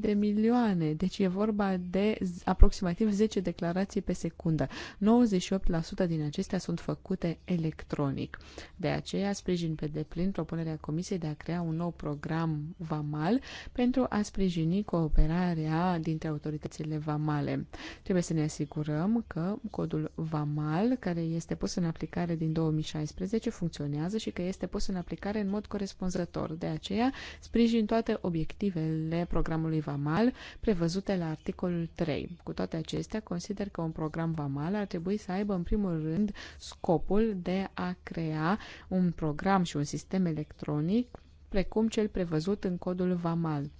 S4: de milioane. Deci e vorba de aproximativ 10 declarații pe secundă. 98% din acestea sunt făcute electronic. De aceea sprijin pe deplin propunerea Comisiei de a crea un nou program VAMAL pentru a sprijini cooperarea dintre autoritățile VAMALE. Trebuie să ne asigurăm că codul VAMAL, care este pus în aplicare din 2016, funcționează și că este pus în aplicare în mod corespunzător. De aceea, sprijin sprijin toate obiectivele programului VAMAL prevăzute la articolul 3. Cu toate acestea, consider că un program VAMAL ar trebui să aibă în primul rând scopul de a crea un program și un sistem electronic precum cel prevăzut în codul VAMAL.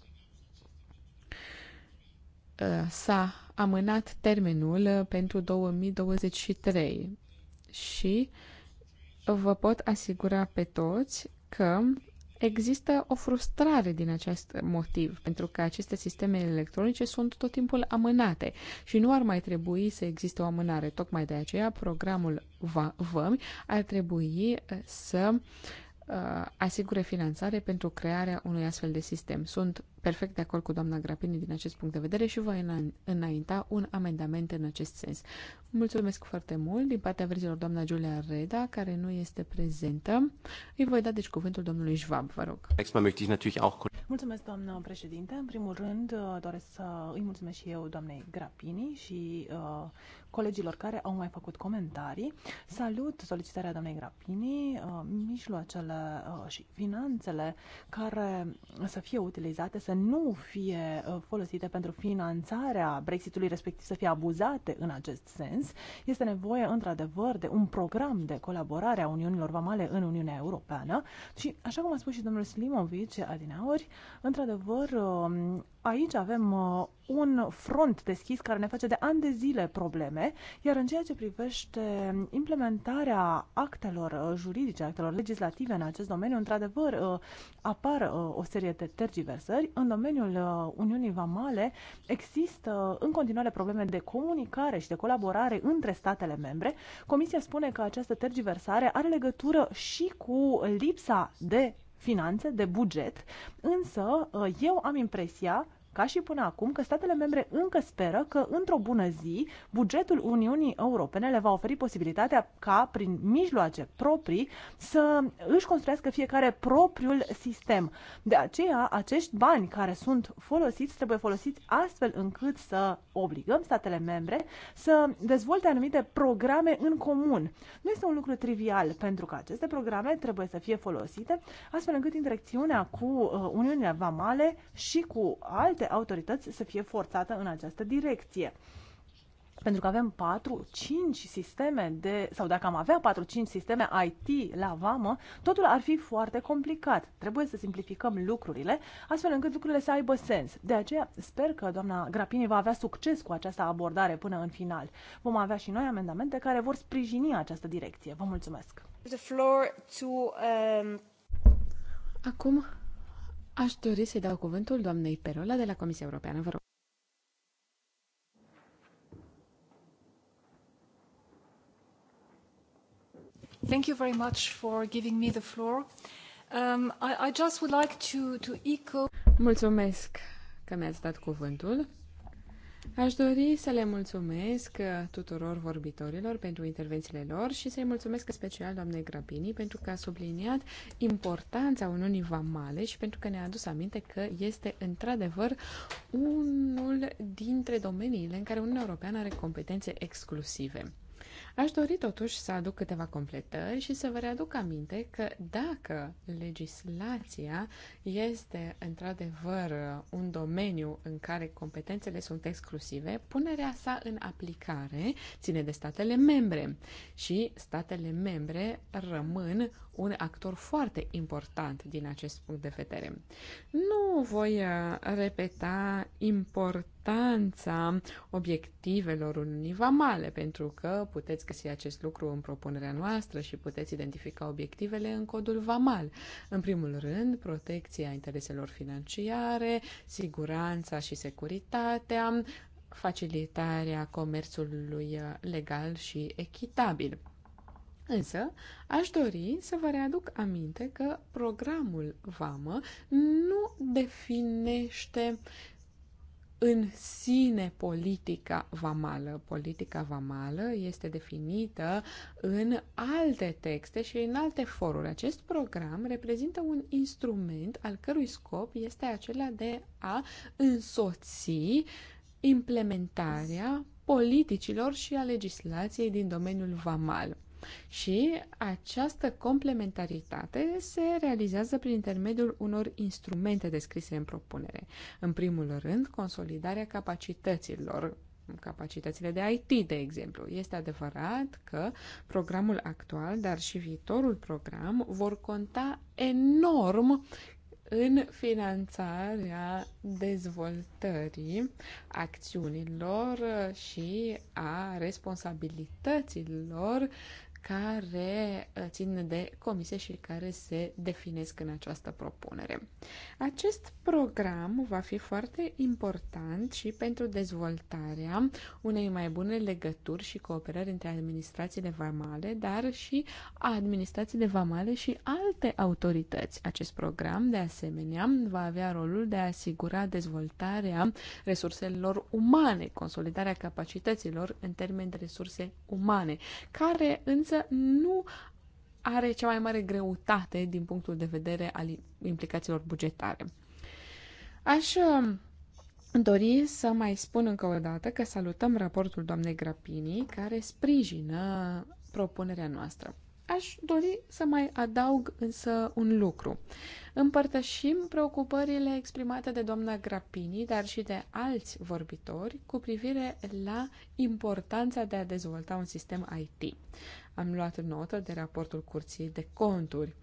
S4: Ă, s-a amânat termenul ă, pentru 2023 și vă pot asigura pe toți că există o frustrare din acest motiv, pentru că aceste sisteme electronice sunt tot timpul amânate și nu ar mai trebui să existe o amânare. Tocmai de aceea, programul VAM ar trebui eh, să eh, asigure finanțare pentru crearea unui astfel de sistem. Sunt perfect de acord cu doamna Grapini din acest punct de vedere și voi înainta un amendament în acest sens. Mulțumesc foarte mult din partea verzilor doamna Giulia Reda, care nu este prezentă. Îi voi da deci cuvântul domnului Schwab, vă rog. Mulțumesc, doamnă președinte. În
S1: primul rând, uh, doresc să îi mulțumesc și eu doamnei Grapini și uh, colegilor care au mai făcut comentarii. Salut solicitarea doamnei Grapini, uh, mijloacele uh, și finanțele care să fie utilizate să să nu fie uh, folosite pentru finanțarea Brexitului, respectiv să fie abuzate în acest sens. Este nevoie, într-adevăr, de un program de colaborare a Uniunilor Vamale în Uniunea Europeană și, așa cum a spus și domnul Slimovic adineauri, într-adevăr, um, aici avem uh, un front deschis care ne face de ani de zile probleme, iar în ceea ce privește implementarea actelor uh, juridice, actelor legislative în acest domeniu, într-adevăr uh, apar o serie de tergiversări. În domeniul Uniunii Vamale există în continuare probleme de comunicare și de colaborare între statele membre. Comisia spune că această tergiversare are legătură și cu lipsa de finanțe, de buget, însă uh, eu am impresia ca și până acum, că statele membre încă speră că, într-o bună zi, bugetul Uniunii Europene le va oferi posibilitatea ca, prin mijloace proprii, să își construiască fiecare propriul sistem. De aceea, acești bani care sunt folosiți trebuie folosiți astfel încât să obligăm statele membre să dezvolte anumite programe în comun. Nu este un lucru trivial, pentru că aceste programe trebuie să fie folosite astfel încât interacțiunea cu uh, Uniunea Vamale și cu alte alte autorități să fie forțată în această direcție. Pentru că avem 4-5 sisteme de, sau dacă am avea 4-5 sisteme IT la vamă, totul ar fi foarte complicat. Trebuie să simplificăm lucrurile, astfel încât lucrurile să aibă sens. De aceea sper că doamna Grapini va avea succes cu această abordare până în final. Vom avea și noi amendamente care vor sprijini această direcție. Vă mulțumesc!
S4: The floor to, um... Acum Aș dori să-i dau cuvântul doamnei Perola de la Comisia Europeană. Vă rog. Thank you very much for giving me the floor. Um, I, I just would like to, to echo... Mulțumesc că mi-ați dat cuvântul. Aș dori să le mulțumesc tuturor vorbitorilor pentru intervențiile lor și să-i mulțumesc în special doamnei Grabini pentru că a subliniat importanța Uniunii Vamale și pentru că ne-a adus aminte că este într-adevăr unul dintre domeniile în care Uniunea Europeană are competențe exclusive. Aș dori totuși să aduc câteva completări și să vă readuc aminte că dacă legislația este într-adevăr un domeniu în care competențele sunt exclusive, punerea sa în aplicare ține de statele membre și statele membre rămân un actor foarte important din acest punct de vedere. Nu voi repeta import importanța obiectivelor univamale, Vamale, pentru că puteți găsi acest lucru în propunerea noastră și puteți identifica obiectivele în codul Vamal. În primul rând, protecția intereselor financiare, siguranța și securitatea, facilitarea comerțului uh, legal și echitabil. Însă, aș dori să vă readuc aminte că programul VAMă nu definește în sine politica vamală. Politica vamală este definită în alte texte și în alte foruri. Acest program reprezintă un instrument al cărui scop este acela de a însoți implementarea politicilor și a legislației din domeniul vamal. Și această complementaritate se realizează prin intermediul unor instrumente descrise în propunere. În primul rând, consolidarea capacităților capacitățile de IT, de exemplu. Este adevărat că programul actual, dar și viitorul program, vor conta enorm în finanțarea dezvoltării acțiunilor și a responsabilităților care uh, țin de comisie și care se definesc în această propunere. Acest program va fi foarte important și pentru dezvoltarea unei mai bune legături și cooperări între administrațiile vamale, dar și administrațiile vamale și alte autorități. Acest program, de asemenea, va avea rolul de a asigura dezvoltarea resurselor umane, consolidarea capacităților în termeni de resurse umane, care însă însă nu are cea mai mare greutate din punctul de vedere al implicațiilor bugetare. Aș um, dori să mai spun încă o dată că salutăm raportul doamnei Grapini, care sprijină propunerea noastră. Aș dori să mai adaug însă un lucru. Împărtășim preocupările exprimate de doamna Grapini, dar și de alți vorbitori cu privire la importanța de a dezvolta un sistem IT. Am luat notă de raportul Curții de Conturi.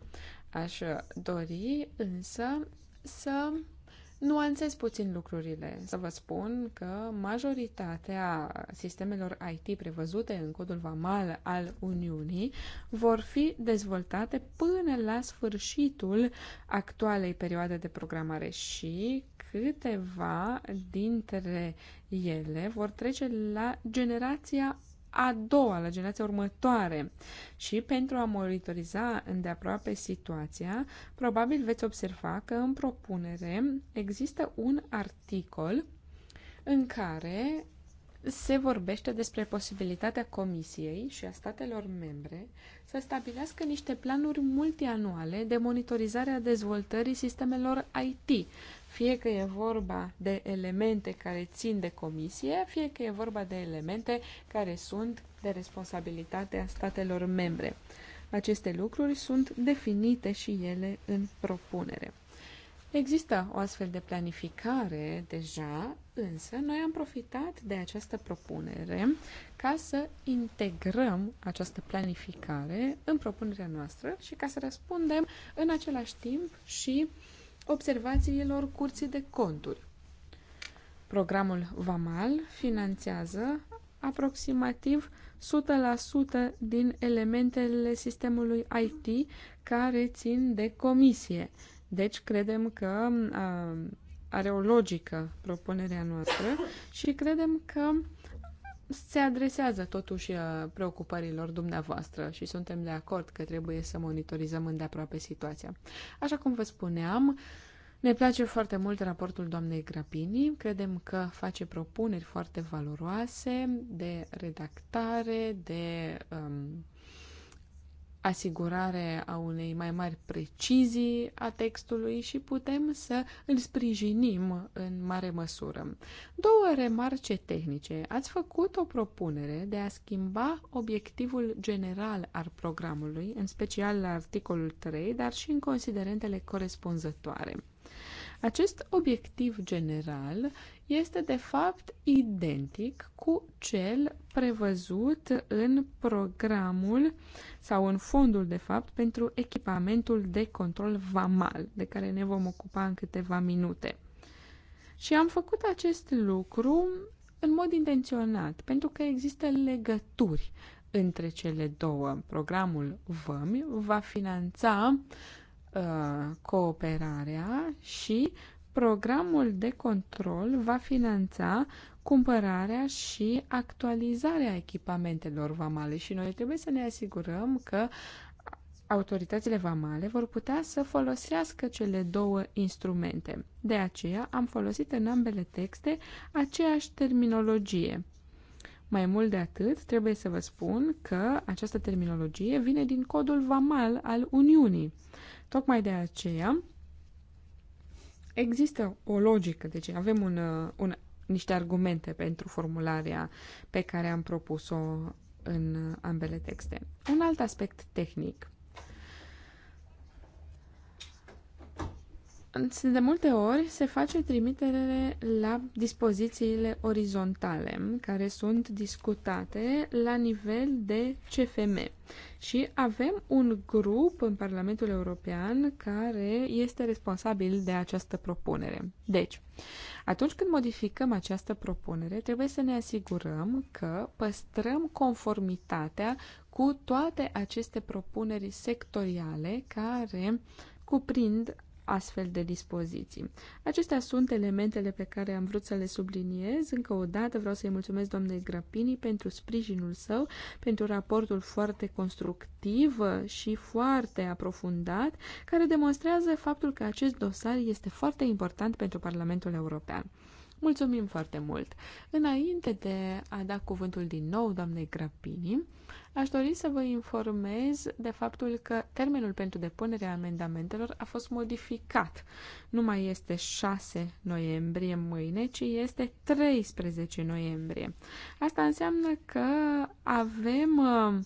S4: Aș dori însă să nuanțez puțin lucrurile. Să vă spun că majoritatea sistemelor IT prevăzute în codul VAMAL al Uniunii vor fi dezvoltate până la sfârșitul actualei perioade de programare și câteva dintre ele vor trece la generația a doua, la generația următoare. Și pentru a monitoriza îndeaproape situația, probabil veți observa că în propunere există un articol în care se vorbește despre posibilitatea Comisiei și a statelor membre să stabilească niște planuri multianuale de monitorizare a dezvoltării sistemelor IT fie că e vorba de elemente care țin de comisie, fie că e vorba de elemente care sunt de responsabilitatea statelor membre. Aceste lucruri sunt definite și ele în propunere. Există o astfel de planificare deja, însă noi am profitat de această propunere ca să integrăm această planificare în propunerea noastră și ca să răspundem în același timp și uh, observațiilor curții de conturi. Programul VAMAL finanțează aproximativ 100% din elementele sistemului IT care țin de comisie. Deci credem că a, are o logică propunerea noastră și credem că se adresează totuși uh, preocupărilor dumneavoastră și suntem de acord că trebuie să monitorizăm îndeaproape situația. Așa cum vă spuneam, ne place foarte mult raportul doamnei Grapini, credem că face propuneri foarte valoroase de redactare, de um, asigurare a unei mai mari precizii a textului și putem să îl sprijinim în mare măsură. Două remarce tehnice. Ați făcut o propunere de a schimba obiectivul general al programului, în special la articolul 3, dar și în considerentele corespunzătoare. Acest obiectiv general este de fapt identic cu cel prevăzut în programul sau în fondul de fapt pentru echipamentul de control vamal, de care ne vom ocupa în câteva minute. Și am făcut acest lucru în mod intenționat, pentru că există legături între cele două. Programul VAMI va finanța uh, cooperarea și programul de control va finanța cumpărarea și actualizarea echipamentelor vamale și noi trebuie să ne asigurăm că autoritățile vamale vor putea să folosească cele două instrumente. De aceea am folosit în ambele texte aceeași terminologie. Mai mult de atât, trebuie să vă spun că această terminologie vine din codul vamal al Uniunii. Tocmai de aceea, Există o logică, deci avem un, uh, un, niște argumente pentru formularea pe care am propus-o în uh, ambele texte. Un alt aspect tehnic de multe ori se face trimitere la dispozițiile orizontale, care sunt discutate la nivel de CFM. Și avem un grup în Parlamentul European care este responsabil de această propunere. Deci, atunci când modificăm această propunere, trebuie să ne asigurăm că păstrăm conformitatea cu toate aceste propuneri sectoriale care cuprind astfel de dispoziții. Acestea sunt elementele pe care am vrut să le subliniez. Încă o dată vreau să-i mulțumesc doamnei Grapini pentru sprijinul său, pentru raportul foarte constructiv și foarte aprofundat, care demonstrează faptul că acest dosar este foarte important pentru Parlamentul European. Mulțumim foarte mult! Înainte de a da cuvântul din nou doamnei Grapini, aș dori să vă informez de faptul că termenul pentru depunerea amendamentelor a fost modificat. Nu mai este 6 noiembrie mâine, ci este 13 noiembrie. Asta înseamnă că avem uh,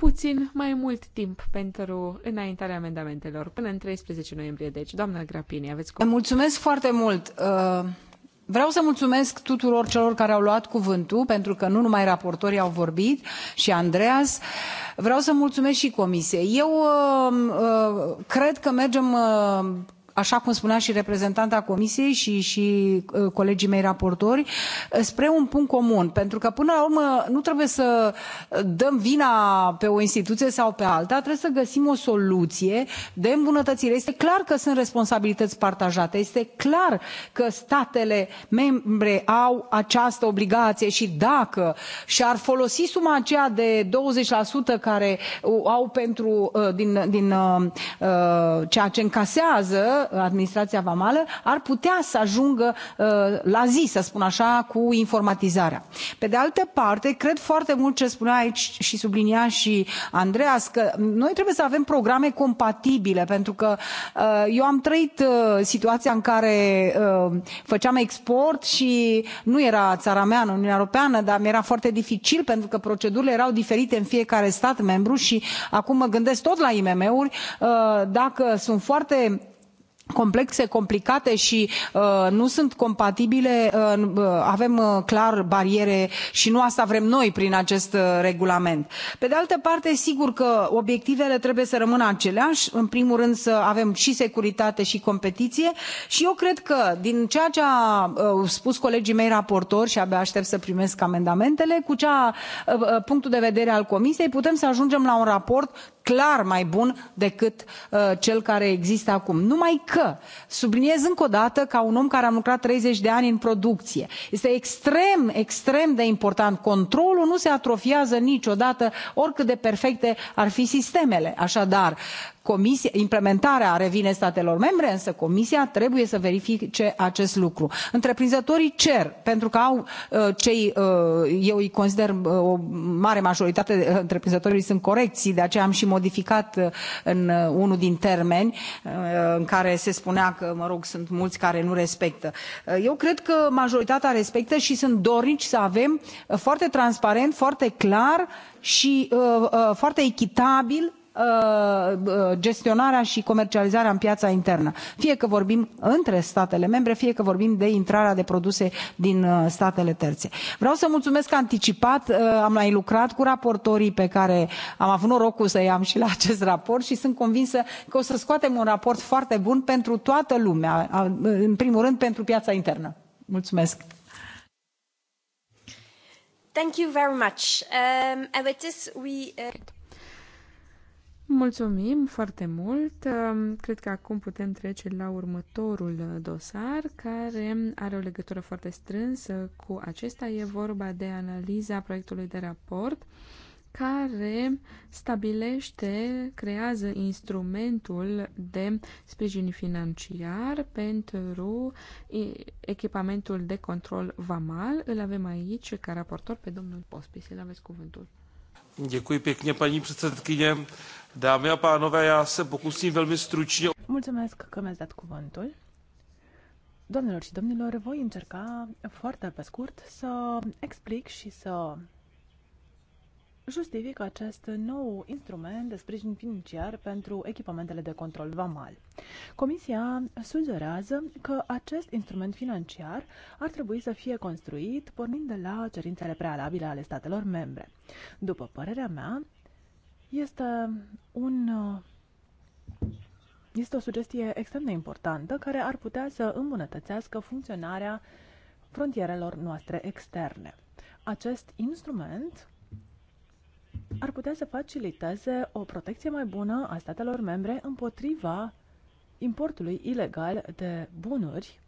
S4: puțin mai mult timp pentru înaintarea amendamentelor, până în 13 noiembrie. Deci, doamna Grapini, aveți
S3: cuvântul. Mulțumesc foarte mult! Uh, vreau să mulțumesc tuturor celor care au luat cuvântul, pentru că nu numai raportorii au vorbit, și Andreas. Vreau să mulțumesc și Comisiei. Eu uh, uh, cred că mergem așa cum spunea și reprezentanta Comisiei și, și uh, colegii mei raportori, uh, spre un punct comun. Pentru că, până la urmă, nu trebuie să uh, dăm vina pe o instituție sau pe alta, trebuie să găsim o soluție de îmbunătățire. Este clar că sunt responsabilități partajate, este clar că statele membre au această obligație și dacă și-ar folosi suma aceea de 20% care au pentru, din, din ceea ce încasează, administrația vamală ar putea să ajungă uh, la zi, să spun așa, cu informatizarea. Pe de altă parte, cred foarte mult ce spunea aici și sublinia și Andreas, că noi trebuie să avem programe compatibile, pentru că uh, eu am trăit uh, situația în care făceam export și nu era țara mea în Uniunea Europeană, dar mi-era foarte dificil pentru că procedurile erau diferite în fiecare stat membru și acum mă gândesc tot la IMM-uri, dacă sunt foarte complexe complicate și uh, nu sunt compatibile uh, uh, avem uh, clar bariere și nu asta vrem noi prin acest uh, regulament. pe de altă parte sigur că obiectivele trebuie să rămână aceleași în primul rând să avem și securitate și competiție și eu cred că din ceea ce au uh, spus colegii mei raportori și abia aștept să primesc amendamentele cu cea, punctul de vedere al comisiei putem să ajungem la un raport clar mai bun decât uh, cel care există acum. Numai că, subliniez încă o dată, ca un om care a lucrat 30 de ani în producție, este extrem, extrem de important. Controlul nu se atrofiază niciodată, oricât de perfecte ar fi sistemele. Așadar, comisia, implementarea revine statelor membre, însă Comisia trebuie să verifice acest lucru. Întreprinzătorii cer, pentru că au uh, cei, uh, eu îi consider uh, o mare majoritate de întreprinzătorii sunt corecți, de aceea am și modificat în unul din termeni în care se spunea că, mă rog, sunt mulți care nu respectă. Eu cred că majoritatea respectă și sunt dornici să avem foarte transparent, foarte clar și foarte echitabil Uh, uh, gestionarea și comercializarea în piața internă fie că vorbim între statele membre fie că vorbim de intrarea de produse din uh, statele terțe. vreau să mulțumesc anticipat am mai lucrat cu raportorii pe care am avut norocul să i am și la acest raport și sunt convinsă că o să scoatem un raport foarte bun pentru toată lumea în primul rând pentru piața internă. mulțumesc!
S1: Thank you very much.
S4: Um, with this we uh... Mulțumim foarte mult. Cred că acum putem trece la următorul dosar, care are o legătură foarte strânsă cu acesta. E vorba de analiza proiectului de raport care stabilește, creează instrumentul de sprijin financiar pentru echipamentul de control VAMAL. Îl avem aici ca raportor pe domnul Pospis. Îl aveți cuvântul.
S5: Děkuji pěkně, paní předsedkyně. Dámy a pánové, já se pokusím velmi stručně...
S1: Mulțumesc că mi-ați dat cuvântul. Doamnelor și domnilor, voi încerca foarte pe scurt să explic și să justifică acest nou instrument de sprijin financiar pentru echipamentele de control vamal. Comisia sugerează că acest instrument financiar ar trebui să fie construit pornind de la cerințele prealabile ale statelor membre. După părerea mea, este un este o sugestie extrem de importantă care ar putea să îmbunătățească funcționarea frontierelor noastre externe. Acest instrument ar putea să faciliteze o protecție mai bună a statelor membre împotriva importului ilegal de bunuri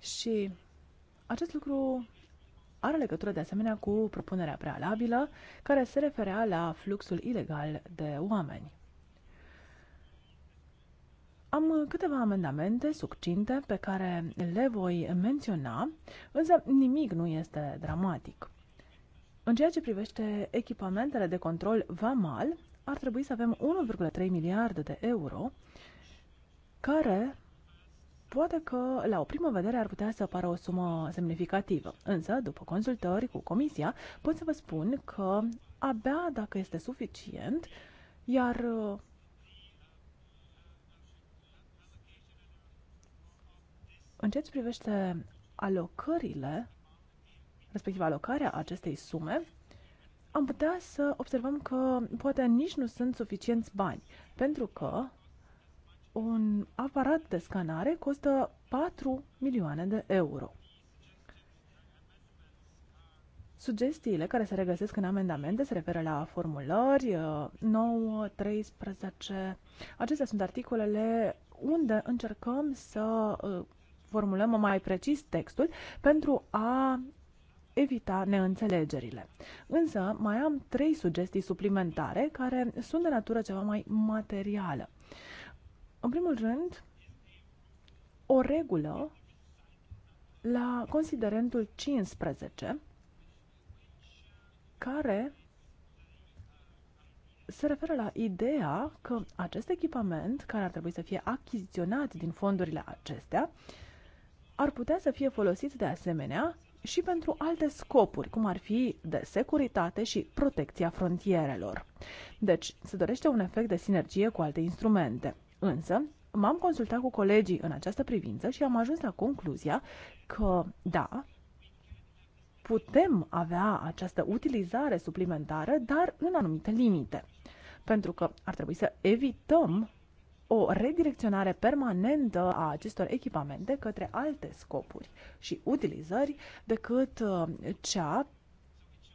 S1: și acest lucru are legătură de asemenea cu propunerea prealabilă care se referea la fluxul ilegal de oameni. Am câteva amendamente succinte pe care le voi menționa, însă nimic nu este dramatic. În ceea ce privește echipamentele de control VAMAL, ar trebui să avem 1,3 miliarde de euro, care poate că la o primă vedere ar putea să apară o sumă semnificativă. Însă, după consultări cu comisia, pot să vă spun că abia dacă este suficient, iar în ceea ce privește alocările respectiv alocarea acestei sume, am putea să observăm că poate nici nu sunt suficienți bani, pentru că un aparat de scanare costă 4 milioane de euro. Sugestiile care se regăsesc în amendamente se referă la formulări 9, uh, 13. Acestea sunt articolele unde încercăm să uh, formulăm mai precis textul pentru a evita neînțelegerile. Însă mai am trei sugestii suplimentare care sunt de natură ceva mai materială. În primul rând, o regulă la considerentul 15 care se referă la ideea că acest echipament, care ar trebui să fie achiziționat din fondurile acestea, ar putea să fie folosit de asemenea și pentru alte scopuri, cum ar fi de securitate și protecția frontierelor. Deci, se dorește un efect de sinergie cu alte instrumente. Însă, m-am consultat cu colegii în această privință și am ajuns la concluzia că, da, putem avea această utilizare suplimentară, dar în anumite limite. Pentru că ar trebui să evităm o redirecționare permanentă a acestor echipamente către alte scopuri și utilizări decât uh, cea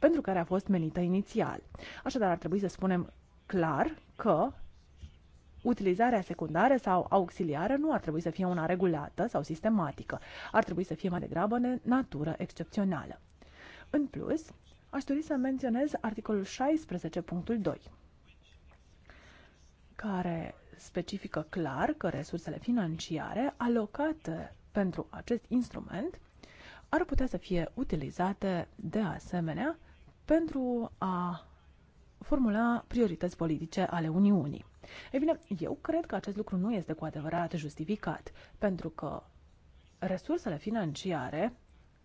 S1: pentru care a fost menită inițial. Așadar, ar trebui să spunem clar că utilizarea secundară sau auxiliară nu ar trebui să fie una regulată sau sistematică. Ar trebui să fie mai degrabă de natură excepțională. În plus, aș dori să menționez articolul 16.2 care specifică clar că resursele financiare alocate pentru acest instrument ar putea să fie utilizate de asemenea pentru a formula priorități politice ale Uniunii. Ei bine, eu cred că acest lucru nu este cu adevărat justificat, pentru că resursele financiare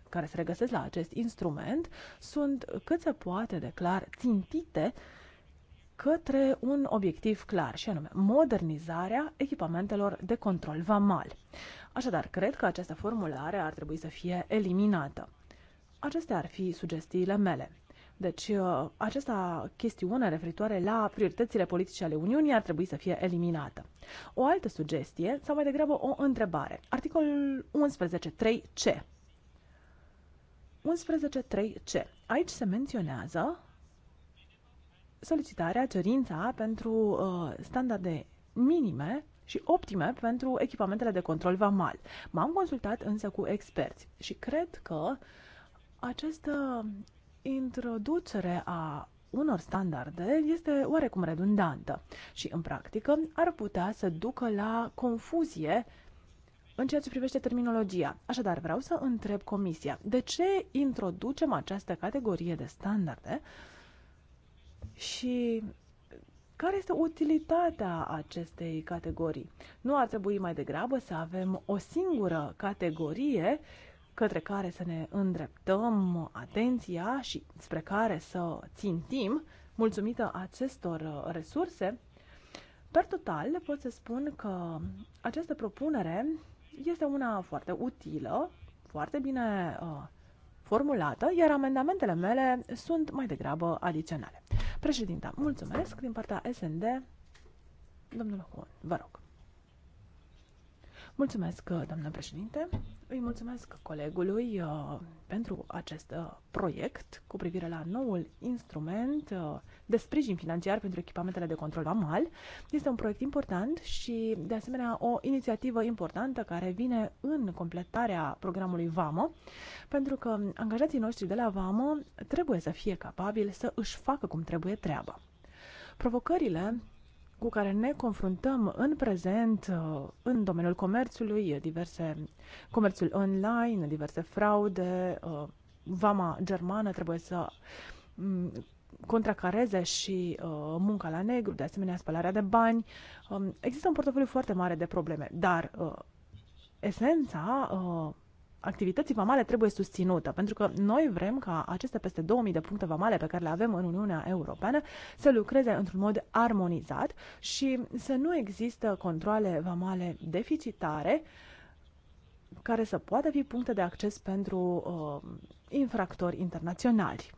S1: care se regăsesc la acest instrument sunt cât se poate de clar țintite uh, către un obiectiv clar, și anume modernizarea echipamentelor de control vamal. Așadar, cred că această formulare ar trebui să fie eliminată. Acestea ar fi sugestiile mele. Deci, uh, această chestiune referitoare la prioritățile politice ale Uniunii ar trebui să fie eliminată. O altă sugestie, sau mai degrabă o întrebare. Articolul 11.3c. 11.3c. Aici se menționează solicitarea, cerința pentru uh, standarde minime și optime pentru echipamentele de control vamal. M-am consultat însă cu experți și cred că această introducere a unor standarde este oarecum redundantă și, în practică, ar putea să ducă la confuzie în ceea ce privește terminologia. Așadar, vreau să întreb Comisia, de ce introducem această categorie de standarde uh, și care este utilitatea acestei categorii? Nu ar trebui mai degrabă să avem o singură categorie către care să ne îndreptăm atenția și spre care să țintim, mulțumită acestor uh, resurse, Per total, pot să spun că această propunere este una foarte utilă, foarte bine uh, formulată, iar amendamentele mele sunt mai degrabă adiționale. Președinta, mulțumesc din partea SND. Domnul Huon, vă rog. Mulțumesc, doamnă președinte. Îi mulțumesc colegului uh, pentru acest uh, proiect cu privire la noul instrument uh, de sprijin financiar pentru echipamentele de control mal. Este un proiect important și, de asemenea, o inițiativă importantă care vine în completarea programului VAMO, pentru că angajații noștri de la VAMO trebuie să fie capabili să își facă cum trebuie treaba. Provocările cu care ne confruntăm în prezent uh, în domeniul comerțului, diverse comerțul online, diverse fraude, uh, vama germană trebuie să mm, contracareze și uh, munca la negru, de asemenea spălarea de bani. Um, există un portofoliu foarte mare de probleme, dar esența activității vamale trebuie susținută, pentru că noi vrem ca aceste peste 2000 de puncte vamale pe care le avem în Uniunea Europeană să lucreze într-un mod armonizat și să nu există controle vamale deficitare care să poată fi puncte de acces pentru uh, infractori internaționali.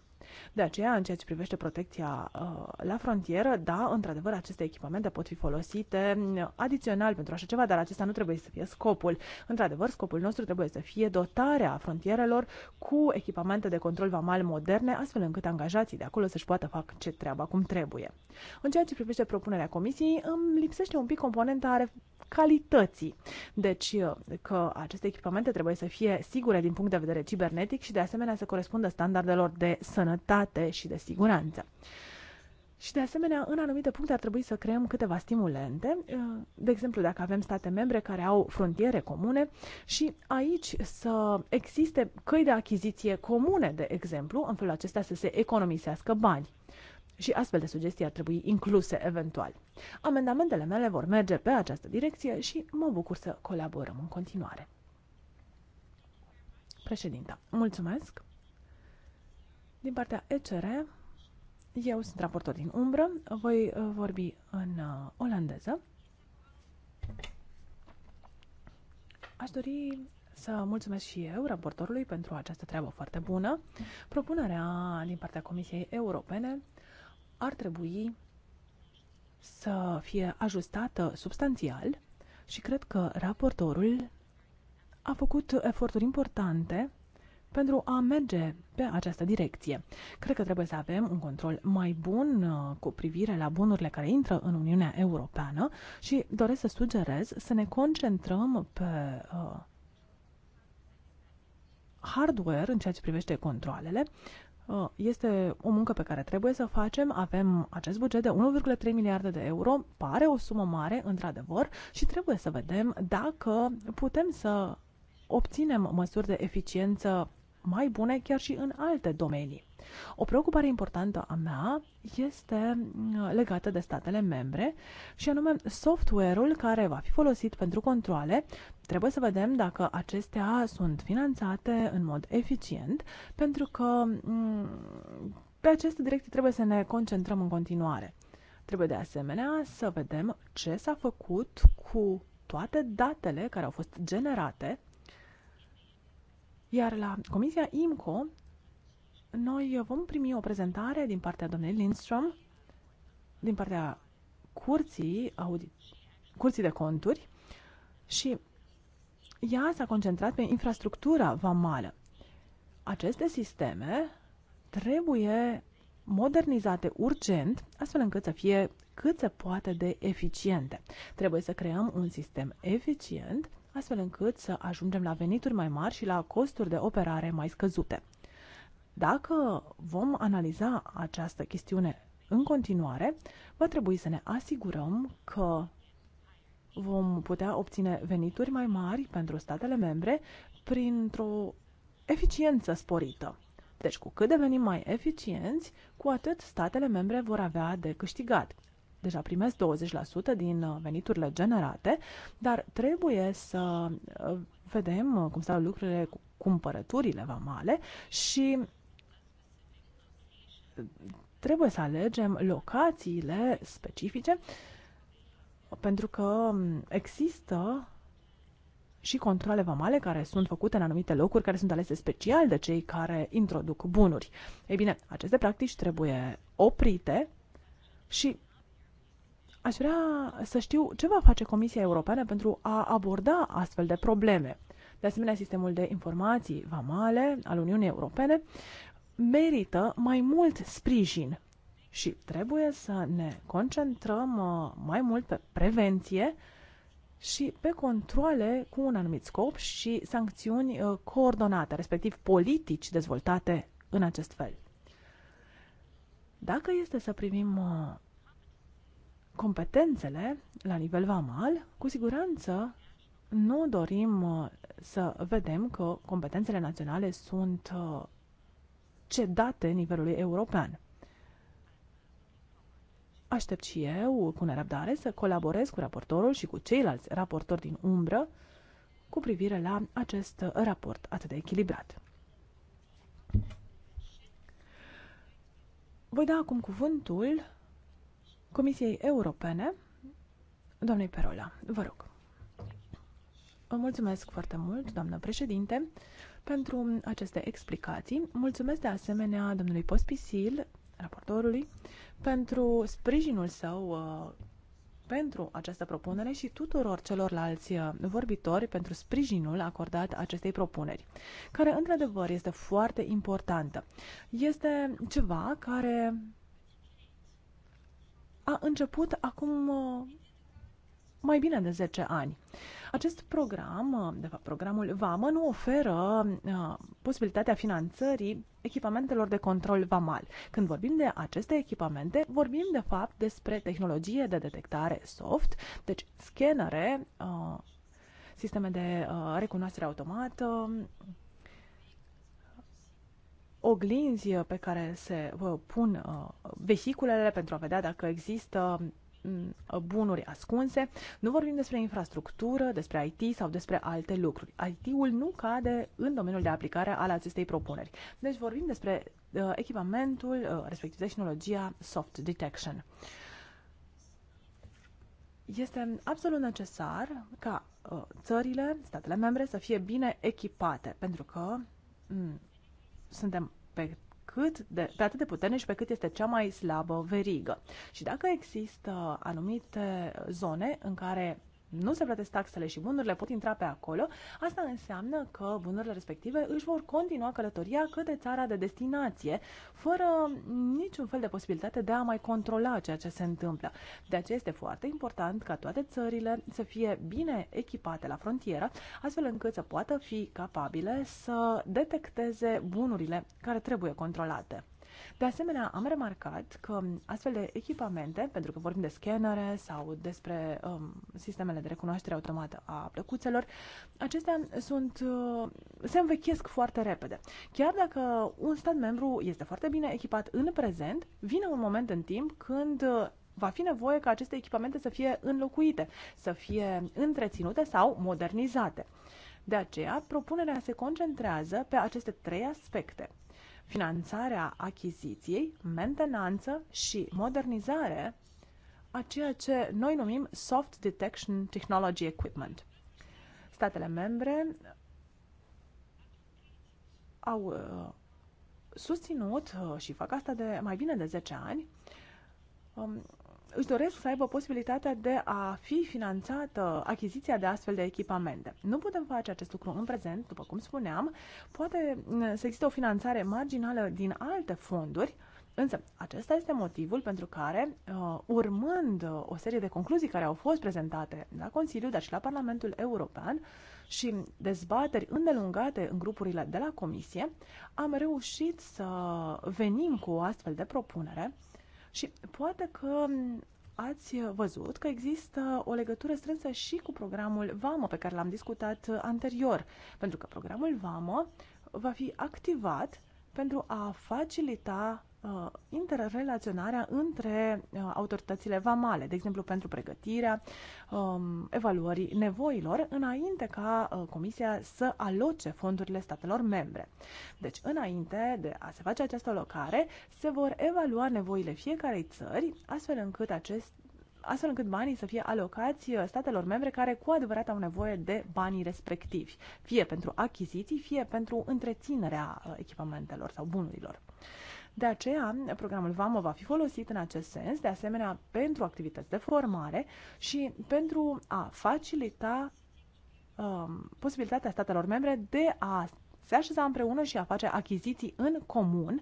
S1: De aceea, în ceea ce privește protecția uh, la frontieră, da, într-adevăr, aceste echipamente pot fi folosite uh, adițional pentru așa ceva, dar acesta nu trebuie să fie scopul. Într-adevăr, scopul nostru trebuie să fie dotarea frontierelor cu echipamente de control vamal moderne, astfel încât angajații de acolo să-și poată fac ce treaba cum trebuie. În ceea ce privește propunerea comisiei, îmi lipsește un pic componenta calității. Deci uh, că aceste echipamente trebuie să fie sigure din punct de vedere cibernetic și de asemenea să corespundă standardelor de sănătate și de siguranță. Și de asemenea, în anumite puncte ar trebui să creăm câteva stimulente, uh, de exemplu dacă avem state membre care au frontiere comune și aici să existe căi de achiziție comune, de exemplu, în felul acesta să se economisească bani și astfel de sugestii ar trebui incluse eventual. Amendamentele mele vor merge pe această direcție și mă bucur să colaborăm în continuare. Președinta, mulțumesc! Din partea ECR, eu sunt raportor din umbră, voi uh, vorbi în uh, olandeză. Aș dori să mulțumesc și eu raportorului pentru această treabă foarte bună. Propunerea din partea Comisiei Europene ar trebui să fie ajustată substanțial și cred că raportorul a făcut eforturi importante pentru a merge pe această direcție. Cred că trebuie să avem un control mai bun uh, cu privire la bunurile care intră în Uniunea Europeană și doresc să sugerez să ne concentrăm pe uh, hardware în ceea ce privește controlele Uh, este o muncă pe care trebuie să facem. Avem acest buget de 1,3 miliarde de euro. Pare o sumă mare, într-adevăr, și trebuie să vedem dacă putem să obținem măsuri de eficiență mai bune chiar și în alte domenii. O preocupare importantă a mea este mm, legată de statele membre și anume software-ul care va fi folosit pentru controle. Trebuie să vedem dacă acestea sunt finanțate în mod eficient, pentru că mm, pe aceste direcții trebuie să ne concentrăm în continuare. Trebuie de asemenea să vedem ce s-a făcut cu toate datele care au fost generate iar la Comisia IMCO, noi vom primi o prezentare din partea doamnei Lindstrom, din partea curții, audit, curții de conturi și ea s-a concentrat pe infrastructura vamală. Aceste sisteme trebuie modernizate urgent, astfel încât să fie cât se poate de eficiente. Trebuie să creăm un sistem eficient astfel încât să ajungem la venituri mai mari și la costuri de operare mai scăzute. Dacă vom analiza această chestiune în continuare, va trebui să ne asigurăm că vom putea obține venituri mai mari pentru statele membre printr-o eficiență sporită. Deci cu cât devenim mai eficienți, cu atât statele membre vor avea de câștigat deja primesc 20% din uh, veniturile generate, dar trebuie să uh, vedem uh, cum stau lucrurile cu cumpărăturile vamale și trebuie să alegem locațiile specifice pentru că um, există și controle vamale care sunt făcute în anumite locuri, care sunt alese special de cei care introduc bunuri. Ei bine, aceste practici trebuie oprite și Aș vrea să știu ce va face Comisia Europeană pentru a aborda astfel de probleme. De asemenea, sistemul de informații vamale al Uniunii Europene merită mai mult sprijin și trebuie să ne concentrăm uh, mai mult pe prevenție și pe controle cu un anumit scop și sancțiuni uh, coordonate, respectiv politici dezvoltate în acest fel. Dacă este să privim uh, competențele la nivel vamal, cu siguranță nu dorim uh, să vedem că competențele naționale sunt uh, cedate nivelului european. Aștept și eu cu nerăbdare să colaborez cu raportorul și cu ceilalți raportori din umbră cu privire la acest raport atât de echilibrat. Voi da acum cuvântul Comisiei Europene, doamnei Perola. Vă rog. Vă mulțumesc foarte mult, doamnă președinte, pentru aceste explicații. Mulțumesc de asemenea domnului Pospisil, raportorului, pentru sprijinul său uh, pentru această propunere și tuturor celorlalți uh, vorbitori pentru sprijinul acordat acestei propuneri, care într-adevăr este foarte importantă. Este ceva care a început acum uh, mai bine de 10 ani. Acest program, uh, de fapt programul VAMA, nu oferă uh, posibilitatea finanțării echipamentelor de control VAMAL. Când vorbim de aceste echipamente, vorbim de fapt despre tehnologie de detectare soft, deci scanere, sisteme de recunoaștere automată, oglinzi uh, pe care se uh, pun uh, vehiculele pentru a vedea dacă există mm, bunuri ascunse. Nu vorbim despre infrastructură, despre IT sau despre alte lucruri. IT-ul nu cade în domeniul de aplicare al acestei propuneri. Deci vorbim despre uh, echipamentul, uh, respectiv tehnologia soft detection. Este absolut necesar ca uh, țările, statele membre să fie bine echipate, pentru că mm, suntem pe cât de, pe atât de puternici pe cât este cea mai slabă verigă. Și dacă există anumite zone în care nu se plătesc taxele și bunurile pot intra pe acolo, asta înseamnă că bunurile respective își vor continua călătoria către țara de destinație, fără niciun fel de posibilitate de a mai controla ceea ce se întâmplă. De aceea este foarte important ca toate țările să fie bine echipate la frontieră, astfel încât să poată fi capabile să detecteze bunurile care trebuie controlate. De asemenea, am remarcat că astfel de echipamente, pentru că vorbim de scanere sau despre um, sistemele de recunoaștere automată a plăcuțelor, acestea sunt, uh, se învechesc foarte repede. Chiar dacă un stat membru este foarte bine echipat în prezent, vine un moment în timp când uh, va fi nevoie ca aceste echipamente să fie înlocuite, să fie întreținute sau modernizate. De aceea, propunerea se concentrează pe aceste trei aspecte finanțarea achiziției, mentenanță și modernizare a ceea ce noi numim Soft Detection Technology Equipment. Statele membre au uh, susținut uh, și fac asta de mai bine de 10 ani um, își doresc să aibă posibilitatea de a fi finanțată achiziția de astfel de echipamente. Nu putem face acest lucru în prezent, după cum spuneam. Poate mm, să existe o finanțare marginală din alte fonduri, Însă, acesta este motivul pentru care, uh, urmând uh, o serie de concluzii care au fost prezentate la Consiliu, dar și la Parlamentul European și dezbateri îndelungate în grupurile de la Comisie, am reușit să venim cu o astfel de propunere și poate că ați văzut că există o legătură strânsă și cu programul VAMO pe care l-am discutat anterior, pentru că programul VAMO va fi activat pentru a facilita Uh, interrelaționarea între uh, autoritățile vamale, de exemplu pentru pregătirea um, evaluării nevoilor înainte ca uh, Comisia să aloce fondurile statelor membre. Deci, înainte de a se face această locare, se vor evalua nevoile fiecarei țări, astfel încât acest astfel încât banii să fie alocați uh, statelor membre care cu adevărat au nevoie de banii respectivi, fie pentru achiziții, fie pentru întreținerea echipamentelor sau bunurilor. De aceea, programul VAMO va fi folosit în acest sens, de asemenea pentru activități de formare și pentru a facilita um, posibilitatea statelor membre de a se așeza împreună și a face achiziții în comun,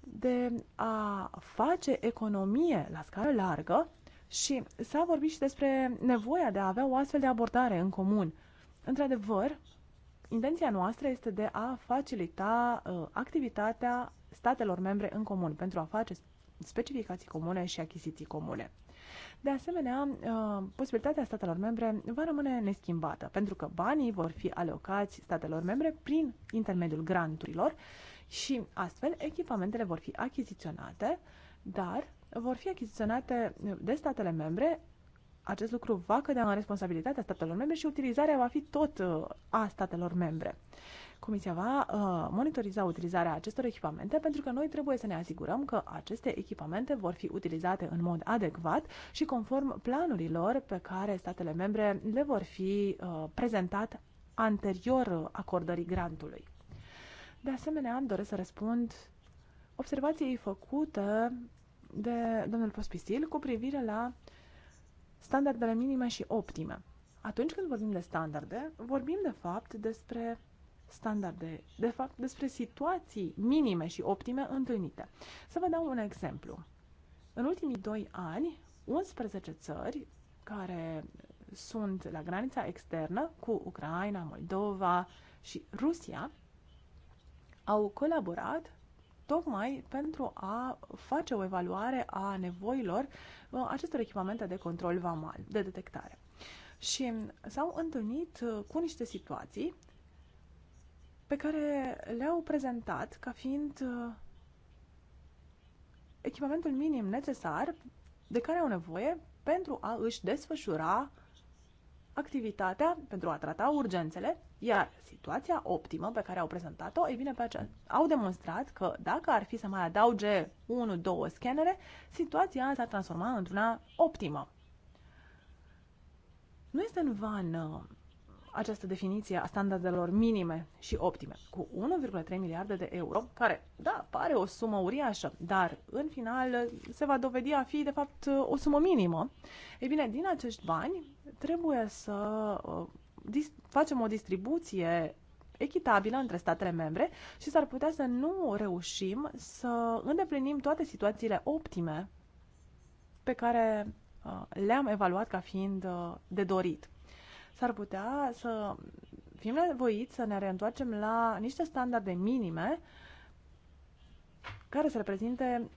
S1: de a face economie la scară largă și s-a vorbit și despre nevoia de a avea o astfel de abordare în comun. Într-adevăr, intenția noastră este de a facilita uh, activitatea statelor membre în comun pentru a face specificații comune și achiziții comune. De asemenea, uh, posibilitatea statelor membre va rămâne neschimbată, pentru că banii vor fi alocați statelor membre prin intermediul granturilor și astfel echipamentele vor fi achiziționate, dar vor fi achiziționate de statele membre acest lucru va cădea în responsabilitatea statelor membre și utilizarea va fi tot uh, a statelor membre. Comisia va uh, monitoriza utilizarea acestor echipamente pentru că noi trebuie să ne asigurăm că aceste echipamente vor fi utilizate în mod adecvat și conform planurilor pe care statele membre le vor fi uh, prezentat anterior acordării grantului. De asemenea, doresc să răspund observației făcute de domnul Pospisil cu privire la standardele minime și optime. Atunci când vorbim de standarde, vorbim de fapt despre standarde, de fapt despre situații minime și optime întâlnite. Să vă dau un exemplu. În ultimii doi ani, 11 țări care sunt la granița externă cu Ucraina, Moldova și Rusia au colaborat tocmai pentru a face o evaluare a nevoilor uh, acestor echipamente de control vamal, de detectare. Și s-au întâlnit uh, cu niște situații pe care le-au prezentat ca fiind uh, echipamentul minim necesar de care au nevoie pentru a își desfășura activitatea, pentru a trata urgențele, iar situația optimă pe care au prezentat-o, ei bine, pe acea, au demonstrat că dacă ar fi să mai adauge 1-2 scanere, situația s-ar transforma într-una optimă. Nu este în vană această definiție a standardelor minime și optime cu 1,3 miliarde de euro, care, da, pare o sumă uriașă, dar în final se va dovedi a fi, de fapt, o sumă minimă. Ei bine, din acești bani trebuie să uh, facem o distribuție echitabilă între statele membre și s-ar putea să nu reușim să îndeplinim toate situațiile optime pe care uh, le-am evaluat ca fiind uh, de dorit s-ar putea să fim nevoiți să ne reîntoarcem la niște standarde minime care să reprezinte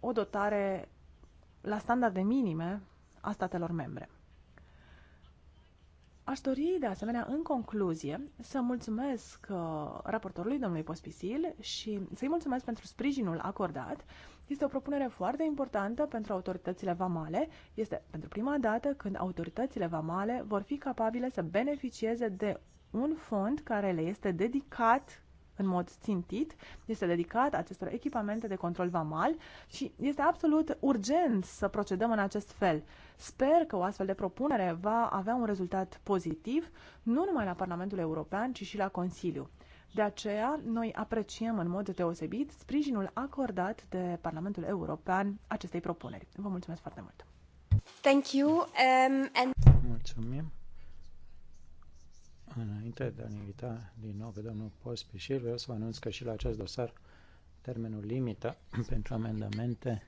S1: o dotare la standarde minime a statelor membre. Aș dori, de asemenea, în concluzie, să mulțumesc uh, raportorului, domnului Pospisil, și să-i mulțumesc pentru sprijinul acordat. Este o propunere foarte importantă pentru autoritățile vamale. Este pentru prima dată când autoritățile vamale vor fi capabile să beneficieze de un fond care le este dedicat în mod țintit, este dedicat acestor echipamente de control vamal și este absolut urgent să procedăm în acest fel. Sper că o astfel de propunere va avea un rezultat pozitiv, nu numai la Parlamentul European, ci și la Consiliu. De aceea, noi apreciem în mod deosebit sprijinul acordat de Parlamentul European acestei propuneri. Vă mulțumesc foarte mult! Thank you, um, and...
S2: Mulțumim! Înainte de a ne invita din nou pe domnul Pospișil, vreau să vă anunț că și la acest dosar termenul limită pentru amendamente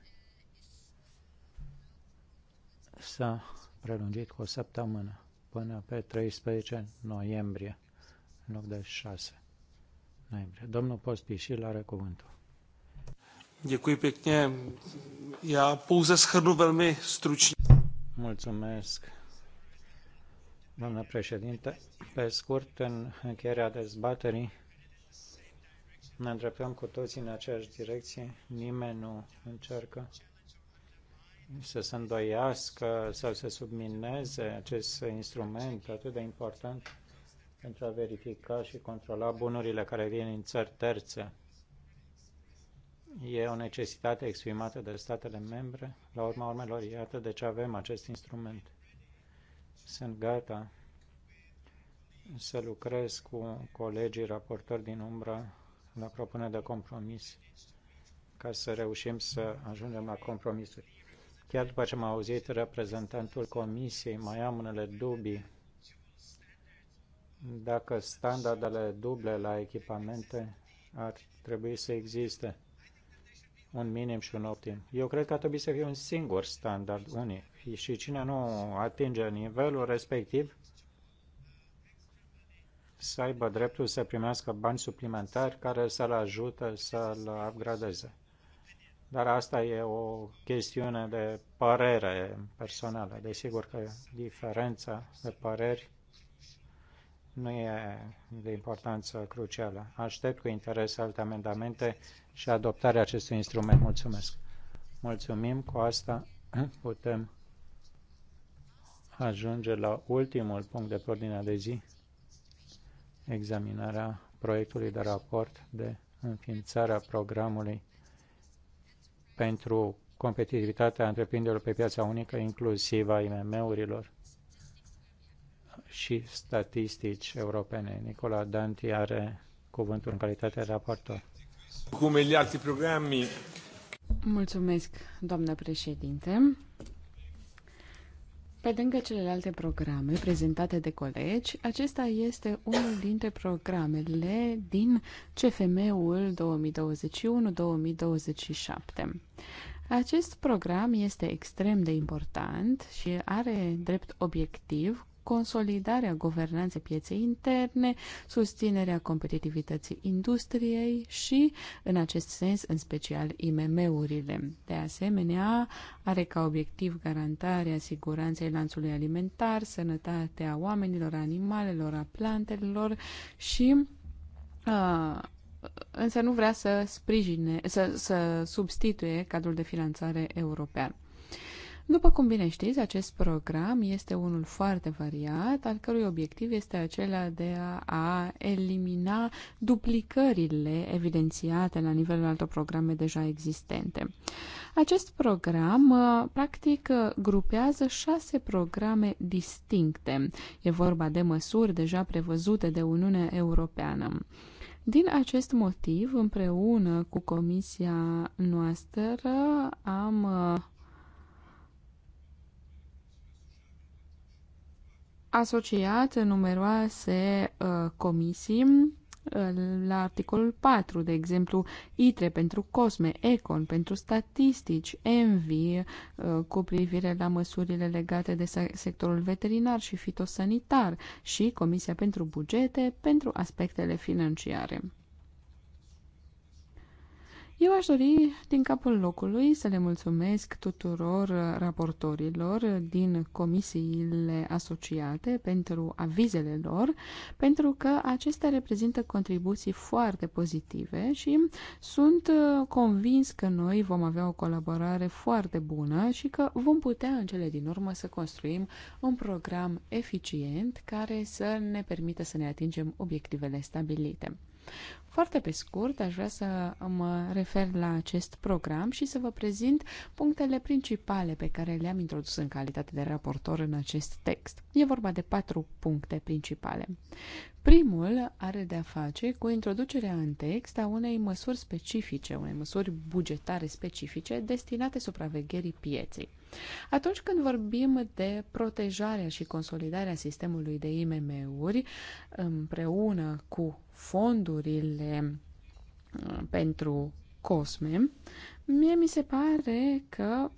S2: s-a prelungit cu o săptămână până pe 13 noiembrie, în loc de 6 noiembrie. Domnul Pospișil are cuvântul. Děkuji pěkně. Já pouze schrnu velmi stručně. Mulțumesc doamnă președinte. Pe scurt, în încheierea dezbaterii, ne îndreptăm cu toții în aceeași direcție. Nimeni nu încearcă să se îndoiască sau să submineze acest instrument atât de important pentru a verifica și controla bunurile care vin în țări terțe. E o necesitate exprimată de statele membre. La urma urmelor, iată de ce avem acest instrument. Sunt gata să lucrez cu colegii raportori din umbră la propunere de compromis ca să reușim să ajungem la compromisuri. Chiar după ce am auzit reprezentantul comisiei, mai am unele dubii dacă standardele duble la echipamente ar trebui să existe un minim și un optim. Eu cred că ar trebui să fie un singur standard unic și cine nu atinge nivelul respectiv să aibă dreptul să primească bani suplimentari care să-l ajută să-l upgradeze. Dar asta e o chestiune de părere personală. Desigur că diferența de păreri nu e de importanță crucială. Aștept cu interes alte amendamente și adoptarea acestui instrument. Mulțumesc! Mulțumim, cu asta putem ajunge la ultimul punct de pe ordinea de zi, examinarea proiectului de raport de înființarea programului pentru competitivitatea întreprinderilor pe piața unică, inclusiv a IMM-urilor și statistici europene. Nicola Danti are cuvântul în calitate de raportor.
S5: Cum gli altri Mulțumesc,
S4: doamnă președinte. Pe lângă celelalte programe prezentate de colegi, acesta este unul dintre programele din CFM-ul 2021-2027. Acest program este extrem de important și are drept obiectiv consolidarea guvernanței pieței interne, susținerea competitivității industriei și, în acest sens, în special IMM-urile. De asemenea, are ca obiectiv garantarea siguranței lanțului alimentar, sănătatea oamenilor, animalelor, a plantelor și a, însă nu vrea să sprijine, să, să substituie cadrul de finanțare european. După cum bine știți, acest program este unul foarte variat, al cărui obiectiv este acela de a, elimina duplicările evidențiate la nivelul altor programe deja existente. Acest program, uh, practic, uh, grupează șase programe distincte. E vorba de măsuri deja prevăzute de Uniunea Europeană. Din acest motiv, împreună cu comisia noastră, am uh, asociat în numeroase uh, comisii uh, la articolul 4, de exemplu, ITRE pentru COSME, ECON pentru statistici, ENVI uh, cu privire la măsurile legate de sectorul veterinar și fitosanitar și Comisia pentru bugete pentru aspectele financiare. Eu aș dori din capul locului să le mulțumesc tuturor raportorilor din comisiile asociate pentru avizele lor, pentru că acestea reprezintă contribuții foarte pozitive și sunt convins că noi vom avea o colaborare foarte bună și că vom putea în cele din urmă să construim un program eficient care să ne permită să ne atingem obiectivele stabilite. Foarte pe scurt, aș vrea să mă refer la acest program și să vă prezint punctele principale pe care le-am introdus în calitate de raportor în acest text. E vorba de patru puncte principale. Primul are de-a face cu introducerea în text a unei măsuri specifice, unei măsuri bugetare specifice destinate supravegherii pieței. Atunci când vorbim de protejarea și consolidarea sistemului de IMM-uri împreună cu fondurile de uh, pentru COSME, mie mi se pare că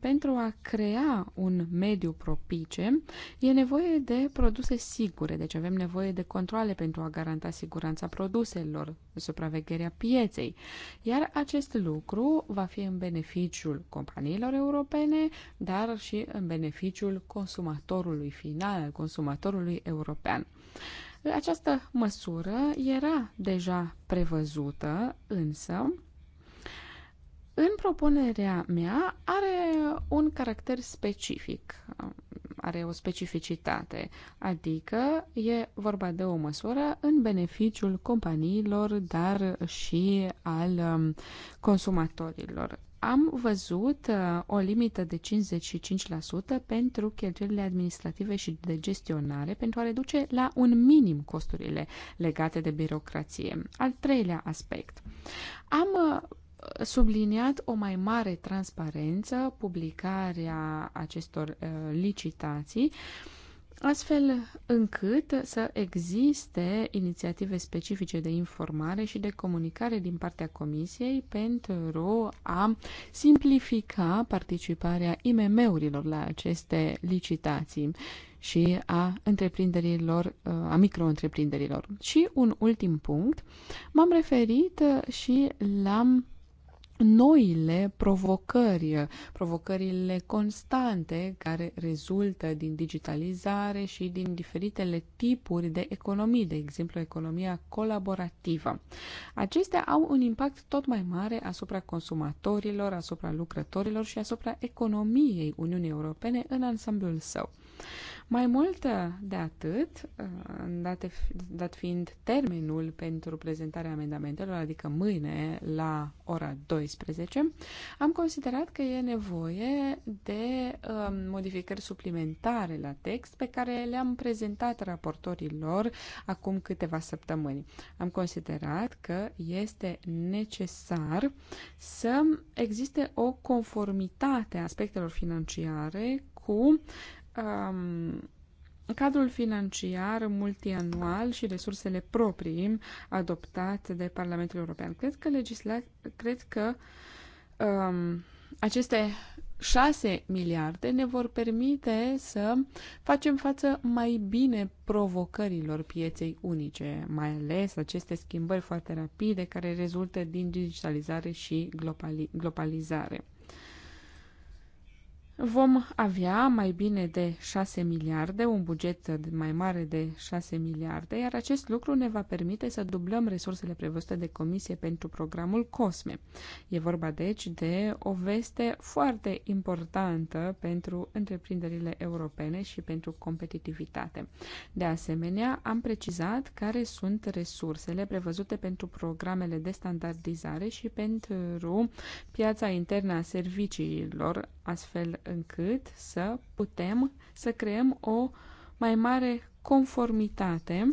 S4: pentru a crea un mediu propice, e nevoie de produse sigure, deci avem nevoie de controle pentru a garanta siguranța produselor, supravegherea pieței. Iar acest lucru va fi în beneficiul companiilor europene, dar și în beneficiul consumatorului final, consumatorului european. Această măsură era deja prevăzută, însă în propunerea mea are un caracter specific, are o specificitate, adică e vorba de o măsură în beneficiul companiilor, dar și al um, consumatorilor am văzut uh, o limită de 55% pentru cheltuielile administrative și de gestionare pentru a reduce la un minim costurile legate de birocrație. Al treilea aspect. Am uh, subliniat o mai mare transparență, publicarea acestor uh, licitații, uh, astfel încât să existe inițiative specifice de informare și de comunicare din partea Comisiei pentru a simplifica participarea IMM-urilor la aceste licitații și a întreprinderilor, a micro-întreprinderilor. Și un ultim punct, m-am referit și la noile provocări, provocările constante care rezultă din digitalizare și din diferitele tipuri de economii, de exemplu economia colaborativă. Acestea au un impact tot mai mare asupra consumatorilor, asupra lucrătorilor și asupra economiei Uniunii Europene în ansamblul său. Mai mult de atât, uh, dat, dat fiind termenul pentru prezentarea amendamentelor, adică mâine la ora 12, am considerat că e nevoie de um, modificări suplimentare la text pe care le-am prezentat raportorilor acum câteva săptămâni. Am considerat că este necesar să existe o conformitate a aspectelor financiare cu um, cadrul financiar multianual și resursele proprii adoptate de Parlamentul European. Cred că, legisla... Cred că um, aceste 6 miliarde ne vor permite să facem față mai bine provocărilor pieței unice, mai ales aceste schimbări foarte rapide care rezultă din digitalizare și globali- globalizare. Vom avea mai bine de 6 miliarde, un buget mai mare de 6 miliarde, iar acest lucru ne va permite să dublăm resursele prevăzute de comisie pentru programul COSME. E vorba deci de o veste foarte importantă pentru întreprinderile europene și pentru competitivitate. De asemenea, am precizat care sunt resursele prevăzute pentru programele de standardizare și pentru piața internă a serviciilor astfel încât să putem să creăm o mai mare conformitate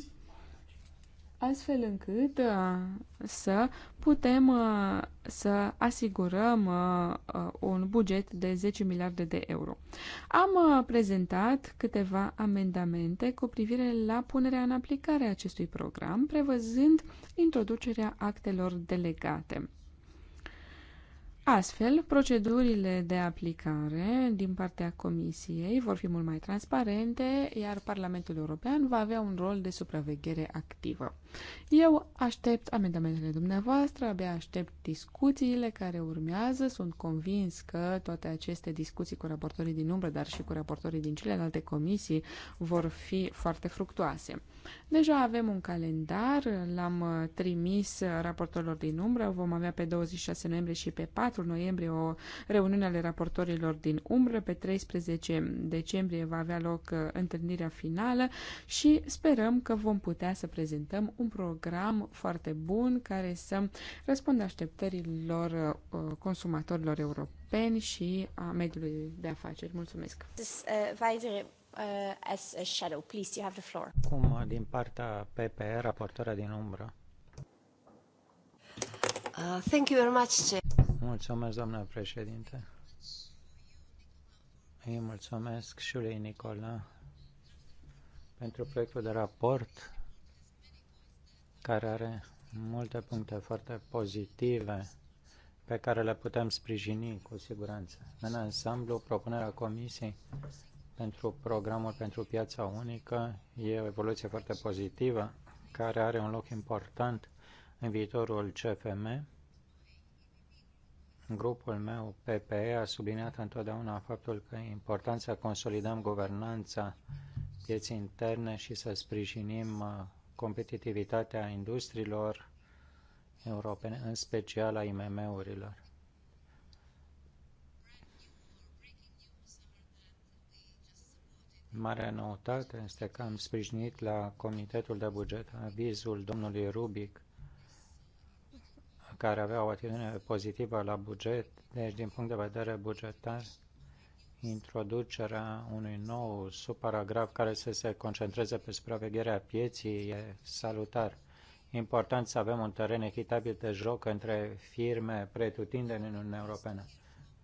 S4: astfel încât uh, să putem uh, să asigurăm uh, un buget de 10 miliarde de euro. Am prezentat câteva amendamente cu privire la punerea în aplicare a acestui program, prevăzând introducerea actelor delegate. Astfel, procedurile de aplicare din partea Comisiei vor fi mult mai transparente, iar Parlamentul European va avea un rol de supraveghere activă. Eu aștept amendamentele dumneavoastră, abia aștept discuțiile care urmează. Sunt convins că toate aceste discuții cu raportorii din umbră, dar și cu raportorii din celelalte comisii, vor fi foarte fructuoase. Deja avem un calendar, l-am uh, trimis uh, raportorilor din umbră, vom avea pe 26 noiembrie și pe 4 noiembrie o reuniune ale raportorilor din umbră, pe 13 decembrie va avea loc uh, întâlnirea finală și sperăm că vom putea să prezentăm un program foarte bun care să răspundă așteptărilor consumatorilor europeni și a mediului de afaceri. Mulțumesc! Uh, as a
S1: shadow. Please, you have the floor.
S2: Cum din partea PPE, raportoarea din umbră.
S1: Uh, thank you very much.
S2: Mulțumesc, doamnă președinte. Îi mulțumesc și lui Nicola pentru proiectul de raport care are multe puncte foarte pozitive pe care le putem sprijini cu siguranță. În ansamblu, propunerea comisiei pentru programul pentru piața unică e o evoluție foarte pozitivă care are un loc important în viitorul CFM. Grupul meu, PPE, a subliniat întotdeauna faptul că e important să consolidăm guvernanța pieții interne și să sprijinim uh, competitivitatea industriilor europene, în special a IMM-urilor. Marea noutate este că am sprijinit la Comitetul de Buget avizul domnului Rubic, care avea o atitudine pozitivă la buget, deci din punct de vedere bugetar, introducerea unui nou subparagraf care să se concentreze pe supravegherea pieții e salutar. Important să avem un teren echitabil de joc între firme pretutindeni în Uniunea Europeană.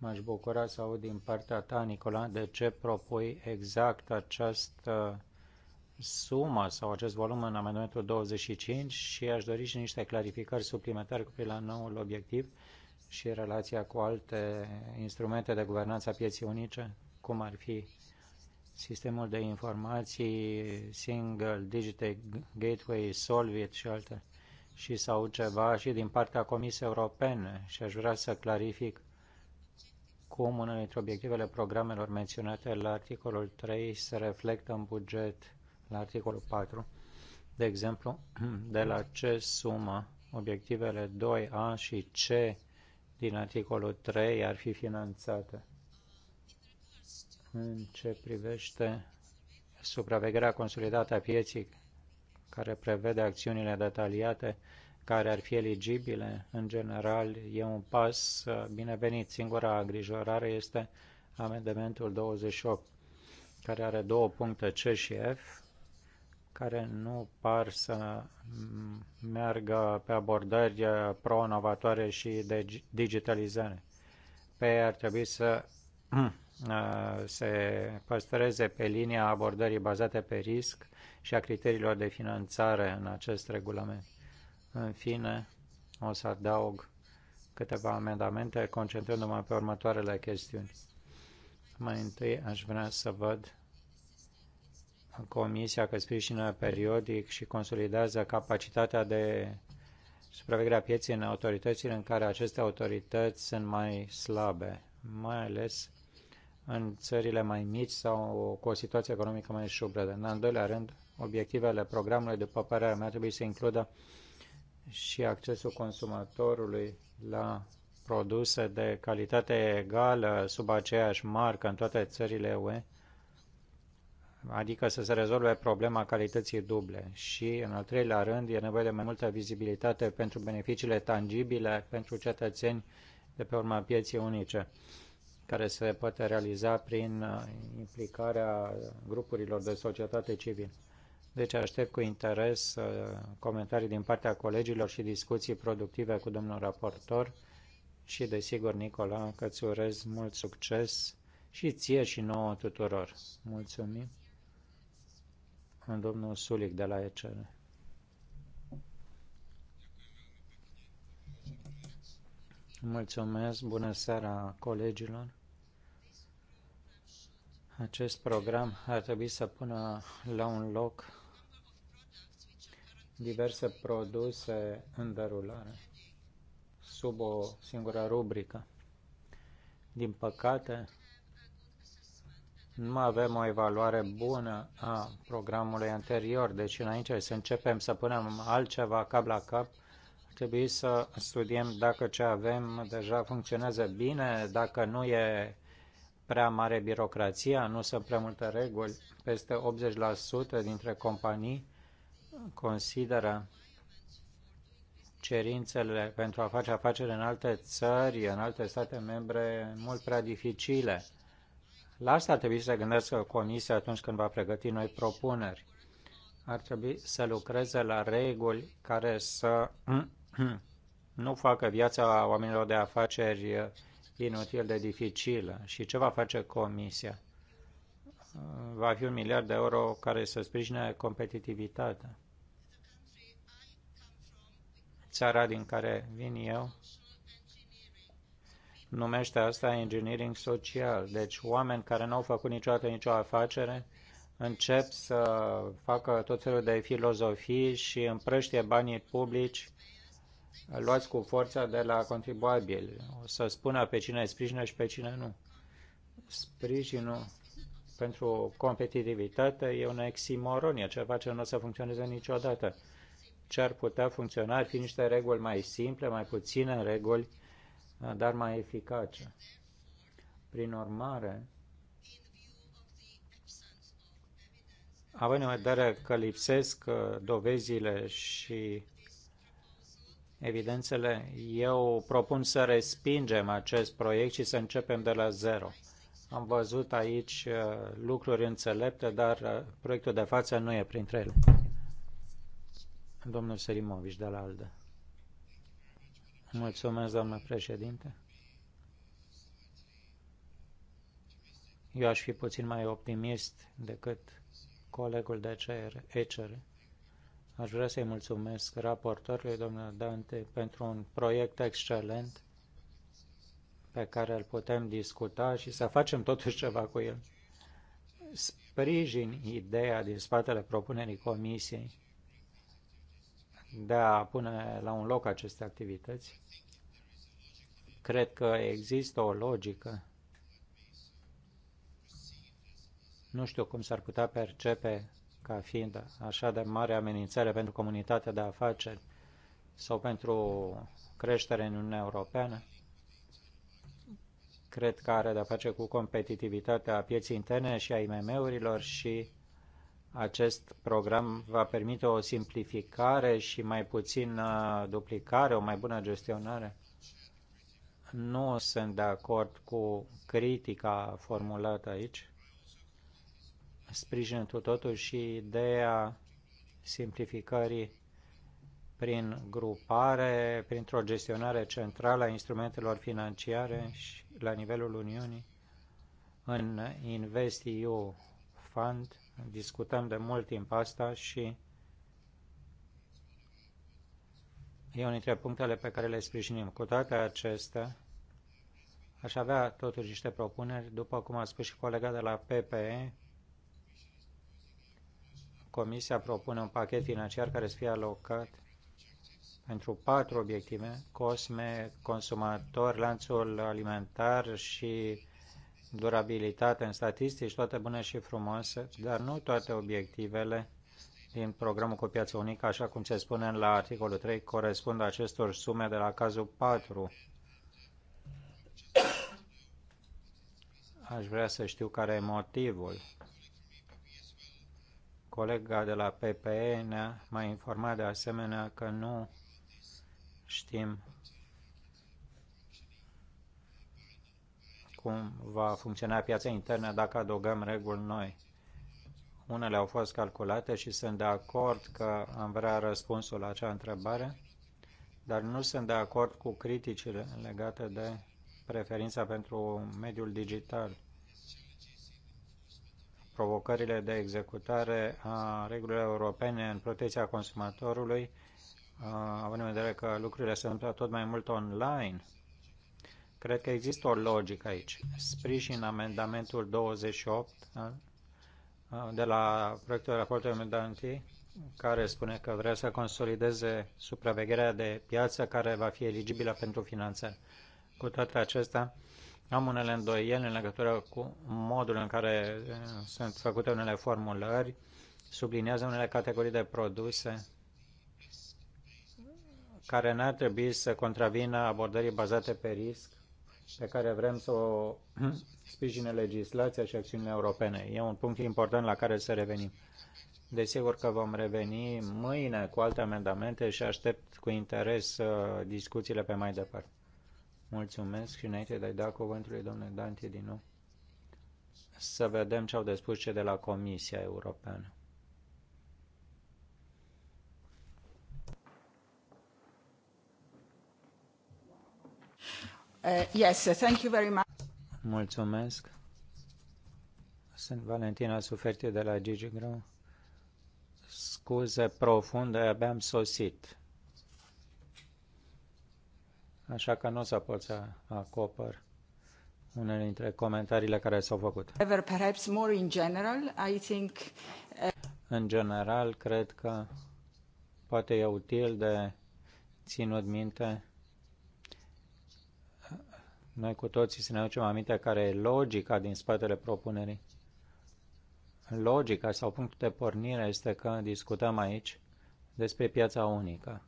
S2: M-aș bucura să aud din partea ta, Nicola, de ce propui exact această sumă sau acest volum în amendamentul 25 și aș dori și niște clarificări suplimentare cu privire la noul obiectiv și relația cu alte instrumente de guvernanță a pieții unice, cum ar fi sistemul de informații Single Digital Gateway, Solvit și alte, și sau ceva și din partea Comisiei Europene și aș vrea să clarific cum unul dintre obiectivele programelor menționate la articolul 3 se reflectă în buget la articolul 4. De exemplu, de la ce sumă obiectivele 2A și C din articolul 3 ar fi finanțate. În ce privește supravegherea consolidată a pieții, care prevede acțiunile detaliate care ar fi eligibile, în general, e un pas uh, binevenit. Singura îngrijorare este amendamentul 28, care are două puncte C și F, care nu par să meargă pe abordări uh, pro-novatoare și de digitalizare. Pe ar trebui să uh, se păstreze pe linia abordării bazate pe risc și a criteriilor de finanțare în acest regulament. În fine, o să adaug câteva amendamente concentrându-mă pe următoarele chestiuni. Mai întâi aș vrea să văd Comisia că sprijină periodic și consolidează capacitatea de supraveghere a pieței în autoritățile în care aceste autorități sunt mai slabe, mai ales în țările mai mici sau cu o situație economică mai șubredă. În al doilea rând, obiectivele programului, după părerea mea, trebuie să includă și accesul consumatorului la produse de calitate egală sub aceeași marcă în toate țările UE, adică să se rezolve problema calității duble. Și, în al treilea rând, e nevoie de mai multă vizibilitate pentru beneficiile tangibile pentru cetățeni de pe urma pieții unice, care se poate realiza prin uh, implicarea grupurilor de societate civilă. Deci aștept cu interes uh, comentarii din partea colegilor și discuții productive cu domnul raportor și desigur, Nicola, că îți urez mult succes și ție și nouă tuturor. Mulțumim. Domnul Sulic de la ECR. Mulțumesc, bună seara colegilor. Acest program ar trebui să pună la un loc diverse produse în derulare sub o singură rubrică. Din păcate, nu avem o evaluare bună a programului anterior, deci înainte să începem să punem altceva cap la cap, trebuie să studiem dacă ce avem deja funcționează bine, dacă nu e prea mare birocrația, nu sunt prea multe reguli. Peste 80% dintre companii consideră cerințele pentru a face afaceri în alte țări, în alte state membre, mult prea dificile. La asta ar trebui să se gândească Comisia atunci când va pregăti noi propuneri. Ar trebui să lucreze la reguli care să nu facă viața oamenilor de afaceri inutil de dificilă. Și ce va face Comisia? Va fi un miliard de euro care să sprijine competitivitatea țara din care vin eu numește asta engineering social. Deci oameni care nu au făcut niciodată nicio afacere încep să facă tot felul de filozofii și împrăștie banii publici luați cu forța de la contribuabil. O să spună pe cine sprijină și pe cine nu. Sprijinul pentru competitivitate e un eximoron, e ceva ce nu o să funcționeze niciodată ce ar putea funcționa ar fi niște reguli mai simple, mai puține reguli, uh, dar mai eficace. Prin urmare, având în vedere că lipsesc uh, dovezile și evidențele, eu propun să respingem acest proiect și să începem de la zero. Am văzut aici uh, lucruri înțelepte, dar proiectul de față nu e printre ele. Domnul Serimovici de la ALDE. Mulțumesc, doamnă președinte. Eu aș fi puțin mai optimist decât colegul de ECR. Aș vrea să-i mulțumesc raportorului, domnul Dante, pentru un proiect excelent pe care îl putem discuta și să facem totuși ceva cu el. Sprijin ideea din spatele propunerii comisiei de a pune la un loc aceste activități. Cred că există o logică. Nu știu cum s-ar putea percepe ca fiind așa de mare amenințare pentru comunitatea de afaceri sau pentru creștere în Uniunea Europeană. Cred că are de-a face cu competitivitatea pieții interne și a IMM-urilor și acest program va permite o simplificare și mai puțin uh, duplicare, o mai bună gestionare. Nu sunt de acord cu critica formulată aici. Sprijin totuși și ideea simplificării prin grupare, printr-o gestionare centrală a instrumentelor financiare și la nivelul Uniunii în InvestEU Fund Discutăm de mult timp asta și e unul dintre punctele pe care le sprijinim. Cu toate acestea, aș avea totuși niște propuneri, după cum a spus și colega de la PPE, Comisia propune un pachet financiar care să fie alocat pentru patru obiective, COSME, consumator, lanțul alimentar și durabilitate în statistici, toate bune și frumoase, dar nu toate obiectivele din programul cu piață unică, așa cum se spune la articolul 3, corespund acestor sume de la cazul 4. Aș vrea să știu care e motivul. Colega de la PPE ne-a mai informat de asemenea că nu știm cum va funcționa piața internă dacă adăugăm reguli noi. Unele au fost calculate și sunt de acord că am vrea răspunsul la acea întrebare, dar nu sunt de acord cu criticile legate de preferința pentru mediul digital. Provocările de executare a regulilor europene în protecția consumatorului, având în vedere că lucrurile se întâmplă tot mai mult online, Cred că există o logică aici. Sprijin amendamentul 28 uh, uh, de la proiectul raportului Medanti, care spune că vrea să consolideze supravegherea de piață care va fi eligibilă pentru finanțare. Cu toate acestea, am unele îndoieli în legătură cu modul în care uh, sunt făcute unele formulări, subliniază unele categorii de produse care n-ar trebui să contravină abordării bazate pe risc pe care vrem să o sprijine legislația și acțiunile europene. E un punct important la care să revenim. Desigur că vom reveni mâine cu alte amendamente și aștept cu interes uh, discuțiile pe mai departe. Mulțumesc și înainte de a da cuvântul domnule Dante din nou, să vedem ce au de spus cei de la Comisia Europeană.
S3: Uh,
S2: Mulțumesc. Sunt Valentina Suferti de la Gigi Grau. Scuze profunde, abia am sosit. Așa că nu o să pot să acopăr unele dintre comentariile care s-au făcut.
S3: Ever, perhaps more in general, I think, uh,
S2: În general, cred că poate e util de ținut minte noi cu toții să ne aducem aminte care e logica din spatele propunerii. Logica sau punctul de pornire este că discutăm aici despre piața unică.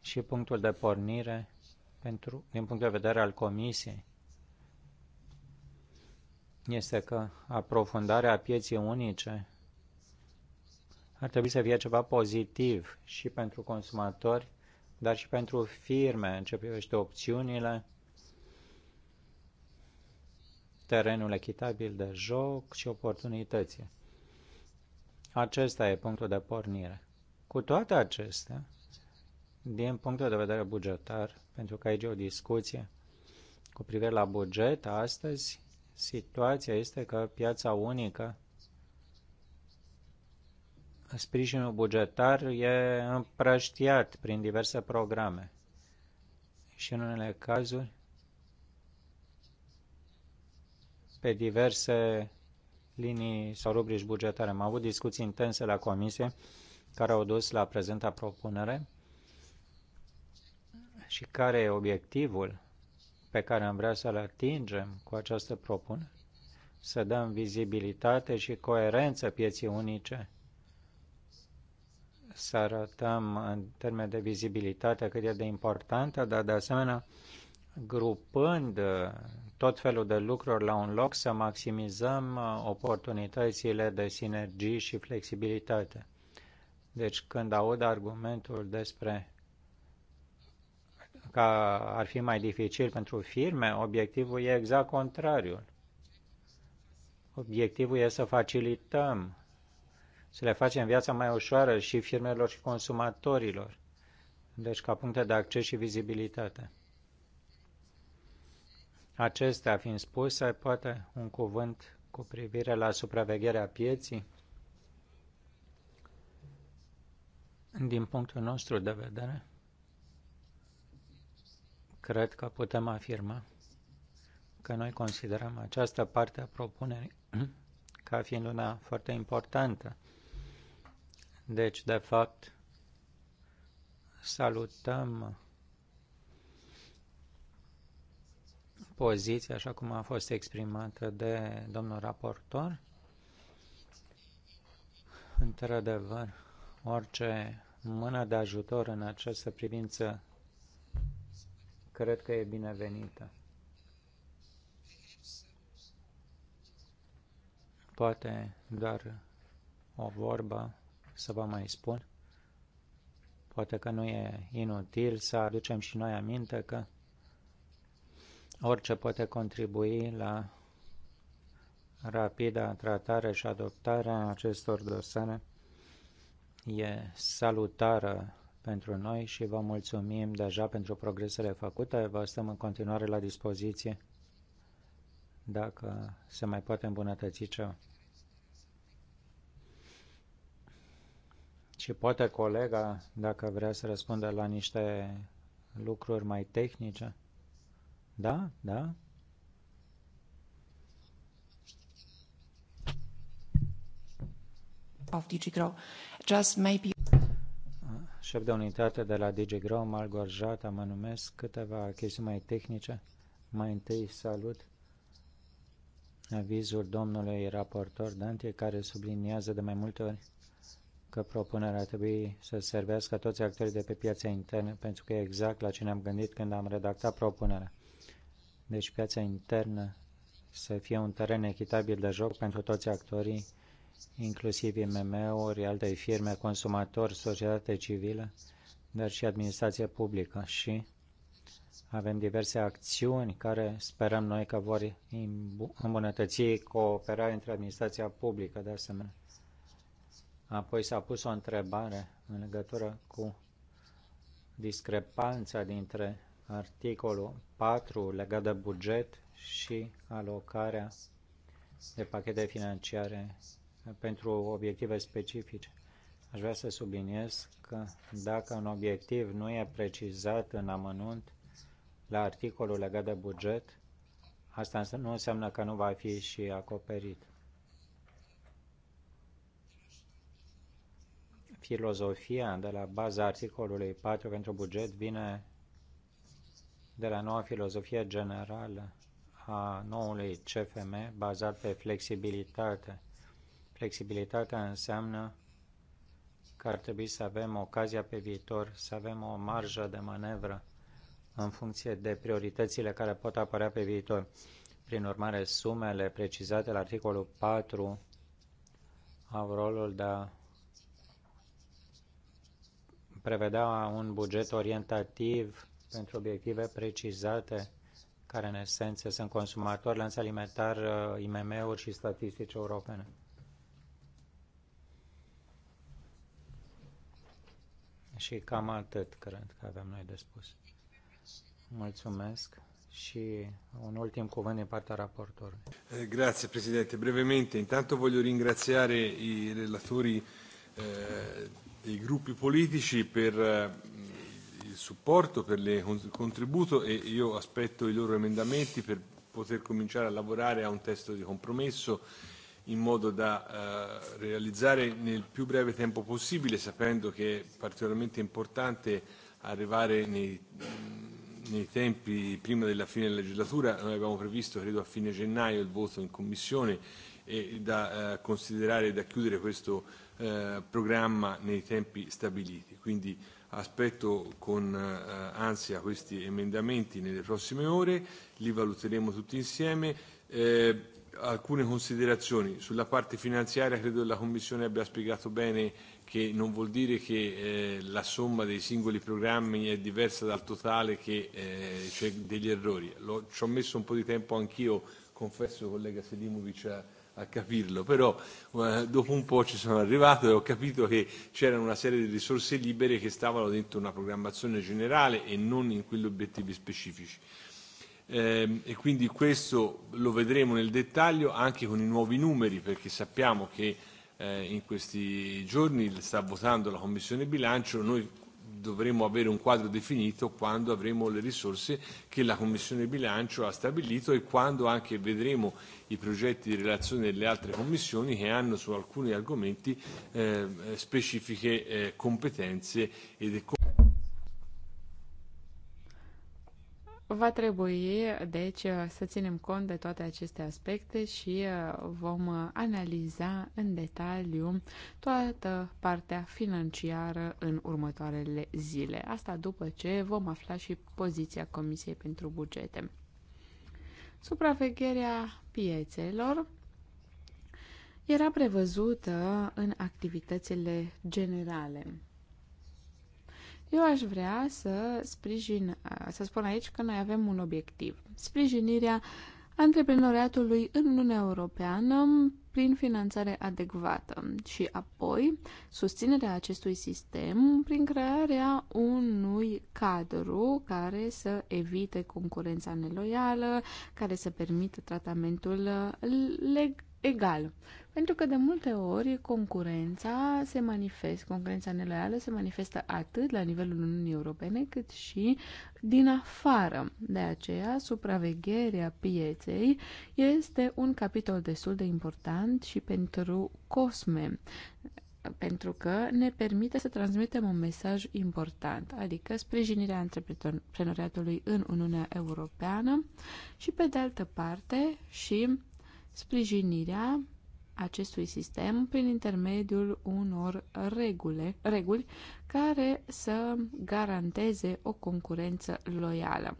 S2: Și punctul de pornire pentru, din punct de vedere al Comisiei este că aprofundarea pieții unice ar trebui să fie ceva pozitiv și pentru consumatori dar și pentru firme în ce privește opțiunile, terenul echitabil de joc și oportunitățile. Acesta e punctul de pornire. Cu toate acestea, din punctul de vedere bugetar, pentru că aici e o discuție cu privire la buget, astăzi situația este că piața unică Sprijinul bugetar e împrăștiat prin diverse programe și în unele cazuri pe diverse linii sau rubrici bugetare. Am avut discuții intense la comisie care au dus la prezenta propunere și care e obiectivul pe care am vrea să-l atingem cu această propunere, să dăm vizibilitate și coerență pieții unice să arătăm în termen de vizibilitate cât e de importantă, dar de asemenea grupând uh, tot felul de lucruri la un loc să maximizăm uh, oportunitățile de sinergii și flexibilitate. Deci când aud argumentul despre că ar fi mai dificil pentru firme, obiectivul e exact contrariul. Obiectivul e să facilităm să le facem viața mai ușoară și firmelor și consumatorilor, deci ca puncte de acces și vizibilitate. Acestea fiind spuse, poate un cuvânt cu privire la supravegherea pieții. Din punctul nostru de vedere, cred că putem afirma că noi considerăm această parte a propunerii ca fiind una foarte importantă deci, de fapt, salutăm poziția, așa cum a fost exprimată de domnul raportor. Într-adevăr, orice mână de ajutor în această privință cred că e binevenită. Poate doar o vorbă să vă mai spun. Poate că nu e inutil să aducem și noi aminte că orice poate contribui la rapida tratare și adoptarea acestor dosare e salutară pentru noi și vă mulțumim deja pentru progresele făcute. Vă stăm în continuare la dispoziție dacă se mai poate îmbunătăți ceva. Și poate colega, dacă vrea să răspundă la niște lucruri mai tehnice. Da? Da?
S4: Of DigiGrow. Just maybe
S2: șef de unitate de la DigiGrow, Jata, mă numesc, câteva chestii mai tehnice. Mai întâi salut avizul domnului raportor Dante, care subliniază de mai multe ori că propunerea trebuie să servească toți actorii de pe piața internă, pentru că e exact la ce ne-am gândit când am redactat propunerea. Deci piața internă să fie un teren echitabil de joc pentru toți actorii, inclusiv IMM-uri, alte firme, consumatori, societate civilă, dar și administrație publică și avem diverse acțiuni care sperăm noi că vor îmbunătăți cooperarea între administrația publică de asemenea. Apoi s-a pus o întrebare în legătură cu discrepanța dintre articolul 4 legat de buget și alocarea de pachete financiare pentru obiective specifice. Aș vrea să subliniez că dacă un obiectiv nu e precizat în amănunt la articolul legat de buget, asta nu înseamnă că nu va fi și acoperit. Filozofia de la baza articolului 4 pentru buget vine de la noua filozofie generală a noului CFM bazat pe flexibilitate. Flexibilitatea înseamnă că ar trebui să avem ocazia pe viitor să avem o marjă de manevră în funcție de prioritățile care pot apărea pe viitor. Prin urmare, sumele precizate la articolul 4 au rolul de a prevedea un buget orientativ pentru obiective precizate, care în esență sunt consumatori, lanț alimentar, uh, IMM-uri și statistici europene. Și cam atât, cred că avem noi de spus. Mulțumesc și un ultim cuvânt din partea raportorului.
S5: Eh, grazie Presidente. Brevemente, intanto voglio ringraziare i relatori eh, dei gruppi politici per eh, il supporto, per il contributo e io aspetto i loro emendamenti per poter cominciare a lavorare a un testo di compromesso in modo da eh, realizzare nel più breve tempo possibile, sapendo che è particolarmente importante arrivare nei, nei tempi prima della fine della legislatura. Noi abbiamo previsto, credo, a fine gennaio il voto in Commissione e da eh, considerare e da chiudere questo Eh, programma nei tempi stabiliti. Quindi aspetto con eh, ansia questi emendamenti nelle prossime ore, li valuteremo tutti insieme. Eh, alcune considerazioni sulla parte finanziaria credo la Commissione abbia spiegato bene che non vuol dire che eh, la somma dei singoli programmi è diversa dal totale che eh, c'è degli errori. Lo, ci ho messo un po' di tempo anch'io, confesso collega Selimovic a a capirlo, però eh, dopo un po' ci sono arrivato e ho capito che c'erano una serie di risorse libere che stavano dentro una programmazione generale e non in quegli obiettivi specifici. Eh, e quindi questo lo vedremo nel dettaglio anche con i nuovi numeri, perché sappiamo che eh, in questi giorni sta votando la Commissione bilancio, noi dovremo avere un quadro definito quando avremo le risorse che la Commissione bilancio ha stabilito e quando anche vedremo i progetti di relazione delle altre commissioni che hanno su alcuni argomenti eh, specifiche eh, competenze ed
S4: Va trebui, deci, să ținem cont de toate aceste aspecte și uh, vom analiza în detaliu toată partea financiară în următoarele zile. Asta după ce vom afla și poziția Comisiei pentru Bugete. Supravegherea piețelor era prevăzută în activitățile generale. Eu aș vrea să sprijin, să spun aici că noi avem un obiectiv. Sprijinirea antreprenoriatului în Uniunea Europeană prin finanțare adecvată și apoi susținerea acestui sistem prin crearea unui cadru care să evite concurența neloială, care să permită tratamentul legal egal. Pentru că de multe ori concurența se manifestă, concurența neloială se manifestă atât la nivelul Uniunii Europene cât și din afară. De aceea, supravegherea pieței este un capitol destul de important și pentru COSME pentru că ne permite să transmitem un mesaj important, adică sprijinirea antreprenoriatului în Uniunea Europeană și, pe de altă parte, și sprijinirea acestui sistem prin intermediul unor regule, reguli care să garanteze o concurență loială.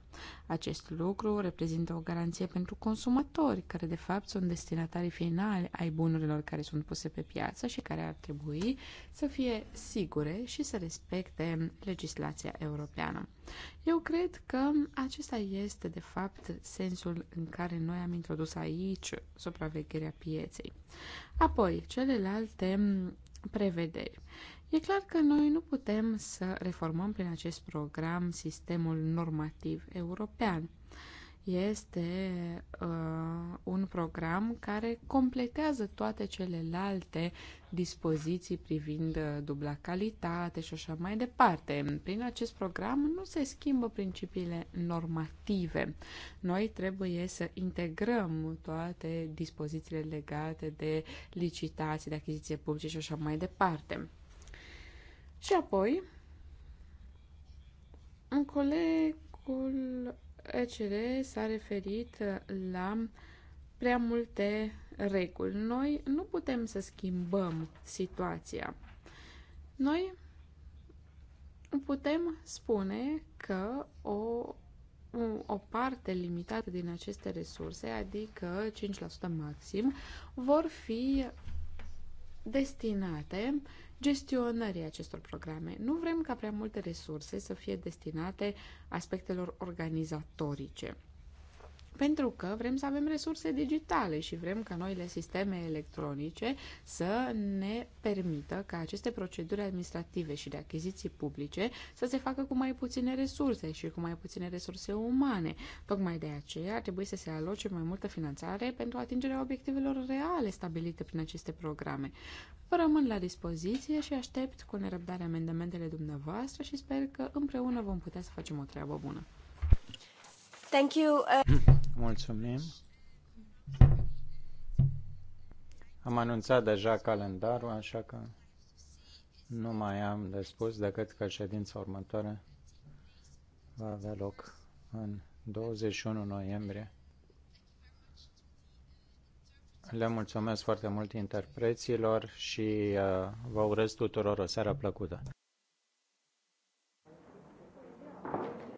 S4: Acest lucru reprezintă o garanție pentru consumatori, care de fapt sunt destinatarii finali ai bunurilor care sunt puse pe piață și care ar trebui să fie sigure și să respecte legislația europeană. Eu cred că acesta este de fapt sensul în care noi am introdus aici supravegherea pieței. Apoi, celelalte prevederi. E clar că noi nu putem să reformăm prin acest program sistemul normativ european. Este uh, un program care completează toate celelalte dispoziții privind uh, dubla calitate și așa mai departe. Prin acest program nu se schimbă principiile normative. Noi trebuie să integrăm toate dispozițiile legate de licitații, de achiziție publice și așa mai departe. Și apoi, un colegul ECR s-a referit la prea multe reguli. Noi nu putem să schimbăm situația. Noi putem spune că o, o parte limitată din aceste resurse, adică 5% maxim, vor fi destinate uh, gestionării acestor programe. Nu vrem ca prea multe resurse să fie destinate aspectelor organizatorice pentru că vrem să avem resurse digitale și vrem ca noile sisteme electronice să ne permită ca aceste proceduri administrative și de achiziții publice să se facă cu mai puține resurse și cu mai puține resurse umane. Tocmai de aceea ar trebui să se aloce mai multă finanțare pentru atingerea obiectivelor reale stabilite prin aceste programe. Vă rămân la dispoziție și aștept cu nerăbdare amendamentele dumneavoastră și sper că împreună vom putea să facem o treabă bună. Uh,
S2: Mulțumim. Am anunțat deja calendarul, așa că nu mai am de spus decât că ședința următoare va avea loc în 21 noiembrie. Le mulțumesc foarte mult interpreților și uh, vă urez tuturor o seară plăcută.